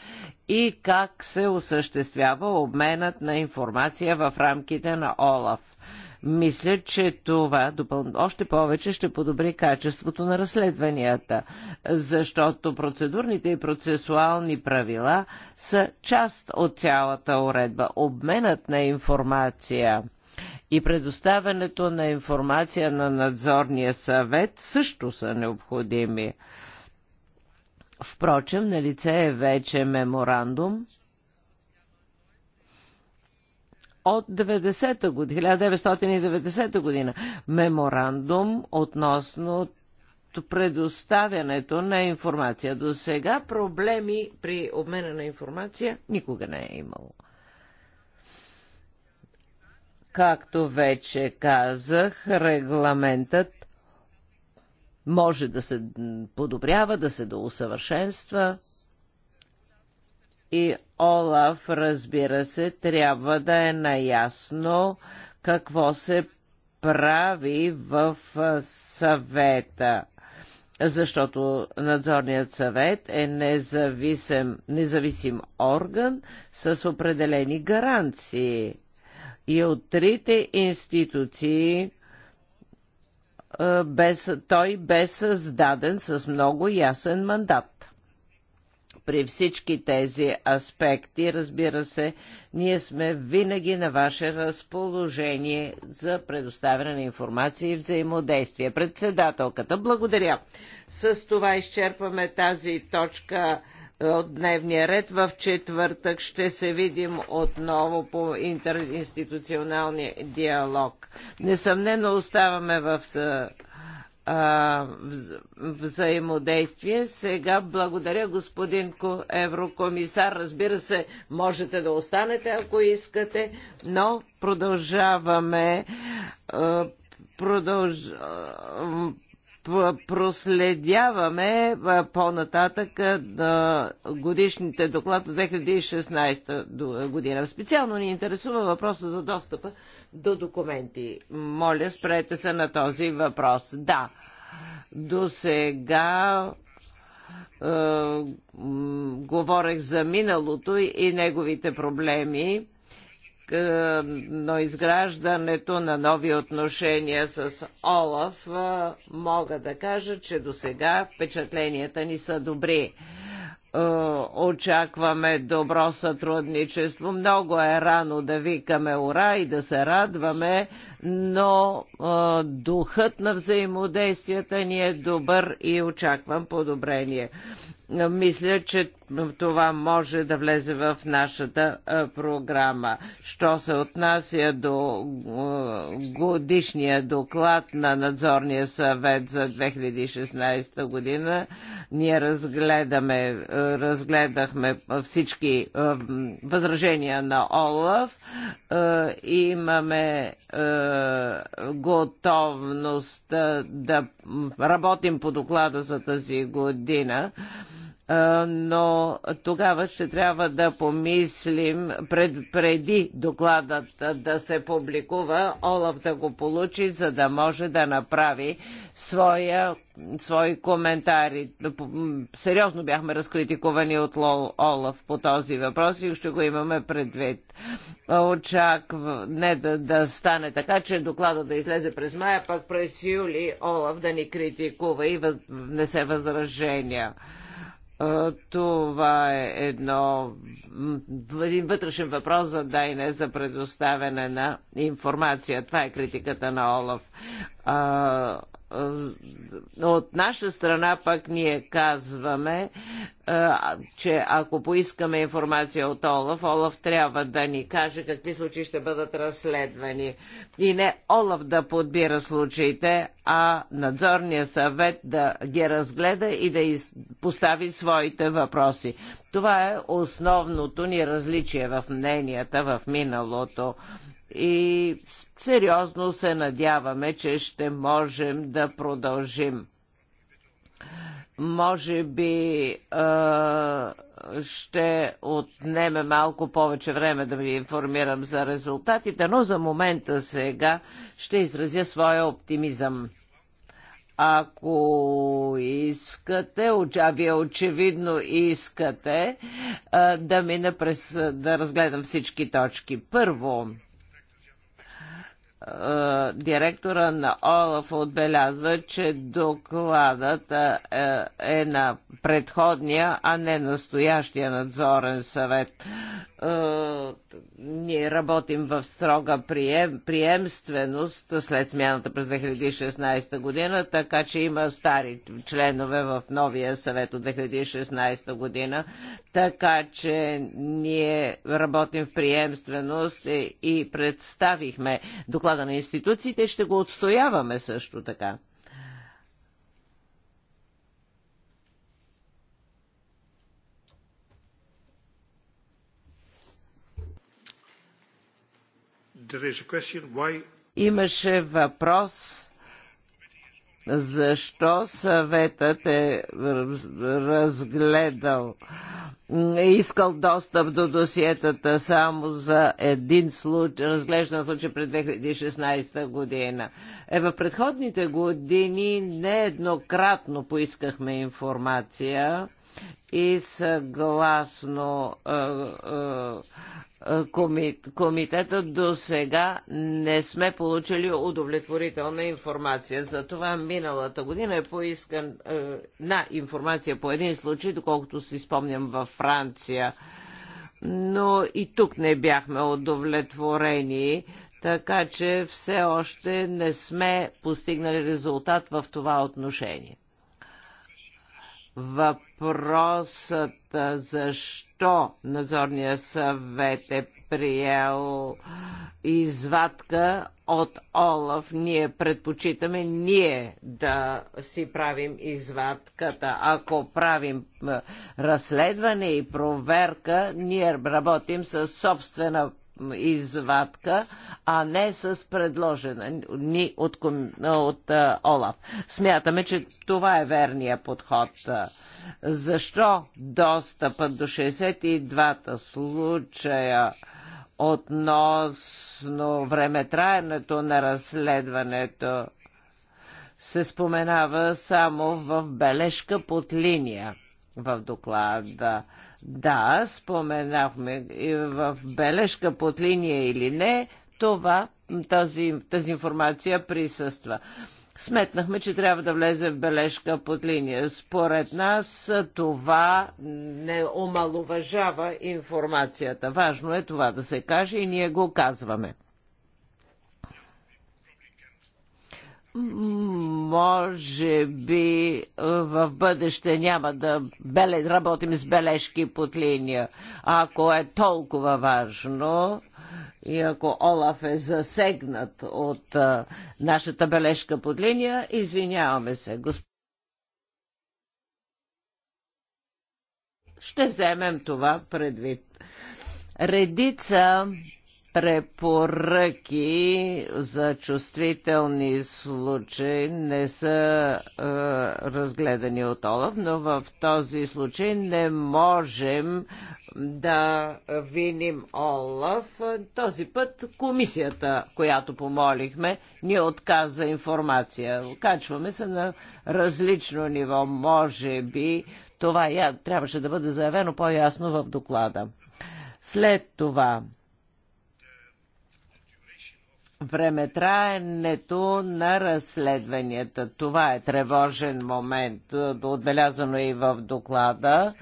И как се осъществява обменът на информация в рамките на Олаф. Мисля, че това допъл... още повече ще подобри качеството на разследванията, защото процедурните и процесуални правила са част от цялата уредба. Обменът на информация и предоставянето на информация на надзорния съвет също са необходими. Впрочем, на лице е вече меморандум, от 90 година, 1990 година. Меморандум относно предоставянето на информация. До сега проблеми при обмена на информация никога не е имало. Както вече казах, регламентът може да се подобрява, да се доусъвършенства. И Олаф, разбира се, трябва да е наясно какво се прави в съвета защото надзорният съвет е независим, независим орган с определени гаранции. И от трите институции без, той бе създаден с много ясен мандат при всички тези аспекти. Разбира се, ние сме винаги на ваше разположение за предоставяне на информация и взаимодействие. Председателката, благодаря. С това изчерпваме тази точка е, от дневния ред. В четвъртък ще се видим отново по интеринституционалния диалог. Несъмнено оставаме в е, взаимодействие. Сега благодаря господин еврокомисар. Разбира се, можете да останете, ако искате, но продължаваме. продълж проследяваме по-нататък годишните доклад от 2016 година. Специално ни интересува въпроса за достъпа до документи. Моля, спрете се на този въпрос. Да, до сега е, говорех за миналото и неговите проблеми е, но изграждането на нови отношения с Олаф е, мога да кажа, че до сега впечатленията ни са добри е, очакваме добро сътрудничество. Много е рано да викаме ура и да се радваме но а, духът на взаимодействията ни е добър и очаквам подобрение. Мисля, че това може да влезе в нашата а, програма. Що се отнася до а, годишния доклад на надзорния съвет за 2016 година, ние разгледаме, разгледахме всички възражения на ОЛАВ. Имаме готовност да работим по доклада за тази година но тогава ще трябва да помислим пред, преди докладът да се публикува, Олаф да го получи, за да може да направи своя, свои коментари. Сериозно бяхме разкритикувани от Лол, Олаф по този въпрос и ще го имаме предвид. Очаква не да, да стане така, че докладът да излезе през мая, пък през юли Олаф да ни критикува и въз, внесе възражения. Това е едно, един вътрешен въпрос за Дайне за предоставяне на информация. Това е критиката на Олаф. А, от наша страна пък ние казваме, че ако поискаме информация от Олаф, Олаф трябва да ни каже какви случаи ще бъдат разследвани. И не Олаф да подбира случаите, а надзорния съвет да ги разгледа и да постави своите въпроси. Това е основното ни различие в мненията в миналото и сериозно се надяваме, че ще можем да продължим. Може би а, ще отнеме малко повече време да ви информирам за резултатите, но за момента сега ще изразя своя оптимизъм. Ако искате, а вие очевидно искате да мина през, да разгледам всички точки. Първо, е, директора на ОЛАФ отбелязва, че докладът е, е на предходния, а не настоящия надзорен съвет. Е, ние работим в строга прием, приемственост след смяната през 2016 година, така че има стари членове в новия съвет от 2016 година, така че ние работим в приемственост и представихме доклада доклада на институциите, ще го отстояваме също така. Имаше въпрос защо съветът е разгледал искал достъп до досиетата само за един случай, разглеждан случай пред 2016 година. Е, в предходните години нееднократно поискахме информация и съгласно е, е, комитета до сега не сме получили удовлетворителна информация. за това миналата година е поискан е, на информация по един случай, доколкото си спомням във Франция. Но и тук не бяхме удовлетворени, така че все още не сме постигнали резултат в това отношение. Въпросът защо Назорния съвет е приел извадка от Олаф. Ние предпочитаме ние да си правим извадката. Ако правим разследване и проверка, ние работим със собствена извадка, а не с предложена ни от, от Олаф. Смятаме, че това е верния подход. Защо достъпът до 62-та случая относно времетраенето на разследването се споменава само в бележка под линия в доклада. Да, споменахме и в бележка под линия или не, това, тази, тази информация присъства. Сметнахме, че трябва да влезе в бележка под линия. Според нас това не омалуважава информацията. Важно е това да се каже и ние го казваме. може би е, в бъдеще няма да беле, работим с бележки под линия. Ако е толкова важно и ако Олаф е засегнат от а, е, нашата бележка под линия, извиняваме се. Госп... Ще вземем това предвид. Редица препоръки за чувствителни случаи не са е, разгледани от Олаф, но в този случай не можем да виним Олаф. Този път комисията, която помолихме, ни отказа информация. Качваме се на различно ниво. Може би това я, трябваше да бъде заявено по-ясно в доклада. След това времетраенето на разследванията. Това е тревожен момент. Отбелязано е и в доклада,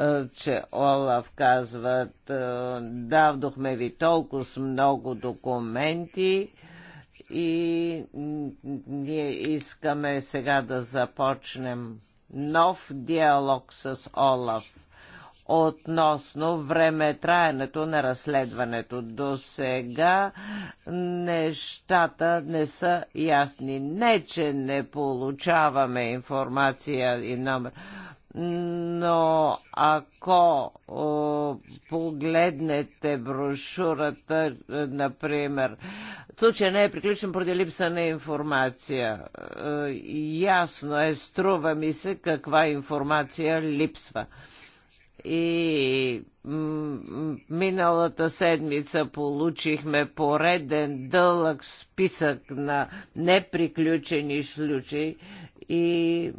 е, че Олаф казват, е, давдохме ви толкова с много документи и ние искаме сега да започнем нов диалог с Олаф относно времетраенето е на разследването. До сега нещата не са ясни. Не, че не получаваме информация и номер но ако о, погледнете брошурата, е, например, случая не е приключен поради липса на информация. Е, ясно е, струва ми се каква информация липсва и миналата седмица получихме пореден дълъг списък на неприключени случаи и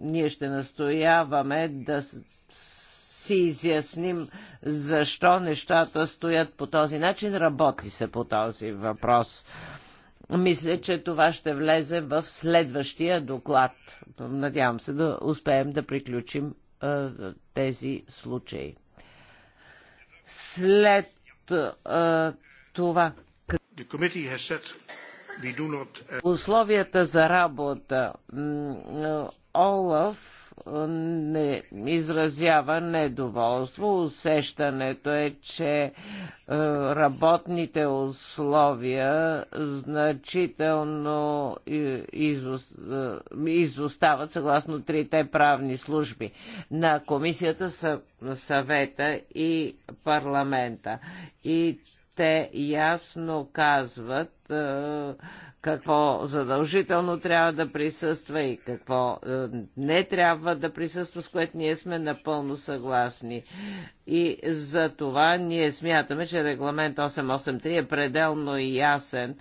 ние ще настояваме да си изясним защо нещата стоят по този начин, работи се по този въпрос. Мисля, че това ще влезе в следващия доклад. Надявам се да успеем да приключим тези случаи. След това. Uh, условията за работа. Олаф не изразява недоволство. Усещането е, че е, работните условия значително е, е, изостават съгласно трите правни служби на комисията, съвета и парламента. И те ясно казват, какво задължително трябва да присъства и какво е, не трябва да присъства, с което ние сме напълно съгласни. И за това ние смятаме, че регламент 883 е пределно ясен,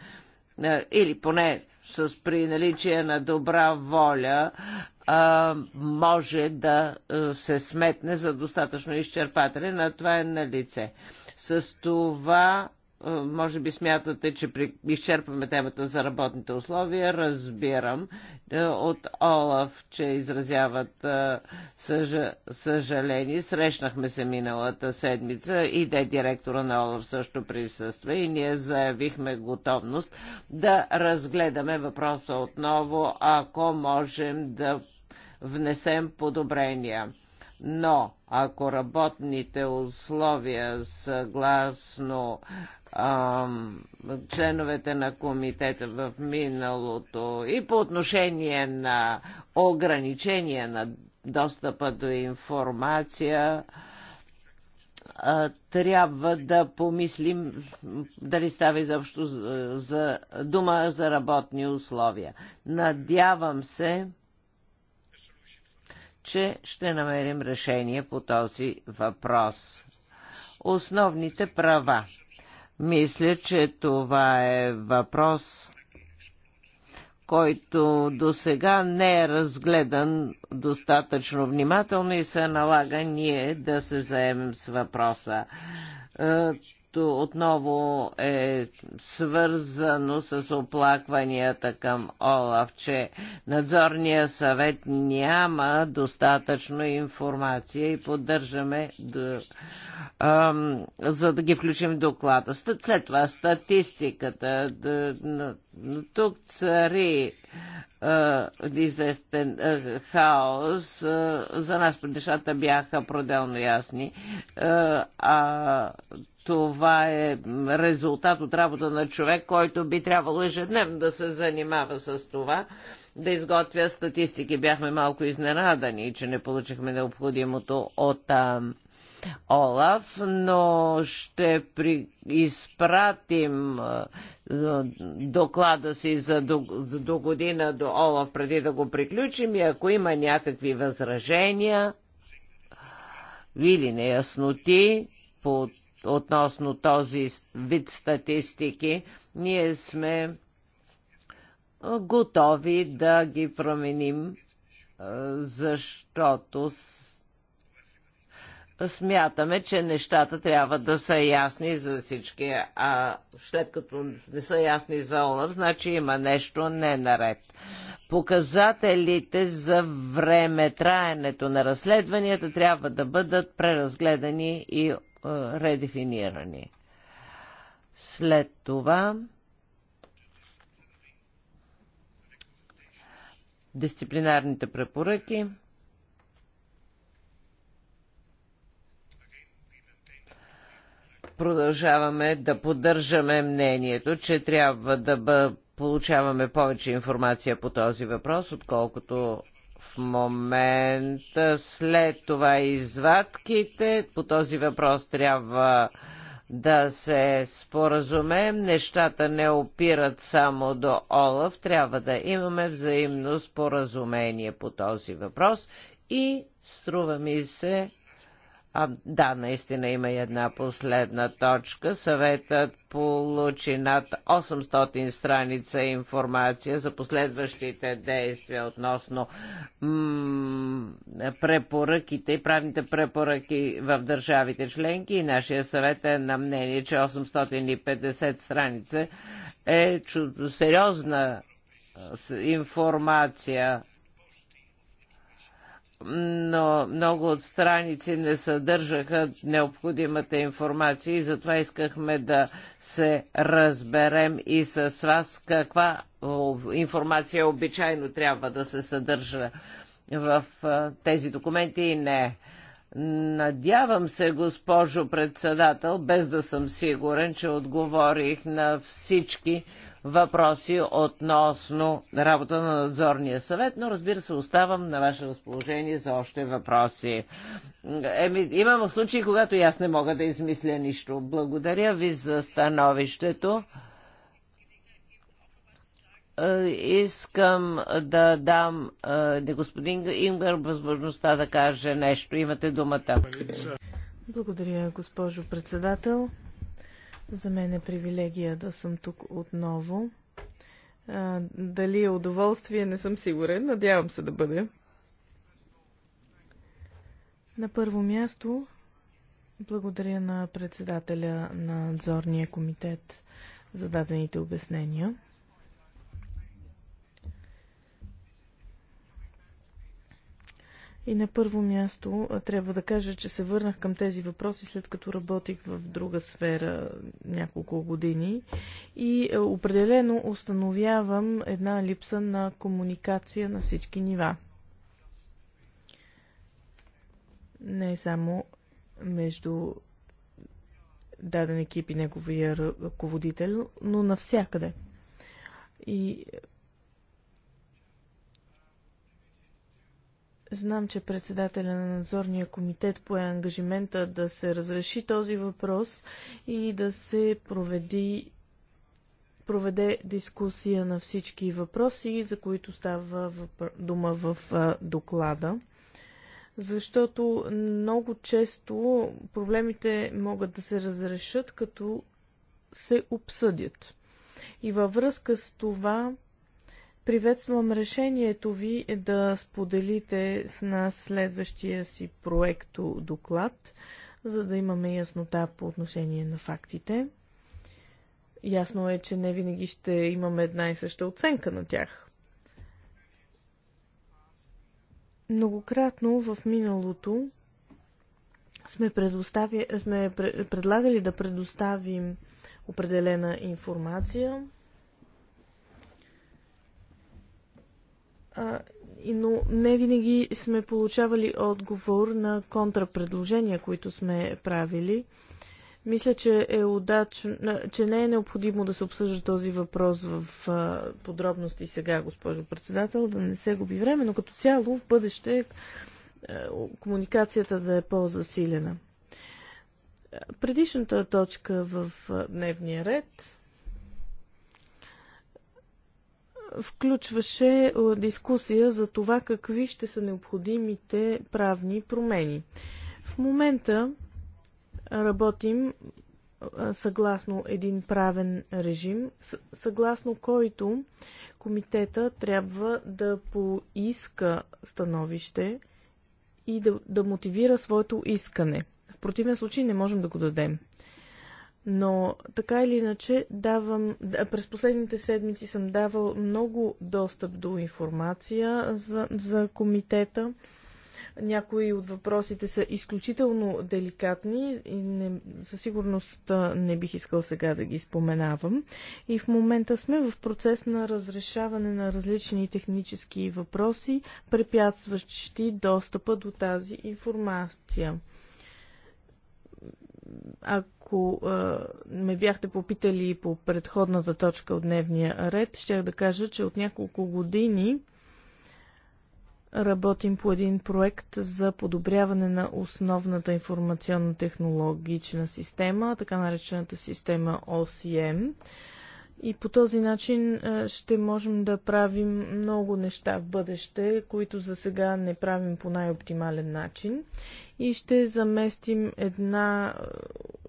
е, или поне с при наличие на добра воля, е, може да е, се сметне за достатъчно изчерпателен, а това е на лице. С това е, може би смятате, че при... изчерпваме темата за работните условия. Разбирам е, от Олаф, че изразяват е, съж... съжаление. Срещнахме се миналата седмица и де директора на Олаф също присъства и ние заявихме готовност да разгледаме въпроса отново, ако можем да внесем подобрения. Но ако работните условия съгласно членовете на комитета в миналото и по отношение на ограничения на достъпа до информация, трябва да помислим дали става изобщо за дума за работни условия. Надявам се, че ще намерим решение по този въпрос. Основните права мисля, че това е въпрос, който до сега не е разгледан достатъчно внимателно и се налага ние да се заемем с въпроса е, което отново е свързано с оплакванията към Олаф, че надзорния съвет няма достатъчно информация и поддържаме, до, ам, за да ги включим в доклада. След това статистиката. Тук цари известен хаос. За нас нещата бяха пределно ясни. А това е резултат от работа на човек, който би трябвало ежедневно да се занимава с това, да изготвя статистики. Бяхме малко изненадани, че не получихме необходимото от Олаф, но ще при... изпратим доклада си за до, до година до Олаф преди да го приключим и ако има някакви възражения или неясноти по, относно този вид статистики, ние сме готови да ги променим, защото смятаме, че нещата трябва да са ясни за всички, а след като не са ясни за Олаф, значи има нещо не наред. Показателите за време траенето на разследванията трябва да бъдат преразгледани и е, редефинирани. След това дисциплинарните препоръки – продължаваме да поддържаме мнението, че трябва да бъ... получаваме повече информация по този въпрос, отколкото в момента. След това извадките по този въпрос трябва да се споразумеем. Нещата не опират само до Олаф. Трябва да имаме взаимно споразумение по този въпрос и струва ми се а, да, наистина има и една последна точка. Съветът получи над 800 страница информация за последващите действия относно препоръките и правните препоръки в държавите членки и нашия съвет е на мнение, че 850 страница е сериозна информация но много от страници не съдържаха необходимата информация и затова искахме да се разберем и с вас каква информация обичайно трябва да се съдържа в тези документи и не. Надявам се, госпожо председател, без да съм сигурен, че отговорих на всички въпроси относно работа на надзорния съвет, но разбира се, оставам на ваше разположение за още въпроси. Еми, имам случаи, когато и аз не мога да измисля нищо. Благодаря ви за становището е, искам да дам е, на господин Ингър възможността да каже нещо. Имате думата. Благодаря, госпожо председател. За мен е привилегия да съм тук отново. А, дали е удоволствие, не съм сигурен. Надявам се да бъде. На първо място, благодаря на председателя на надзорния комитет за дадените обяснения. И на първо място трябва да кажа, че се върнах към тези въпроси след като работих в друга сфера няколко години и определено установявам една липса на комуникация на всички нива. Не само между даден екип и неговия ръководител, но навсякъде. И Знам, че председателя на надзорния комитет пое ангажимента да се разреши този въпрос и да се проведи проведе дискусия на всички въпроси, за които става въпр... дума в а, доклада. Защото много често проблемите могат да се разрешат, като се обсъдят. И във връзка с това Приветствам решението ви да споделите с нас следващия си проекто доклад, за да имаме яснота по отношение на фактите. Ясно е, че не винаги ще имаме една и съща оценка на тях. Многократно в миналото сме, сме предлагали да предоставим определена информация, но не винаги сме получавали отговор на контрапредложения, които сме правили. Мисля, че, е удачно, че не е необходимо да се обсъжда този въпрос в подробности сега, госпожо председател, да не се губи време, но като цяло в бъдеще е, комуникацията да е по-засилена. Предишната точка в дневния ред включваше е, дискусия за това какви ще са необходимите правни промени. В момента работим е, съгласно един правен режим, съгласно който комитета трябва да поиска становище и да, да мотивира своето искане. В противен случай не можем да го дадем. Но така или иначе, давам, през последните седмици съм давал много достъп до информация за, за комитета. Някои от въпросите са изключително деликатни и не, със сигурност не бих искал сега да ги споменавам. И в момента сме в процес на разрешаване на различни технически въпроси, препятстващи достъпа до тази информация. Ако ако а, ме бяхте попитали по предходната точка от дневния ред, щях да кажа, че от няколко години работим по един проект за подобряване на основната информационно-технологична система, така наречената система OCM. И по този начин ще можем да правим много неща в бъдеще, които за сега не правим по най-оптимален начин. И ще заместим една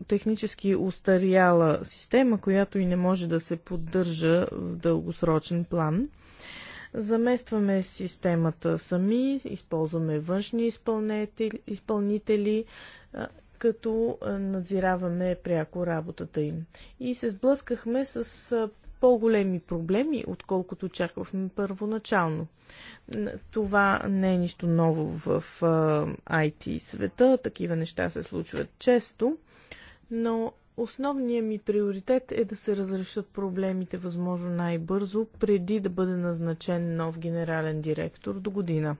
технически устаряла система, която и не може да се поддържа в дългосрочен план. Заместваме системата сами, използваме външни изпълнители, изпълнители като надзираваме пряко работата им. И се сблъскахме с по-големи проблеми, отколкото очаквахме първоначално. Това не е нищо ново в IT света, такива неща се случват често, но Основният ми приоритет е да се разрешат проблемите възможно най-бързо, преди да бъде назначен нов генерален директор до година.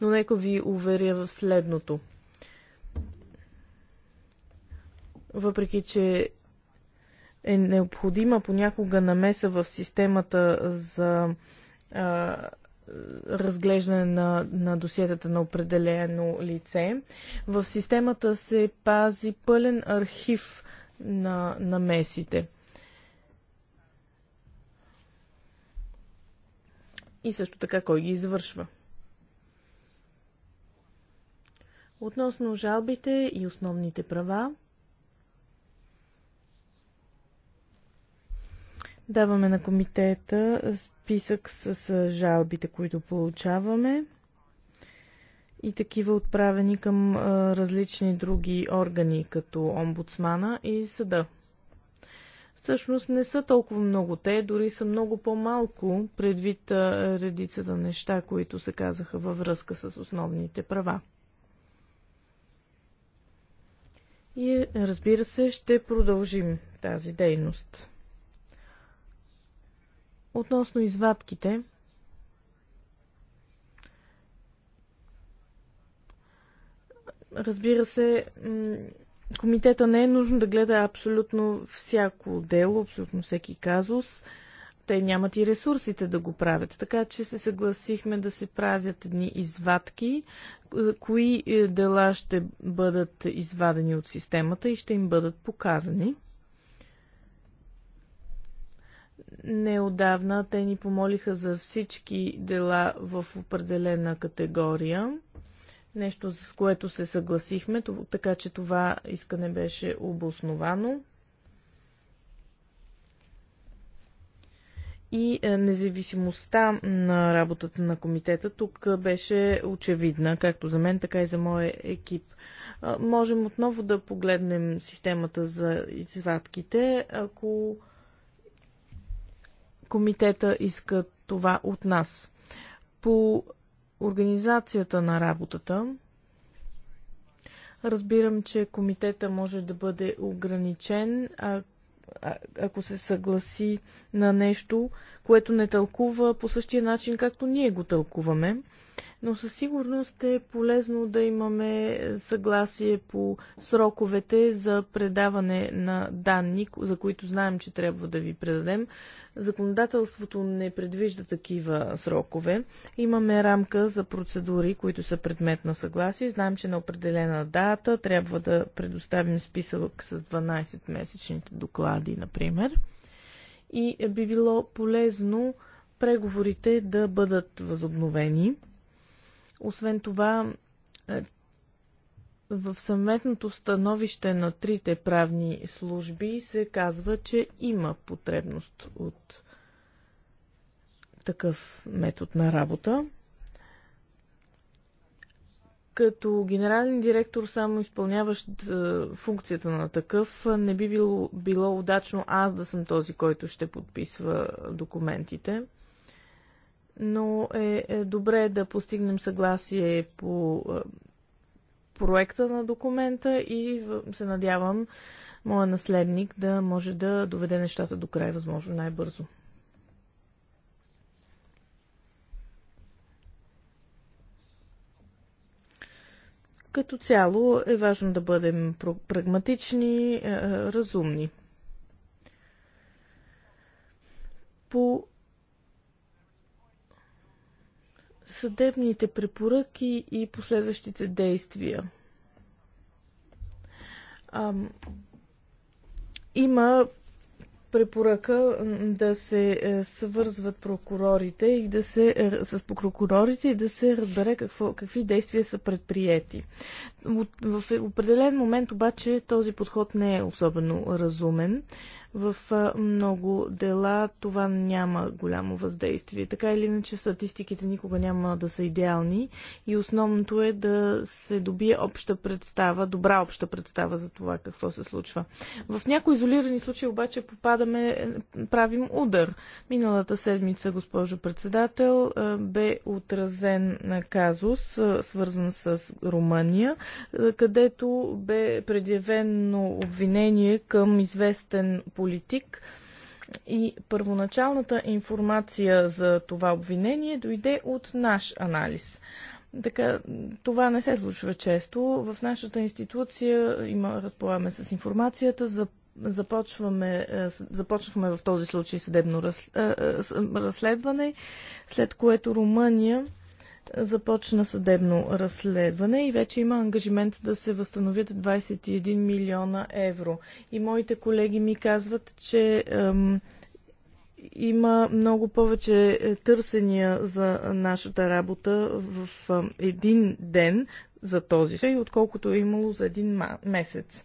Но нека ви уверя в следното – въпреки че е необходима понякога намеса в системата за а, разглеждане на, на досиетата на определено лице. В системата се пази пълен архив на намесите. И също така кой ги извършва. Относно жалбите и основните права, Даваме на комитета списък с жалбите, които получаваме и такива отправени към различни други органи, като омбудсмана и съда. Всъщност не са толкова много те, дори са много по-малко, предвид редицата неща, които се казаха във връзка с основните права. И разбира се, ще продължим тази дейност. Относно извадките, разбира се, комитета не е нужно да гледа абсолютно всяко дело, абсолютно всеки казус. Те нямат и ресурсите да го правят. Така че се съгласихме да се правят едни извадки, е, кои е, дела ще бъдат извадени от системата и ще им бъдат показани. Неодавна те ни помолиха за всички дела в определена категория, нещо с което се съгласихме, така че това искане беше обосновано. И е, независимостта на работата на комитета тук е, беше очевидна, както за мен, така и за моя екип. Е, можем отново да погледнем системата за извадките, ако комитета иска това от нас. По организацията на работата, разбирам, че комитета може да бъде ограничен, а, а, ако се съгласи на нещо, което не тълкува по същия начин, както ние го тълкуваме. Но със сигурност е полезно да имаме съгласие по сроковете за предаване на данни, за които знаем, че трябва да ви предадем. Законодателството не предвижда такива срокове. Имаме рамка за процедури, които са предмет на съгласие. Знаем, че на определена дата трябва да предоставим списък с 12-месечните доклади, например и би било полезно преговорите да бъдат възобновени. Освен това, е, в съвметното становище на трите правни служби се казва, че има потребност от такъв метод на работа като генерален директор, само изпълняващ е, функцията на такъв, не би било, било удачно аз да съм този, който ще подписва документите. Но е, е добре да постигнем съгласие по е, проекта на документа и се надявам моя наследник да може да доведе нещата до край възможно най-бързо. Като цяло е важно да бъдем прагматични, разумни. По съдебните препоръки и последващите действия. Ам, има препоръка да се е, свързват прокурорите и да се, е, с прокурорите и да се разбере какво, какви действия са предприяти. В определен момент обаче този подход не е особено разумен. В много дела това няма голямо въздействие. Така или иначе статистиките никога няма да са идеални и основното е да се добие обща представа, добра обща представа за това какво се случва. В някои изолирани случаи обаче попадаме, правим удар. Миналата седмица, госпожо председател, бе отразен казус, свързан с Румъния където бе предявено обвинение към известен политик. И първоначалната информация за това обвинение дойде от наш анализ. Така, това не се случва често. В нашата институция има, разполагаме с информацията за започваме, е, започнахме в този случай съдебно е, е, разследване, след което Румъния започна съдебно разследване и вече има ангажимент да се възстановят 21 милиона евро. И моите колеги ми казват, че ем, има много повече е, търсения за нашата работа в един ден за този и отколкото е имало за един месец.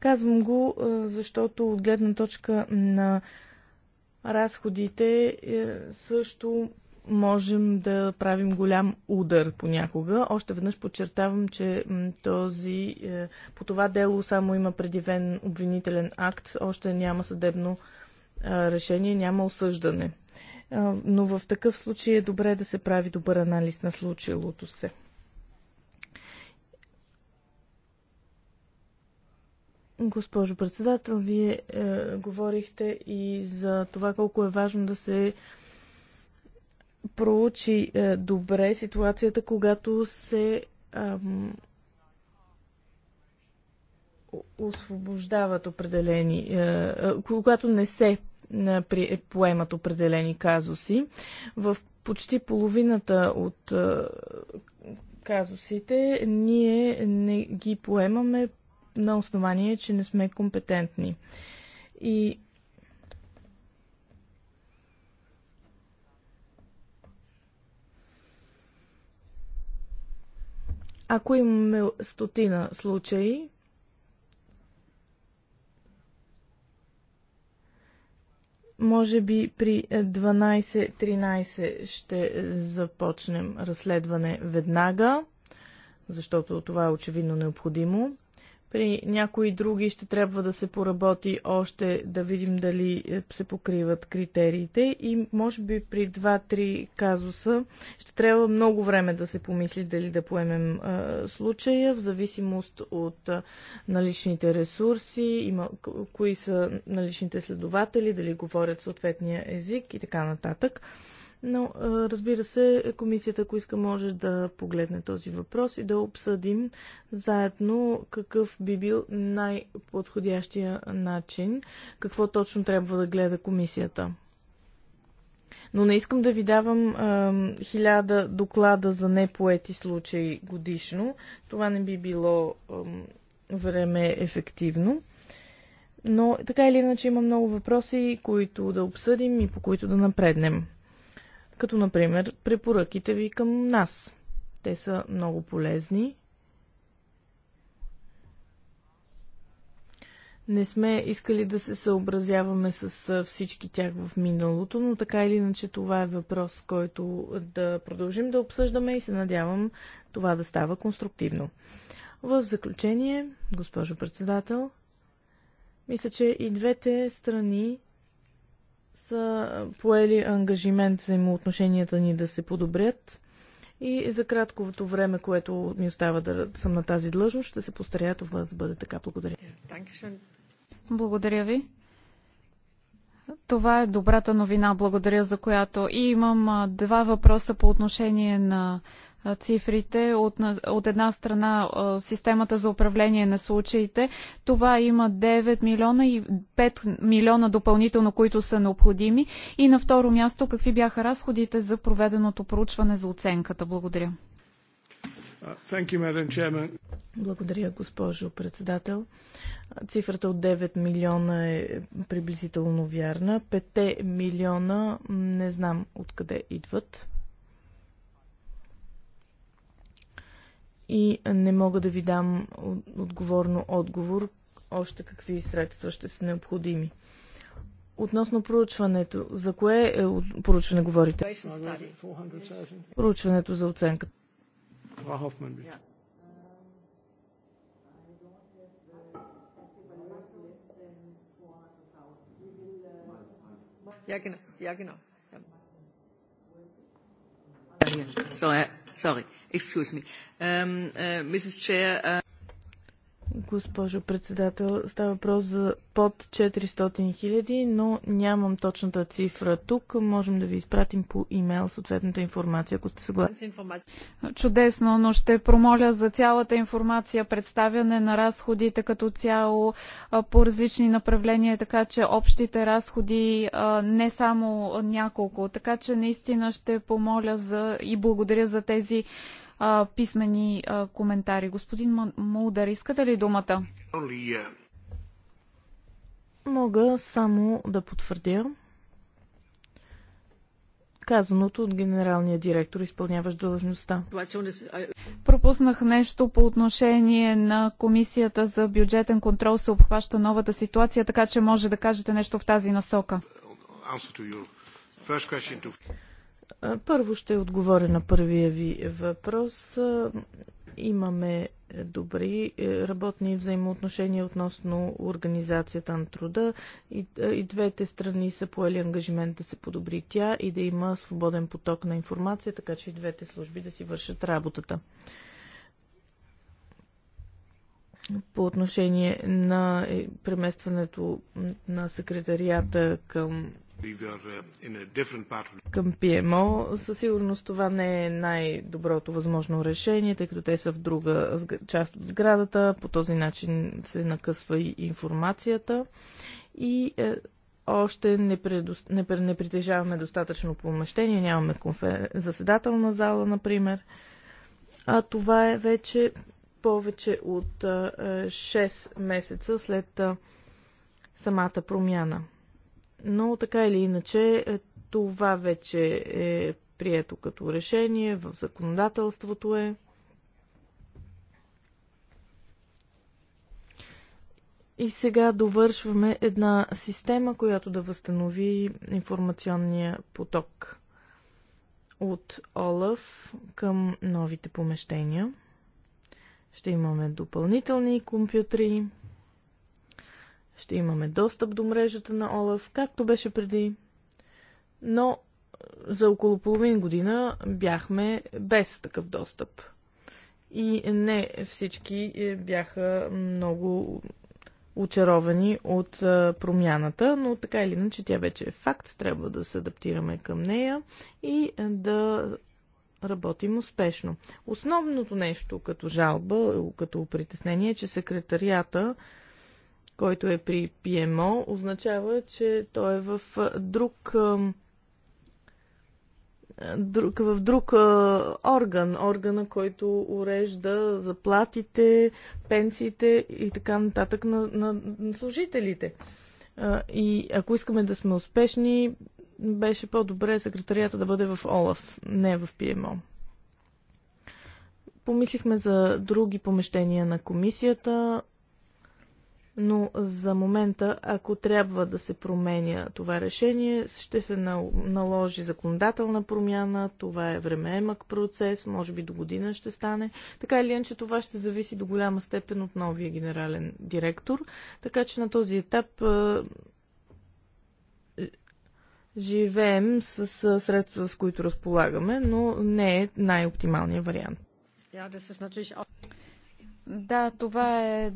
Казвам го, защото от гледна точка на разходите е, също можем да правим голям удар понякога. Още веднъж подчертавам, че този, е, по това дело само има предивен обвинителен акт, още няма съдебно е, решение, няма осъждане. Е, но в такъв случай е добре да се прави добър анализ на случилото се. Госпожо председател, вие е, говорихте и за това колко е важно да се е, проучи е, добре ситуацията, когато се ам, освобождават определени, е, е, когато не се е, поемат определени казуси. В почти половината от е, казусите ние не ги поемаме на основание, че не сме компетентни. И Ако имаме стотина случаи, може би при 12-13 ще започнем разследване веднага, защото това е очевидно необходимо. При някои други ще трябва да се поработи още, да видим дали е, се покриват критериите и може би при 2-3 казуса ще трябва много време да се помисли дали да поемем а, е, случая, в зависимост от а, е, наличните ресурси, има, кои са наличните следователи, дали говорят съответния език и така нататък. Но, разбира се, комисията, ако иска, може да погледне този въпрос и да обсъдим заедно какъв би бил най-подходящия начин, какво точно трябва да гледа комисията. Но не искам да ви давам хиляда доклада за непоети случаи годишно. Това не би било е, време ефективно. Но така или иначе има много въпроси, които да обсъдим и по които да напреднем като например препоръките ви към нас. Те са много полезни. Не сме искали да се съобразяваме с всички тях в миналото, но така или иначе това е въпрос, който да продължим да обсъждаме и се надявам това да става конструктивно. В заключение, госпожо председател, мисля, че и двете страни са поели ангажимент взаимоотношенията ни да се подобрят и за краткото време, което ми остава да съм на тази длъжност, ще се постаря това да бъде така. Благодаря. Благодаря ви. Това е добрата новина, благодаря за която. И имам два въпроса по отношение на цифрите. От, от една страна системата за управление на случаите. Това има 9 милиона и 5 милиона допълнително, които са необходими. И на второ място, какви бяха разходите за проведеното проучване за оценката? Благодаря. Uh, you, Благодаря, госпожо председател. Цифрата от 9 милиона е приблизително вярна. 5 милиона не знам откъде идват. и не мога да ви дам отговорно отговор още какви средства ще са необходими. Относно проучването, за кое е проучване говорите? Проучването за оценката. genau. Ja, genau. Ja. So, sorry. Excuse me. Um, uh, Mrs. Chair, uh... Госпожо председател, става въпрос за под 400 хиляди, но нямам точната цифра тук. Можем да ви изпратим по имейл съответната информация, ако сте съгласни. Чудесно, но ще промоля за цялата информация, представяне на разходите като цяло по различни направления, така че общите разходи не само няколко. Така че наистина ще помоля за и благодаря за тези а, писмени а, коментари. Господин Мулдър, искате ли думата? Мога само да потвърдя казаното от генералния директор, изпълняващ длъжността. Пропуснах нещо по отношение на Комисията за бюджетен контрол се обхваща новата ситуация, така че може да кажете нещо в тази насока. Първо ще отговоря на първия ви въпрос. Имаме добри е, работни взаимоотношения относно организацията на труда и, и двете страни са поели ангажимент да се подобри тя и да има свободен поток на информация, така че и двете служби да си вършат работата. По отношение на е, преместването на секретарията към Uh, към ПМО със сигурност това не е най-доброто възможно решение, тъй като те са в друга част от сградата. По този начин се накъсва и информацията и е, още не, предос... не, не притежаваме достатъчно помещение, нямаме конфер... заседателна зала, например. А това е вече повече от е, 6 месеца след е, самата промяна. Но така или иначе, е, това вече е прието като решение, в законодателството е. И сега довършваме една система, която да възстанови информационния поток от ОЛАФ към новите помещения. Ще имаме допълнителни компютри. Ще имаме достъп до мрежата на Олаф, както беше преди. Но е, за около половин година бяхме без такъв достъп. И не всички е, бяха много очаровани от е, промяната, но така или иначе тя вече е факт, трябва да се адаптираме към нея и да работим успешно. Основното нещо като жалба, като притеснение е, че секретарията който е при ПМО, означава, че той е в друг друг, в друг а, орган, органа, който урежда заплатите, пенсиите и така нататък на, на, на служителите. А, и ако искаме да сме успешни, беше по-добре секретарията да бъде в ОЛАФ, не в ПМО. Помислихме за други помещения на комисията но за момента, ако трябва да се променя това решение, ще се наложи законодателна промяна, това е времеемък процес, може би до година ще стане. Така или иначе това ще зависи до голяма степен от новия генерален директор, така че на този етап живеем с средства, с които разполагаме, но не е най-оптималният вариант. Yeah, да, това е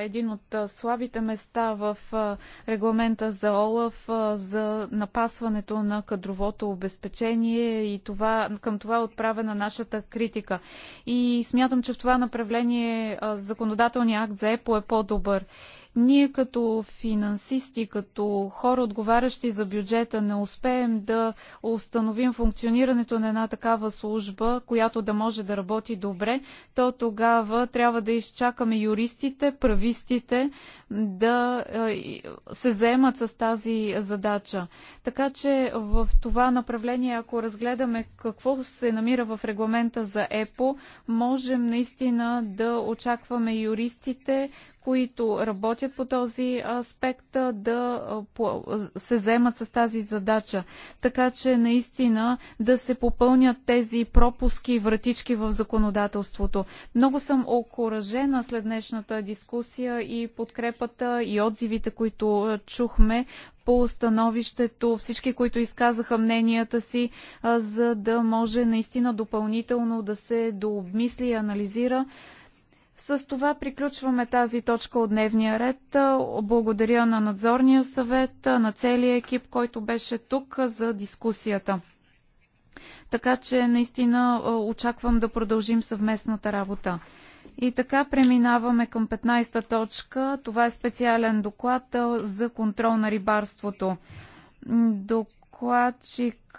един от слабите места в регламента за ОЛАФ за напасването на кадровото обезпечение и това, към това е отправена нашата критика. И смятам, че в това направление законодателният акт за ЕПО е по-добър. Ние като финансисти, като хора отговарящи за бюджета, не успеем да установим функционирането на една такава служба, която да може да работи добре, то тогава трябва да изчакаме юристите, правистите да е, се заемат с тази задача. Така че в това направление, ако разгледаме какво се намира в регламента за ЕПО, можем наистина да очакваме юристите, които работят работят по този аспект, да се вземат с тази задача. Така че наистина да се попълнят тези пропуски и вратички в законодателството. Много съм окоръжена след днешната дискусия и подкрепата и отзивите, които чухме по становището, всички, които изказаха мненията си, за да може наистина допълнително да се дообмисли и анализира с това приключваме тази точка от дневния ред. Е, благодаря на надзорния съвет, е, на целия екип, който беше тук е, за дискусията. Така че наистина очаквам да продължим съвместната работа. И така преминаваме към 15-та точка. Това е специален доклад за контрол на рибарството. Докладчик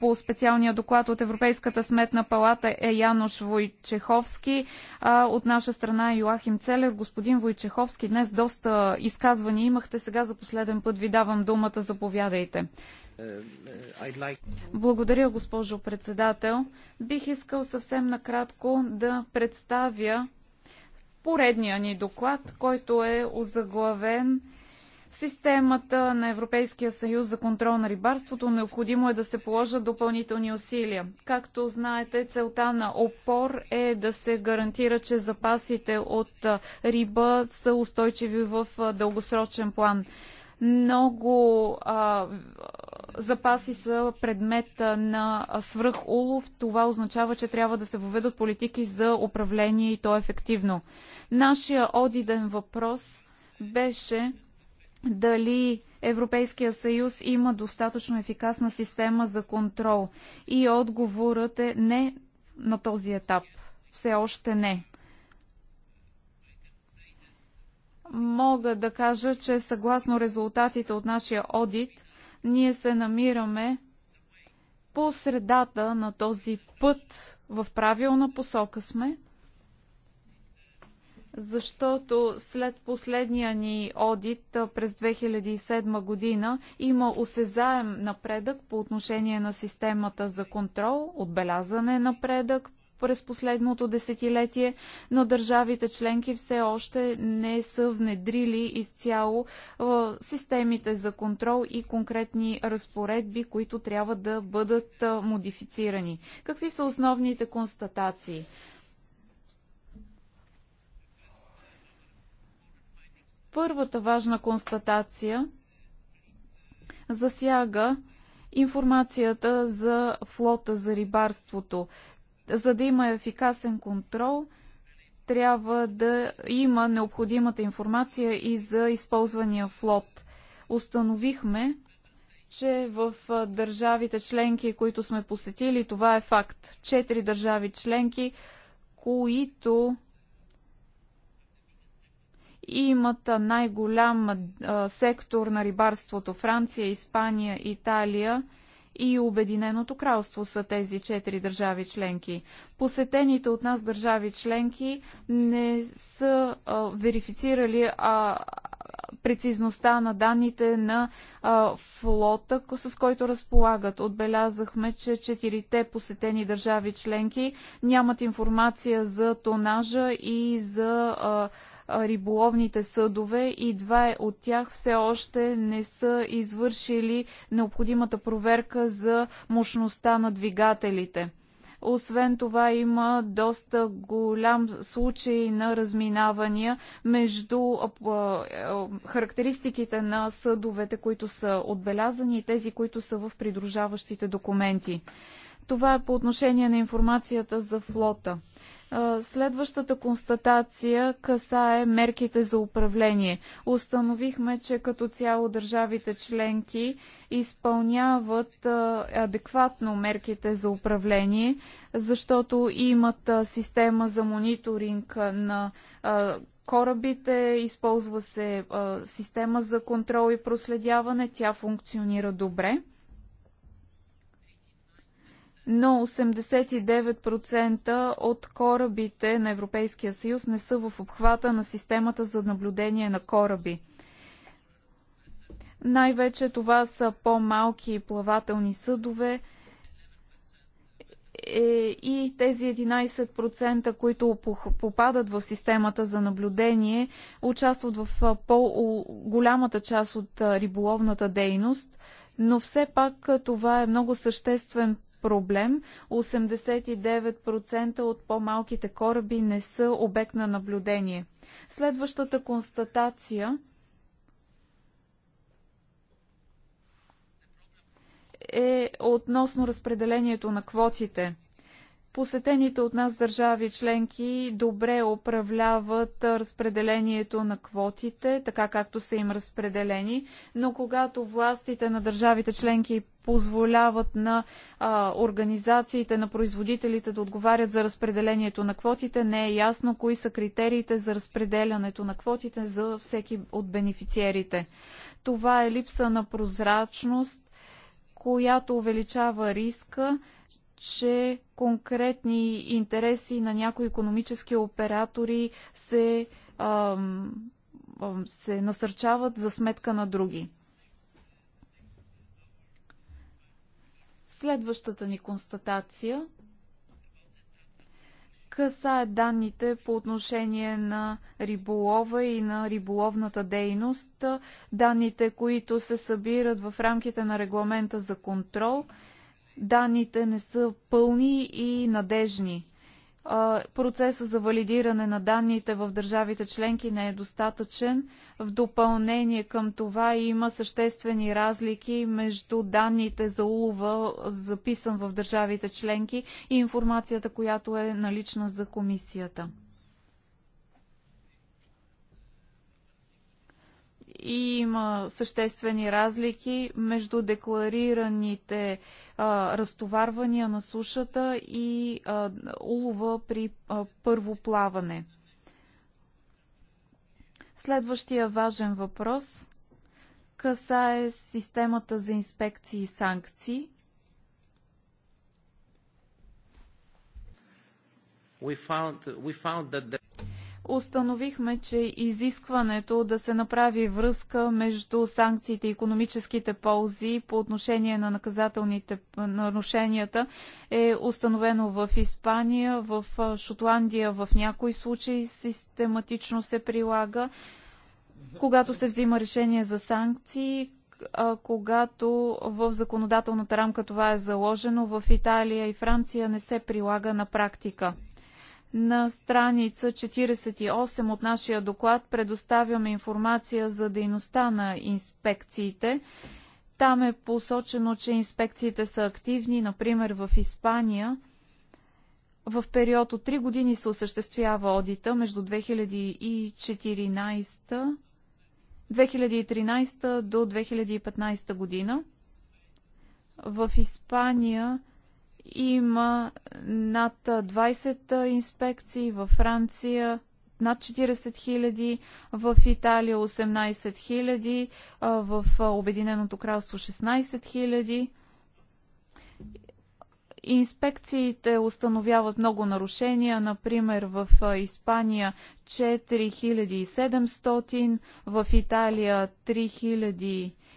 по специалния доклад от Европейската сметна палата е Янош Войчеховски, а от наша страна е Йоахим Целер. Господин Войчеховски, днес доста изказвания имахте. Сега за последен път ви давам думата. Заповядайте. Благодаря, госпожо председател. Бих искал съвсем накратко да представя поредния ни доклад, който е озаглавен системата на Европейския съюз за контрол на рибарството, необходимо е да се положат допълнителни усилия. Както знаете, целта на опор е да се гарантира, че запасите от риба са устойчиви в дългосрочен план. Много а, запаси са предмет на свръхулов. Това означава, че трябва да се въведат политики за управление и то ефективно. Нашия одиден въпрос беше дали Европейския съюз има достатъчно ефикасна система за контрол. И отговорът е не на този етап. Все още не. Мога да кажа, че съгласно резултатите от нашия одит, ние се намираме по средата на този път. В правилна посока сме – защото след последния ни одит през 2007 година има осезаем напредък по отношение на системата за контрол, отбелязане напредък през последното десетилетие, но държавите членки все още не са внедрили изцяло системите за контрол и конкретни разпоредби, които трябва да бъдат модифицирани. Какви са основните констатации? Първата важна констатация засяга информацията за флота за рибарството. За да има ефикасен контрол, трябва да има необходимата информация и за използвания флот. Установихме, че в държавите членки, които сме посетили, това е факт. Четири държави членки, които имат най-голям сектор на рибарството Франция, Испания, Италия и Обединеното кралство са тези четири държави членки. Посетените от нас държави членки не са а, верифицирали а, прецизността на данните на а, флота, с който разполагат. Отбелязахме, че четирите посетени държави членки нямат информация за тонажа и за а, риболовните съдове и два от тях все още не са извършили необходимата проверка за мощността на двигателите. Освен това има доста голям случай на разминавания между характеристиките на съдовете, които са отбелязани и тези, които са в придружаващите документи. Това е по отношение на информацията за флота. Следващата констатация касае мерките за управление. Установихме, че като цяло държавите членки изпълняват адекватно мерките за управление, защото имат система за мониторинг на корабите, използва се система за контрол и проследяване, тя функционира добре но 89% от корабите на Европейския съюз не са в обхвата на системата за наблюдение на кораби. Най-вече това са по-малки плавателни съдове е, и тези 11%, които попадат в системата за наблюдение, участват в по-голямата част от риболовната дейност, но все пак това е много съществен проблем. 89% от по-малките кораби не са обект на наблюдение. Следващата констатация е относно разпределението на квотите – посетените от нас държави членки добре управляват разпределението на квотите, така както са им разпределени, но когато властите на държавите членки позволяват на а, организациите, на производителите да отговарят за разпределението на квотите, не е ясно кои са критериите за разпределянето на квотите за всеки от бенефициерите. Това е липса на прозрачност, която увеличава риска че конкретни интереси на някои економически оператори се, ам, се насърчават за сметка на други. Следващата ни констатация касае данните по отношение на риболова и на риболовната дейност, данните, които се събират в рамките на регламента за контрол – данните не са пълни и надежни. Процесът за валидиране на данните в държавите членки не е достатъчен. В допълнение към това има съществени разлики между данните за улова, записан в държавите членки и информацията, която е налична за комисията. и има съществени разлики между декларираните а, разтоварвания на сушата и а, улова при а, първо плаване. Следващия важен въпрос касае системата за инспекции и санкции. We found, we found that the установихме, че изискването да се направи връзка между санкциите и економическите ползи по отношение на наказателните нарушенията е установено в Испания, в Шотландия в някои случаи систематично се прилага. Когато се взима решение за санкции, когато в законодателната рамка това е заложено, в Италия и Франция не се прилага на практика. На страница 48 от нашия доклад предоставяме информация за дейността на инспекциите. Там е посочено, че инспекциите са активни, например в Испания. В период от 3 години се осъществява одита между 2014 2013 до 2015 година. В Испания има над 20 инспекции във Франция, над 40 хиляди, в Италия 18 хиляди, в Обединеното кралство 16 хиляди. Инспекциите установяват много нарушения, например в Испания 4700, в Италия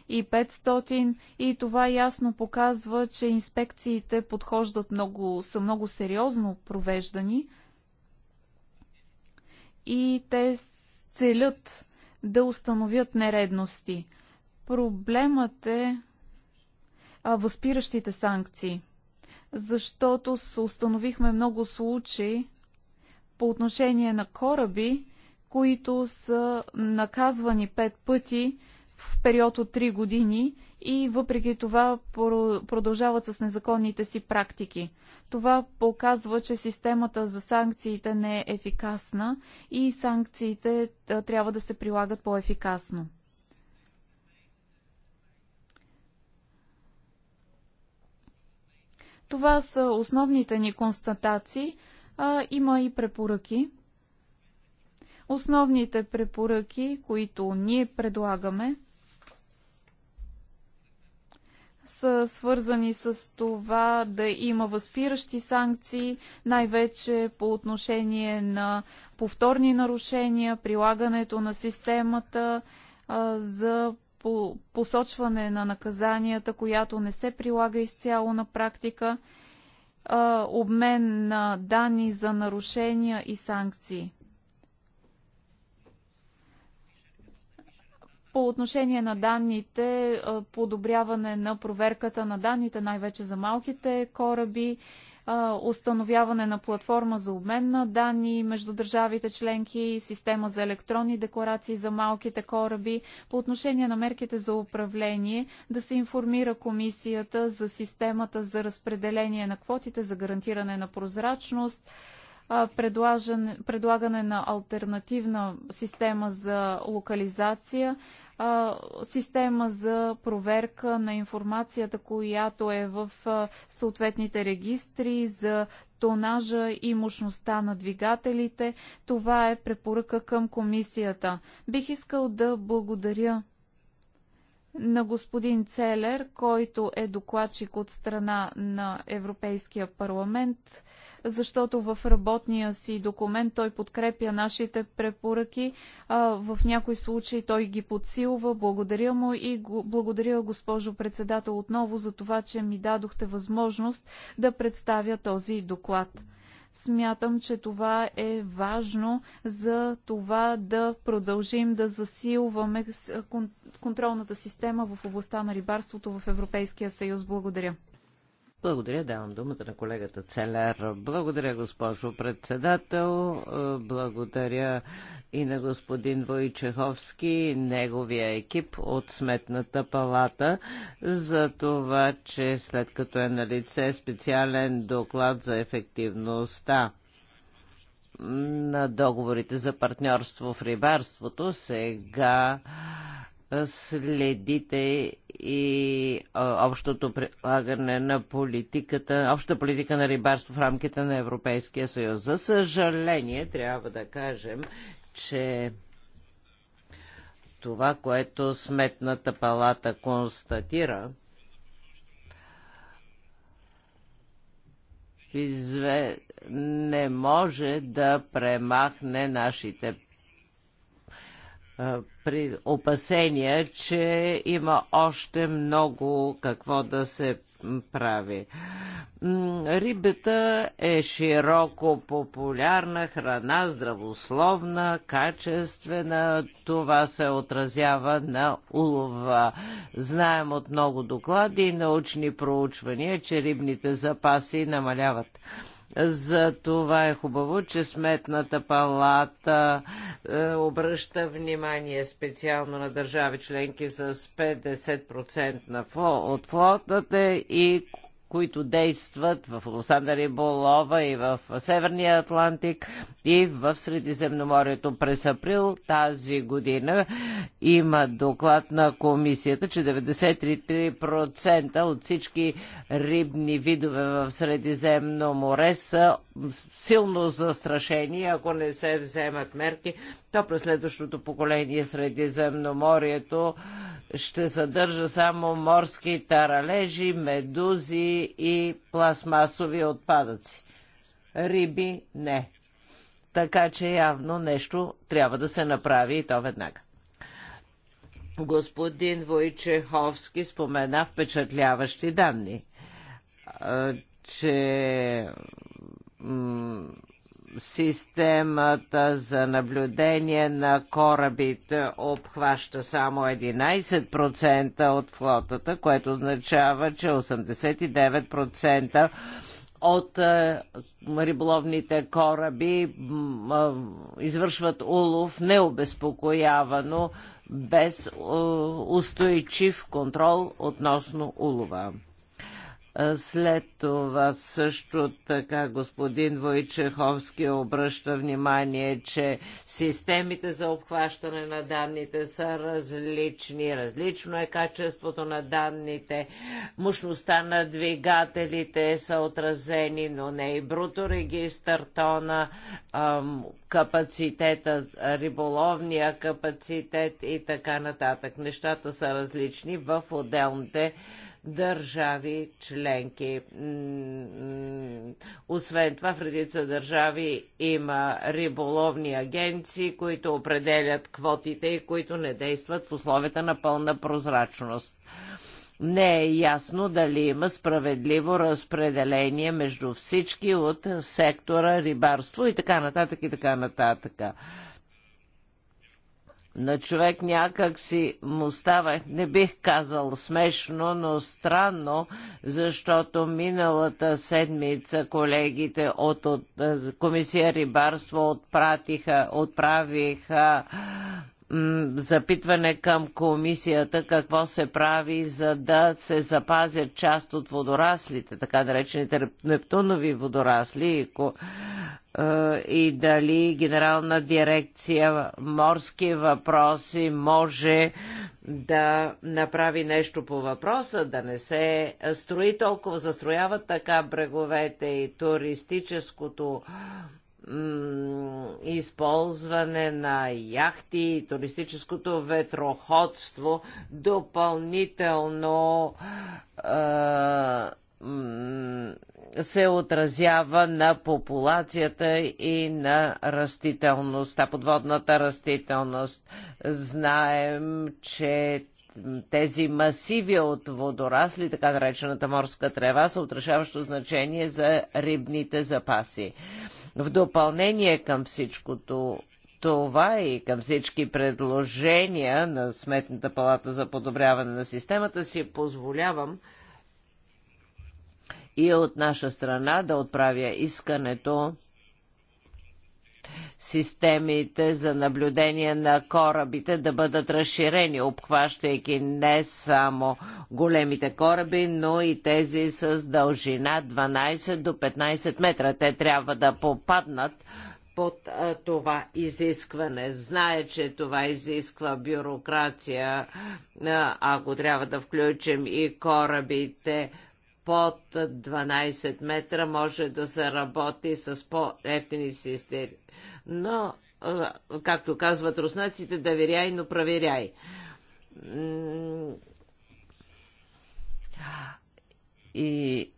и 500 и това ясно показва, че инспекциите подхождат много, са много сериозно провеждани и те целят да установят нередности. Проблемът е а, възпиращите санкции, защото установихме много случаи по отношение на кораби, които са наказвани пет пъти в период от 3 години и въпреки това продължават с незаконните си практики. Това показва, че системата за санкциите не е ефикасна и санкциите трябва да се прилагат по-ефикасно. Това са основните ни констатации. има и препоръки. Основните препоръки, които ние предлагаме, са свързани с това да има възпиращи санкции, най-вече по отношение на повторни нарушения, прилагането на системата за посочване на наказанията, която не се прилага изцяло на практика, обмен на данни за нарушения и санкции. По отношение на данните, подобряване на проверката на данните, най-вече за малките кораби, установяване на платформа за обмен на данни между държавите членки, система за електронни декларации за малките кораби. По отношение на мерките за управление, да се информира комисията за системата за разпределение на квотите, за гарантиране на прозрачност, предлагане на альтернативна система за локализация, а, система за проверка на информацията, която е в а, съответните регистри за тонажа и мощността на двигателите. Това е препоръка към комисията. Бих искал да благодаря на господин Целер, който е докладчик от страна на Европейския парламент защото в работния си документ той подкрепя нашите препоръки. В някои случаи той ги подсилва. Благодаря му и го, благодаря, госпожо председател, отново за това, че ми дадохте възможност да представя този доклад смятам, че това е важно за това да продължим да засилваме контролната система в областта на рибарството в Европейския съюз. Благодаря. Благодаря, давам думата на колегата Целер. Благодаря, госпожо председател. Благодаря и на господин Войчеховски, неговия екип от Сметната палата, за това, че след като е на лице специален доклад за ефективността на договорите за партньорство в рибарството, сега следите и а, общото прилагане на политиката, общата политика на рибарство в рамките на Европейския съюз. За съжаление, трябва да кажем, че това, което Сметната палата констатира, не може да премахне нашите при опасения, че има още много какво да се прави. Рибата е широко популярна храна, здравословна, качествена. Това се отразява на улова. Знаем от много доклади и научни проучвания, че рибните запаси намаляват. За това е хубаво, че Сметната палата е, обръща внимание специално на държави членки с 50% на фло, от флотата и които действат в Лосандър и Болова и в Северния Атлантик и в Средиземноморието. През април тази година има доклад на комисията, че 93% от всички рибни видове в Средиземно море са силно застрашени, ако не се вземат мерки то през следващото поколение Средиземноморието ще съдържа само морски таралежи, медузи и пластмасови отпадъци. Риби не. Така че явно нещо трябва да се направи и то веднага. Господин Войчеховски спомена впечатляващи данни, че системата за наблюдение на корабите обхваща само 11% от флотата, което означава, че 89% от е, риболовните кораби е, извършват улов необезпокоявано без е, устойчив контрол относно улова. След това също така господин Войчеховски обръща внимание, че системите за обхващане на данните са различни. Различно е качеството на данните, мощността на двигателите са отразени, но не и бруто регистър тона, капацитета, риболовния капацитет и така нататък. Нещата са различни в отделните държави членки. Освен това, в редица държави има риболовни агенции, които определят квотите и които не действат в условията на пълна прозрачност. Не е ясно дали има справедливо разпределение между всички от сектора рибарство и така нататък и така нататък на човек някак си му става, не бих казал смешно, но странно, защото миналата седмица колегите от, от Комисия Рибарство отпратиха, отправиха запитване към комисията какво се прави, за да се запазят част от водораслите, така наречените нептунови водорасли е, и дали Генерална дирекция морски въпроси може да направи нещо по въпроса, да не се строи толкова, застрояват така бреговете и туристическото използване на яхти и туристическото ветроходство допълнително се отразява на популацията и на растителността, подводната растителност. Знаем, че тези масиви от водорасли, така наречената морска трева, са отрешаващо значение за рибните запаси. В допълнение към всичкото това и към всички предложения на Сметната палата за подобряване на системата си позволявам и от наша страна да отправя искането системите за наблюдение на корабите да бъдат разширени, обхващайки не само големите кораби, но и тези с дължина 12 до 15 метра. Те трябва да попаднат под а, това изискване. Знае, че това изисква бюрокрация, а, ако трябва да включим и корабите под 12 метра може да се работи с по-ефтини системи. Но, както казват руснаците, да веряй, но проверяй. И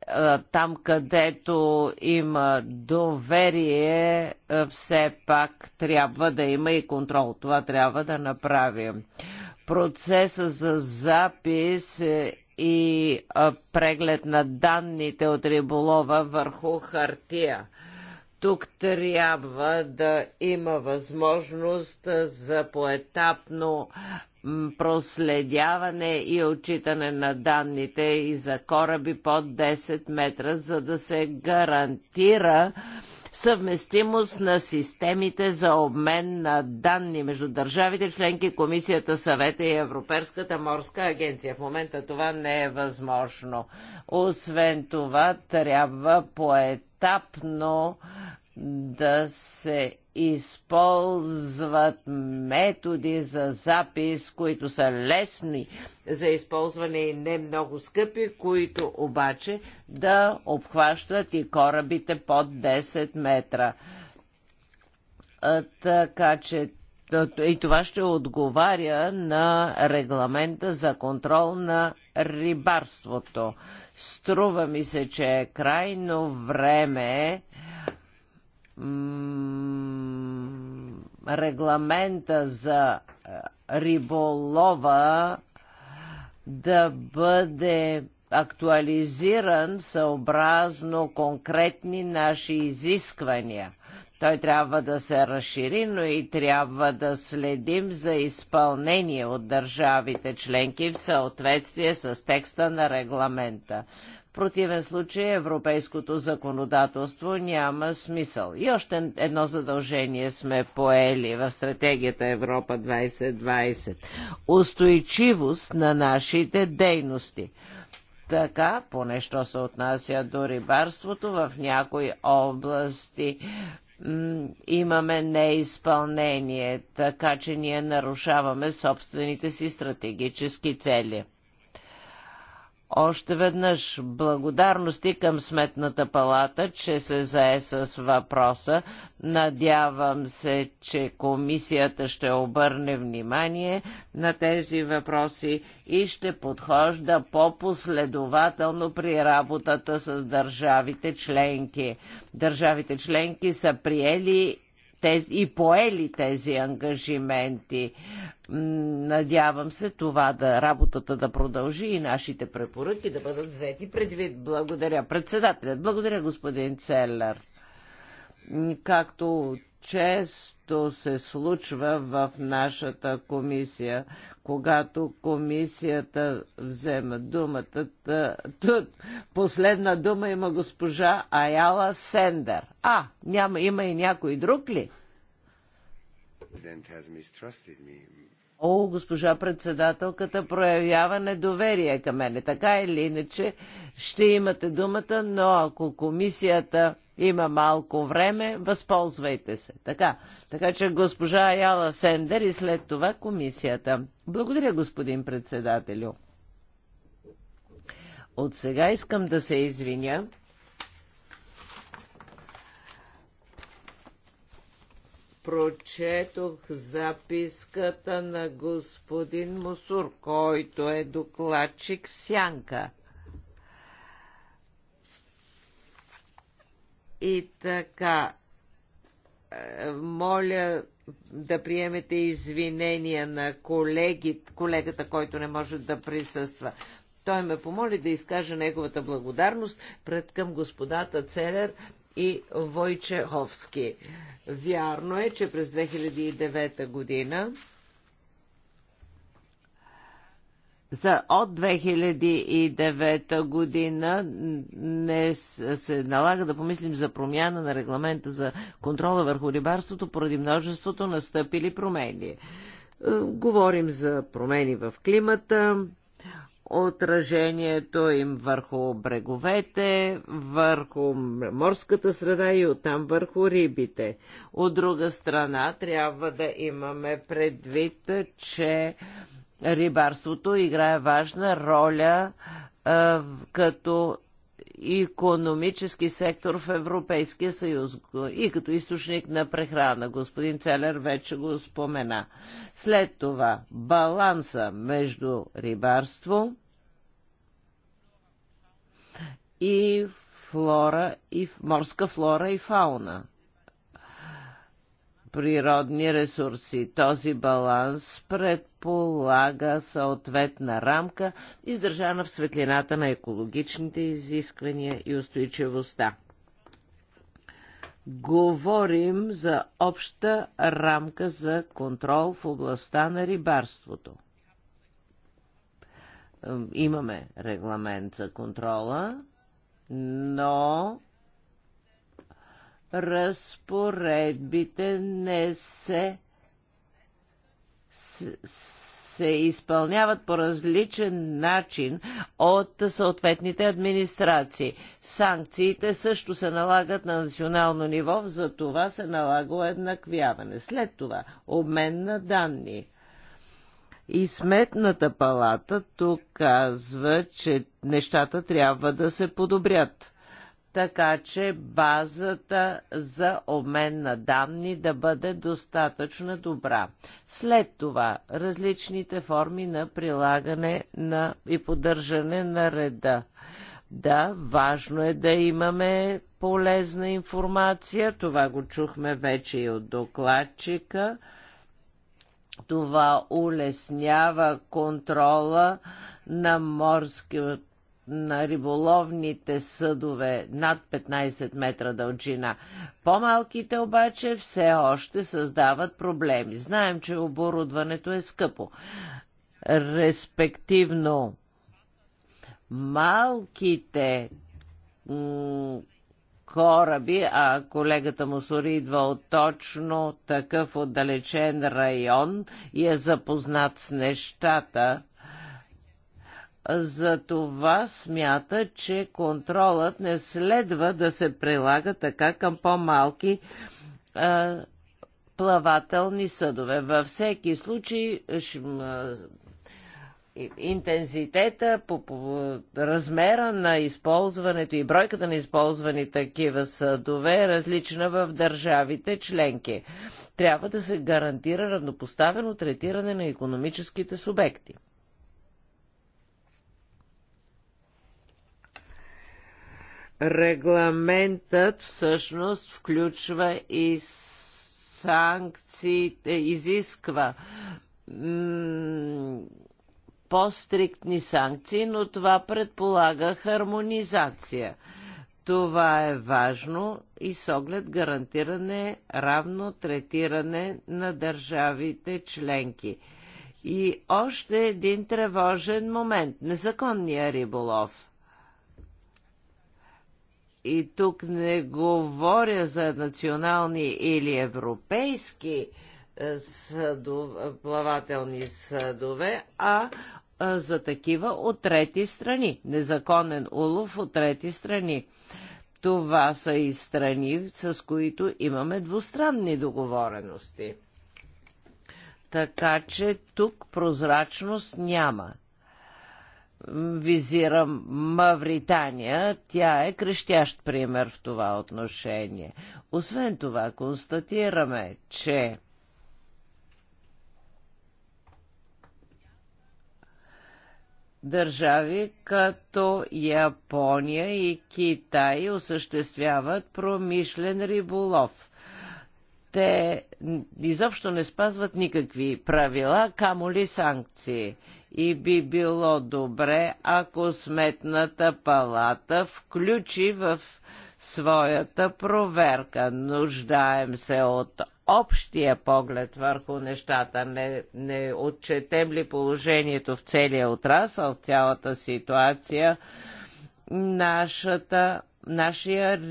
там, където има доверие, все пак трябва да има и контрол. Това трябва да направим. Процеса за запис и преглед на данните от риболова върху хартия. Тук трябва да има възможност за поетапно проследяване и отчитане на данните и за кораби под 10 метра, за да се гарантира съвместимост на системите за обмен на данни между държавите, членки, Комисията, Съвета и Европейската морска агенция. В момента това не е възможно. Освен това, трябва поетапно да се използват методи за запис, които са лесни за използване и не много скъпи, които обаче да обхващат и корабите под 10 метра. А, така че и това ще отговаря на регламента за контрол на рибарството. Струва ми се, че е крайно време регламента за е, риболова да бъде актуализиран съобразно конкретни наши изисквания. Той трябва да се разшири, но и трябва да следим за изпълнение от държавите членки в съответствие с текста на регламента противен случай европейското законодателство няма смисъл. И още едно задължение сме поели в стратегията Европа 2020. Устойчивост на нашите дейности. Така, поне що се отнася до рибарството, в някои области имаме неизпълнение, така че ние нарушаваме собствените си стратегически цели. Още веднъж благодарности към Сметната палата, че се зае с въпроса. Надявам се, че комисията ще обърне внимание на тези въпроси и ще подхожда по-последователно при работата с държавите членки. Държавите членки са приели тези, и поели тези ангажименти. Надявам се това да работата да продължи и нашите препоръки да бъдат взети предвид. Благодаря председателят. Благодаря господин Целлер. Както често се случва в нашата комисия. Когато комисията взема думата, тут последна дума има госпожа Аяла Сендер. А, няма, има и някой друг ли? О, госпожа председателката проявява недоверие към мене. Така или иначе ще имате думата, но ако комисията има малко време, възползвайте се. Така, така че госпожа Аяла Сендер и след това комисията. Благодаря, господин председателю. От сега искам да се извиня. Прочетох записката на господин Мусур, който е докладчик в Сянка – И така, е, моля да приемете извинения на колеги, колегата, който не може да присъства. Той ме помоли да изкаже неговата благодарност пред към господата Целер и Войчеховски. Вярно е, че през 2009 година за от 2009 година не се налага да помислим за промяна на регламента за контрола върху рибарството поради множеството настъпили промени. Е, говорим за промени в климата, отражението им върху бреговете, върху морската среда и оттам върху рибите. От друга страна, трябва да имаме предвид, че Рибарството играе важна роля а, като економически сектор в Европейския съюз и като източник на прехрана. Господин Целер вече го спомена. След това баланса между рибарство и флора и морска флора и фауна природни ресурси. Този баланс предполага съответна рамка, издържана в светлината на екологичните изисквания и устойчивостта. Говорим за обща рамка за контрол в областта на рибарството. Имаме регламент за контрола, но разпоредбите не се се изпълняват по различен начин от съответните администрации. Санкциите също се налагат на национално ниво, за това се налага еднаквяване. След това обмен на данни. И сметната палата тук казва, че нещата трябва да се подобрят така че базата за обмен на данни да бъде достатъчно добра. След това различните форми на прилагане на и поддържане на реда. Да, важно е да имаме полезна информация, това го чухме вече и от докладчика. Това улеснява контрола на морски на риболовните съдове над 15 метра дължина. По-малките обаче все още създават проблеми. Знаем, че оборудването е скъпо. Респективно, малките кораби, а колегата сори идва от точно такъв отдалечен район и е запознат с нещата, за това смята, че контролът не следва да се прилага така към по-малки плавателни съдове. Във всеки случай интензитета, по, по, размера на използването и бройката на използвани такива съдове е различна в държавите членки. Трябва да се гарантира равнопоставено третиране на економическите субекти. Регламентът всъщност включва и санкциите, изисква по-стриктни санкции, но това предполага хармонизация. Това е важно и с оглед гарантиране равно третиране на държавите членки. И още един тревожен момент – незаконния риболов. И тук не говоря за национални или европейски е, съдов, плавателни съдове, а за такива от трети страни. Незаконен улов от трети страни. Това са и страни, с които имаме двустранни договорености. Така че тук прозрачност няма визирам Мавритания, тя е крещящ пример в това отношение. Освен това, констатираме, че държави като Япония и Китай осъществяват промишлен риболов. Те изобщо не спазват никакви правила, камо ли санкции и би било добре, ако сметната палата включи в своята проверка. Нуждаем се от общия поглед върху нещата. Не, не отчетем ли положението в целия отрасъл, в цялата ситуация, нашата, нашия,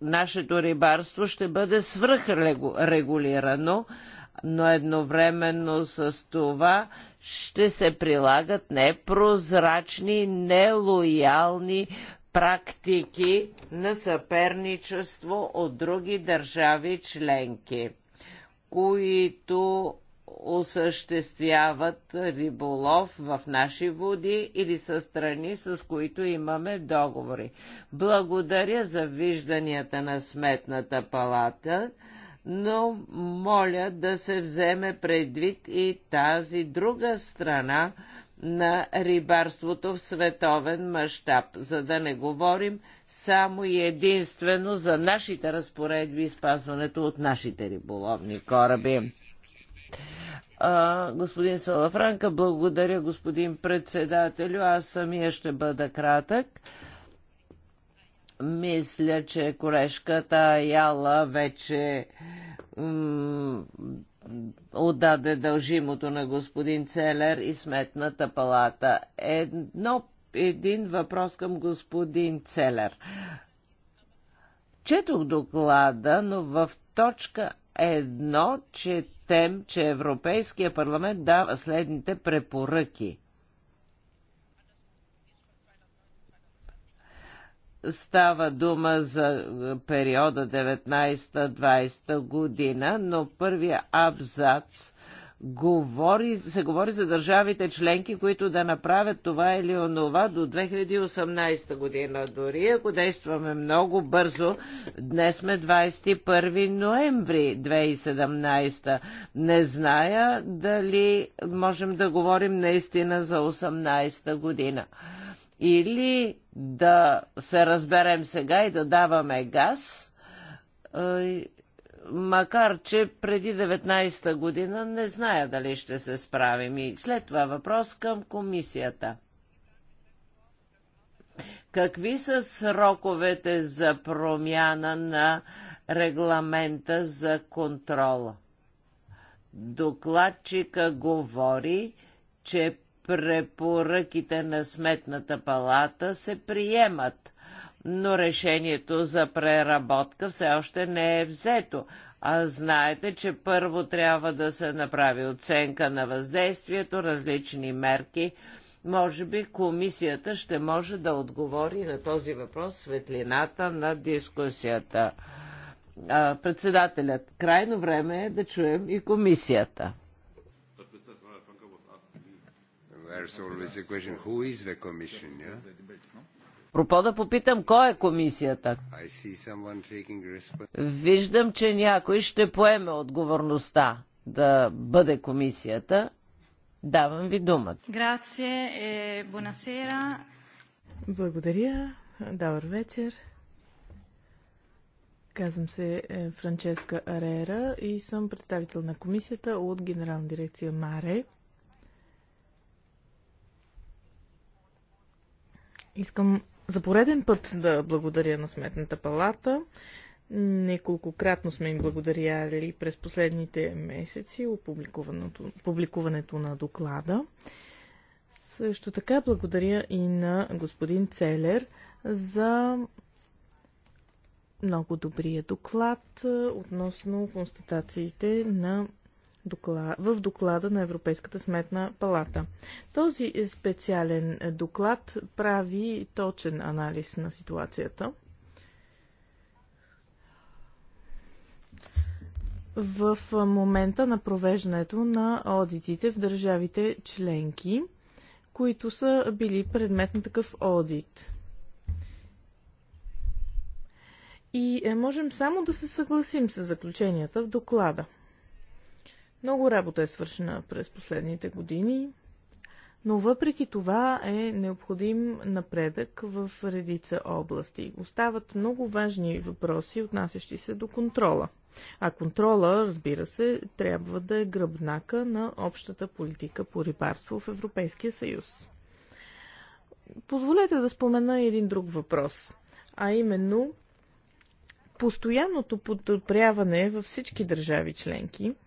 нашето рибарство ще бъде свръхрегулирано. Регу, но едновременно с това ще се прилагат непрозрачни, нелоялни практики на съперничество от други държави членки, които осъществяват риболов в наши води или са страни, с които имаме договори. Благодаря за вижданията на Сметната палата но моля да се вземе предвид и тази друга страна на рибарството в световен мащаб, за да не говорим само и единствено за нашите разпоредби и спазването от нашите риболовни кораби. А, господин Салафранка, благодаря господин председателю. Аз самия ще бъда кратък. Мисля, че корешката Яла вече отдаде дължимото на господин Целер и Сметната палата. Едно, един въпрос към господин Целер. Четох доклада, но в точка едно четем, че Европейския парламент дава следните препоръки. Става дума за е, периода 19-20 година, но първия абзац говори, се говори за държавите членки, които да направят това или онова до 2018 година. Дори ако действаме много бързо, днес сме 21 ноември 2017. Не зная дали можем да говорим наистина за 18 година или да се разберем сега и да даваме газ, макар че преди 19-та година не зная дали ще се справим. И след това въпрос към комисията. Какви са сроковете за промяна на регламента за контрол? Докладчика говори, че препоръките на Сметната палата се приемат, но решението за преработка все още не е взето. А знаете, че първо трябва да се направи оценка на въздействието, различни мерки. Може би комисията ще може да отговори на този въпрос светлината на дискусията. Председателят, крайно време е да чуем и комисията. there's always a question, who is the commission, yeah? Пропо да попитам, кой е комисията? Виждам, че някой ще поеме отговорността да бъде комисията. Давам ви думата. Грация, е, бонасера. Благодаря. Добър вечер. Казвам се е, Франческа Арера и съм представител на комисията от Генерална дирекция МАРЕ. Искам за пореден път да благодаря на Сметната палата. Неколкократно сме им благодаряли през последните месеци опубликуването, публикуването на доклада. Също така благодаря и на господин Целер за много добрия доклад относно констатациите на в доклада на Европейската сметна палата. Този е, специален е, доклад прави точен анализ на ситуацията. в е, момента на провеждането на одитите в държавите членки, които са били предмет на такъв одит. И можем само да се съгласим с заключенията в доклада – много работа е свършена през последните години, но въпреки това е необходим напредък в редица области. Остават много важни въпроси, отнасящи се до контрола. А контрола, разбира се, трябва да е гръбнака на общата политика по рибарство в Европейския съюз. Позволете да спомена един друг въпрос, а именно постоянното подобряване във всички държави членки –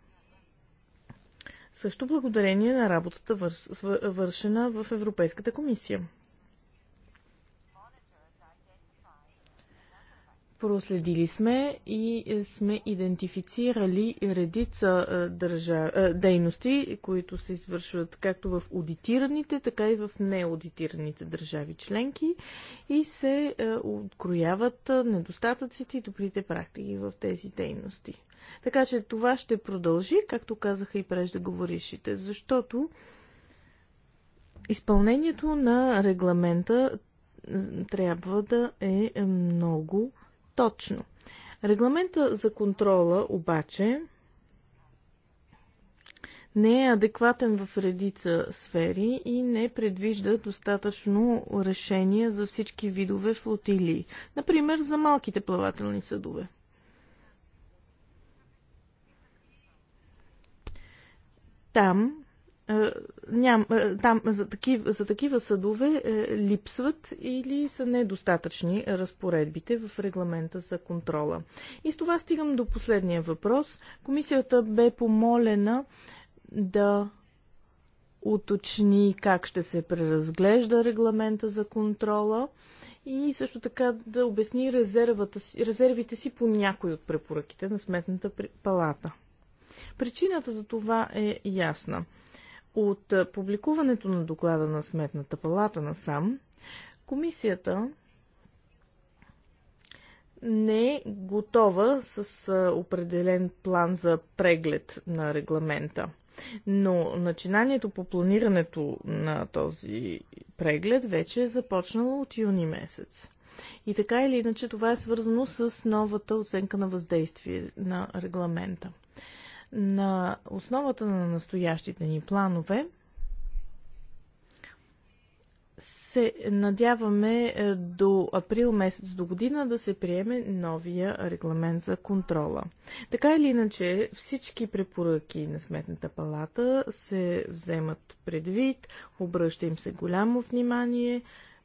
също благодарение на работата, вършена в Европейската комисия. Проследили сме и е, сме идентифицирали редица е, държа... Е, дейности, които се извършват както в аудитираните, така и в неаудитираните държави членки и се открояват недостатъците и добрите практики в тези дейности. Така че това ще продължи, както казаха и преждеговорившите, защото изпълнението на регламента трябва да е много точно. Регламента за контрола обаче не е адекватен в редица сфери и не предвижда достатъчно решение за всички видове флотилии. Например, за малките плавателни съдове. Там е, ням, е, там за такива, за такива съдове е, липсват или са недостатъчни разпоредбите в регламента за контрола. И с това стигам до последния въпрос. Комисията бе помолена да уточни как ще се преразглежда регламента за контрола и също така да обясни резервите си по някои от препоръките на Сметната палата. Причината за това е ясна. От публикуването на доклада на Сметната палата насам, комисията не е готова с определен план за преглед на регламента. Но начинанието по планирането на този преглед вече е започнало от юни месец. И така или иначе това е свързано с новата оценка на въздействие на регламента. На основата на настоящите ни планове се надяваме е, до април месец до година да се приеме новия регламент за контрола. Така или иначе, всички препоръки на Сметната палата се вземат предвид, обръща им се голямо внимание,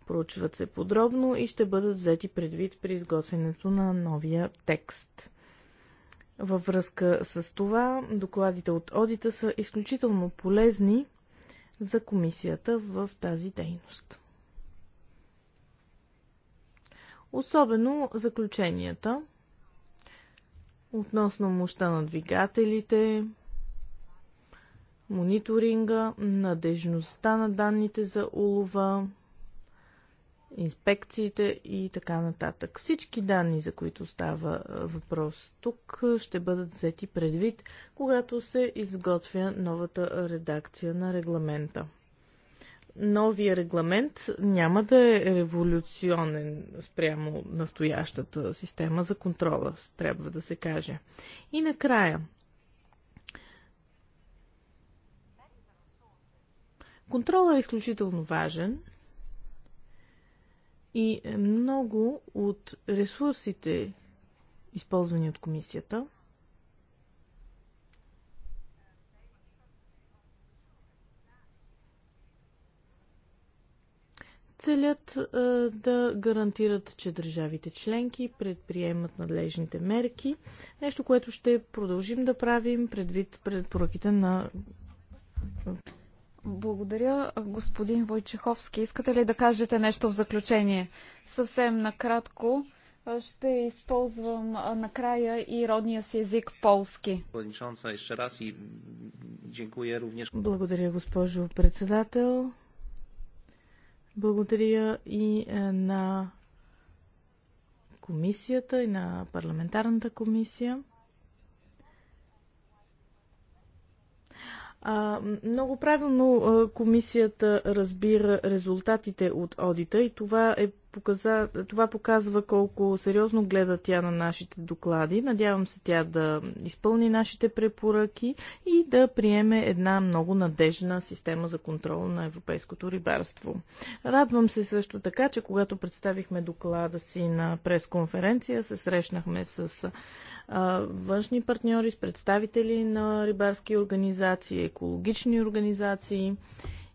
проучват се подробно и ще бъдат взети предвид при изготвянето на новия текст. Във връзка с това, докладите от одита са изключително полезни за комисията в тази дейност. Особено заключенията относно мощта на двигателите, мониторинга, надежността на данните за улова, инспекциите и така нататък. Всички данни, за които става въпрос тук, ще бъдат взети предвид, когато се изготвя новата редакция на регламента. Новия регламент няма да е революционен спрямо настоящата система за контрола, трябва да се каже. И накрая, Контролът е изключително важен. И много от ресурсите, използвани от комисията, целят а, да гарантират, че държавите членки предприемат надлежните мерки. Нещо, което ще продължим да правим предвид пред на благодаря, господин Войчеховски. Искате ли да кажете нещо в заключение? Съвсем накратко ще използвам накрая и родния си език полски. Благодаря, госпожо председател. Благодаря и е, на комисията, и на парламентарната комисия. А, много правилно а, комисията разбира резултатите от одита и това, е показа, това показва колко сериозно гледа тя на нашите доклади. Надявам се тя да изпълни нашите препоръки и да приеме една много надежна система за контрол на европейското рибарство. Радвам се също така, че когато представихме доклада си на пресконференция, се срещнахме с външни партньори, с представители на рибарски организации, екологични организации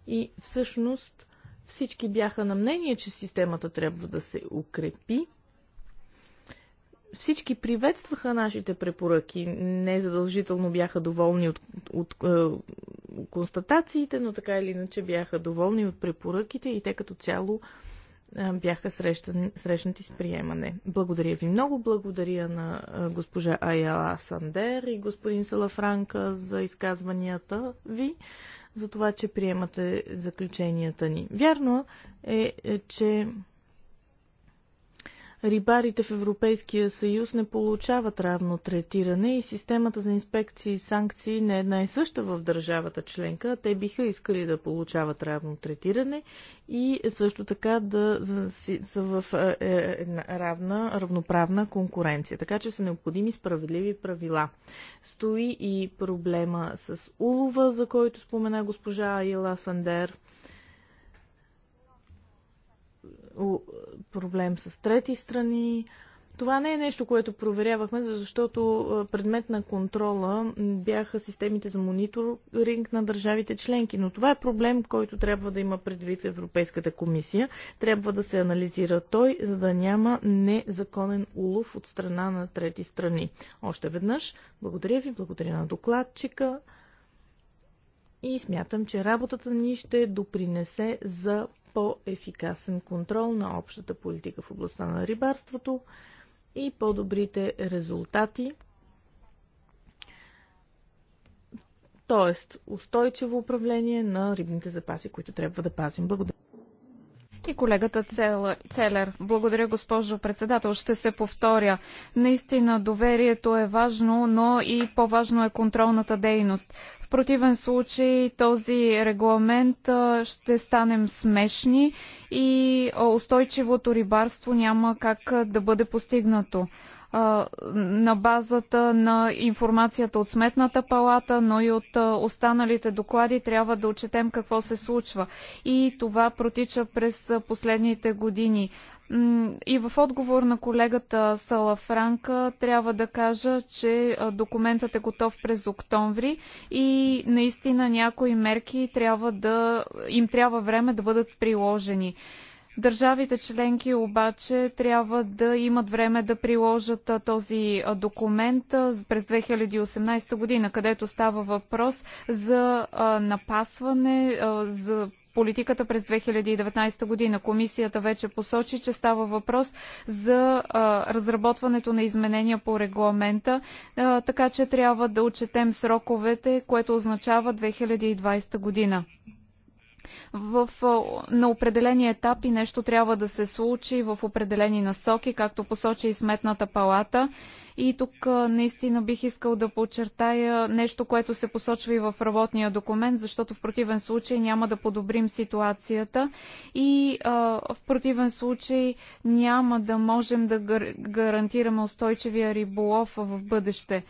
и всъщност всички бяха на мнение, че системата трябва да се укрепи. Всички приветстваха нашите препоръки. Не задължително бяха доволни от, от е, констатациите, но така или иначе бяха доволни от препоръките и те като цяло бяха срещан, срещнати с приемане. Благодаря ви много. Благодаря на госпожа Айала Сандер и господин Салафранка за изказванията ви, за това, че приемате заключенията ни. Вярно е, е че рибарите в Европейския съюз не получават равно третиране и системата за инспекции и санкции не е една и съща в държавата членка. Те биха искали да получават равно третиране и също така да са в е, е, равна, равноправна конкуренция. Така че са необходими справедливи правила. Стои и проблема с улова, за който спомена госпожа Айла Сандер проблем с трети страни. Това не е нещо, което проверявахме, защото предмет на контрола бяха системите за мониторинг на държавите членки. Но това е проблем, който трябва да има предвид Европейската комисия. Трябва да се анализира той, за да няма незаконен улов от страна на трети страни. Още веднъж, благодаря ви, благодаря на докладчика и смятам, че работата ни ще допринесе за по-ефикасен контрол на общата политика в областта на рибарството и по-добрите резултати. Тоест, устойчиво управление на рибните запаси, които трябва да пазим. Благодаря и колегата Целер. Благодаря, госпожо председател. Ще се повторя. Наистина доверието е важно, но и по-важно е контролната дейност. В противен случай този регламент ще станем смешни и устойчивото рибарство няма как да бъде постигнато на базата на информацията от Сметната палата, но и от останалите доклади трябва да отчетем какво се случва. И това протича през последните години. И в отговор на колегата Сала Франка трябва да кажа, че документът е готов през октомври и наистина някои мерки трябва да им трябва време да бъдат приложени. Държавите членки обаче трябва да имат време да приложат този документ през 2018 година, където става въпрос за напасване, за политиката през 2019 година. Комисията вече посочи, че става въпрос за а, разработването на изменения по регламента, а, така че трябва да отчетем сроковете, което означава 2020 година в, на определени етапи нещо трябва да се случи в определени насоки, както посочи и Сметната палата. И тук наистина бих искал да подчертая нещо, което се посочва и в работния документ, защото в противен случай няма да подобрим ситуацията и а, в противен случай няма да можем да гар гарантираме устойчивия риболов в бъдеще.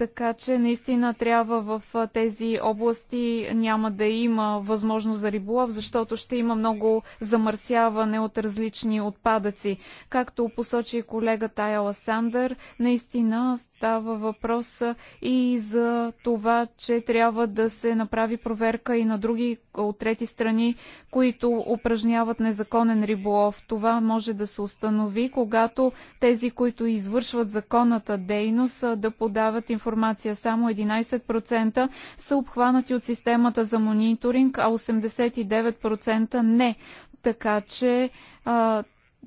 Така че наистина трябва в тези области няма да има възможност за риболов, защото ще има много замърсяване от различни отпадъци. Както посочи колегата Айла Сандър, наистина става въпрос и за това, че трябва да се направи проверка и на други от трети страни, които упражняват незаконен риболов. Това може да се установи, когато тези, които извършват законната дейност, да подават информация информация. Само 11% са обхванати от системата за мониторинг, а 89% не. Така че а,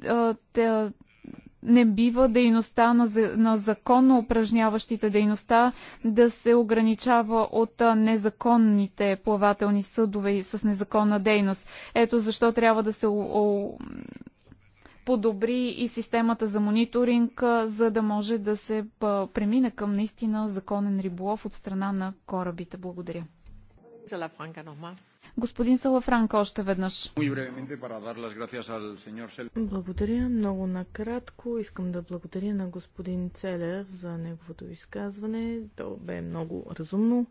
а, те, не бива дейността на, на законно упражняващите дейността да се ограничава от незаконните плавателни съдове и с незаконна дейност. Ето защо трябва да се подобри и системата за мониторинг, за да може да се премине към наистина законен риболов от страна на корабите. Благодаря. Господин Салафранка, още веднъж. Благодаря. Много накратко. Искам да благодаря на господин Целер за неговото изказване. То бе много разумно.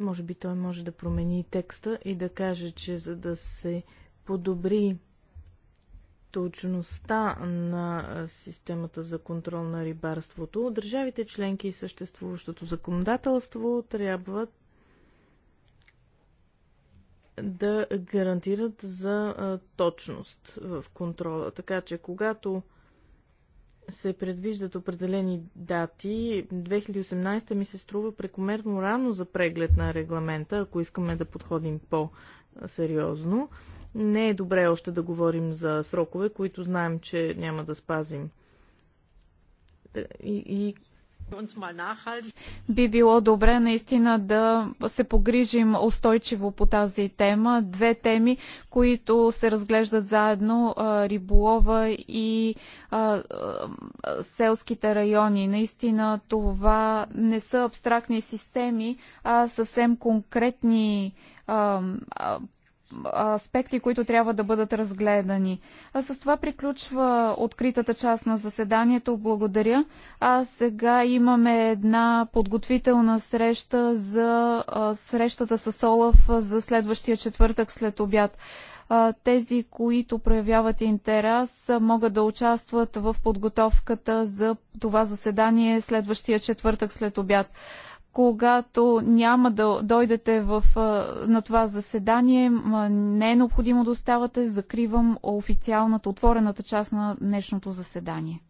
Може би той може да промени текста и да каже, че за да се подобри точността на системата за контрол на рибарството, държавите членки и съществуващото законодателство трябва да гарантират за точност в контрола. Така че, когато се предвиждат определени дати. 2018 ми се струва прекомерно рано за преглед на регламента, ако искаме да подходим по-сериозно. Не е добре още да говорим за срокове, които знаем, че няма да спазим. И, и би било добре наистина да се погрижим устойчиво по тази тема. Две теми, които се разглеждат заедно риболова и селските райони. Наистина това не са абстрактни системи, а съвсем конкретни аспекти, които трябва да бъдат разгледани. А с това приключва откритата част на заседанието. Благодаря. А сега имаме една подготвителна среща за срещата с Олаф за следващия четвъртък след обяд. тези, които проявяват интерес, могат да участват в подготовката за това заседание следващия четвъртък след обяд когато няма да дойдете в, на това заседание, не е необходимо да оставате. Закривам официалната, отворената част на днешното заседание.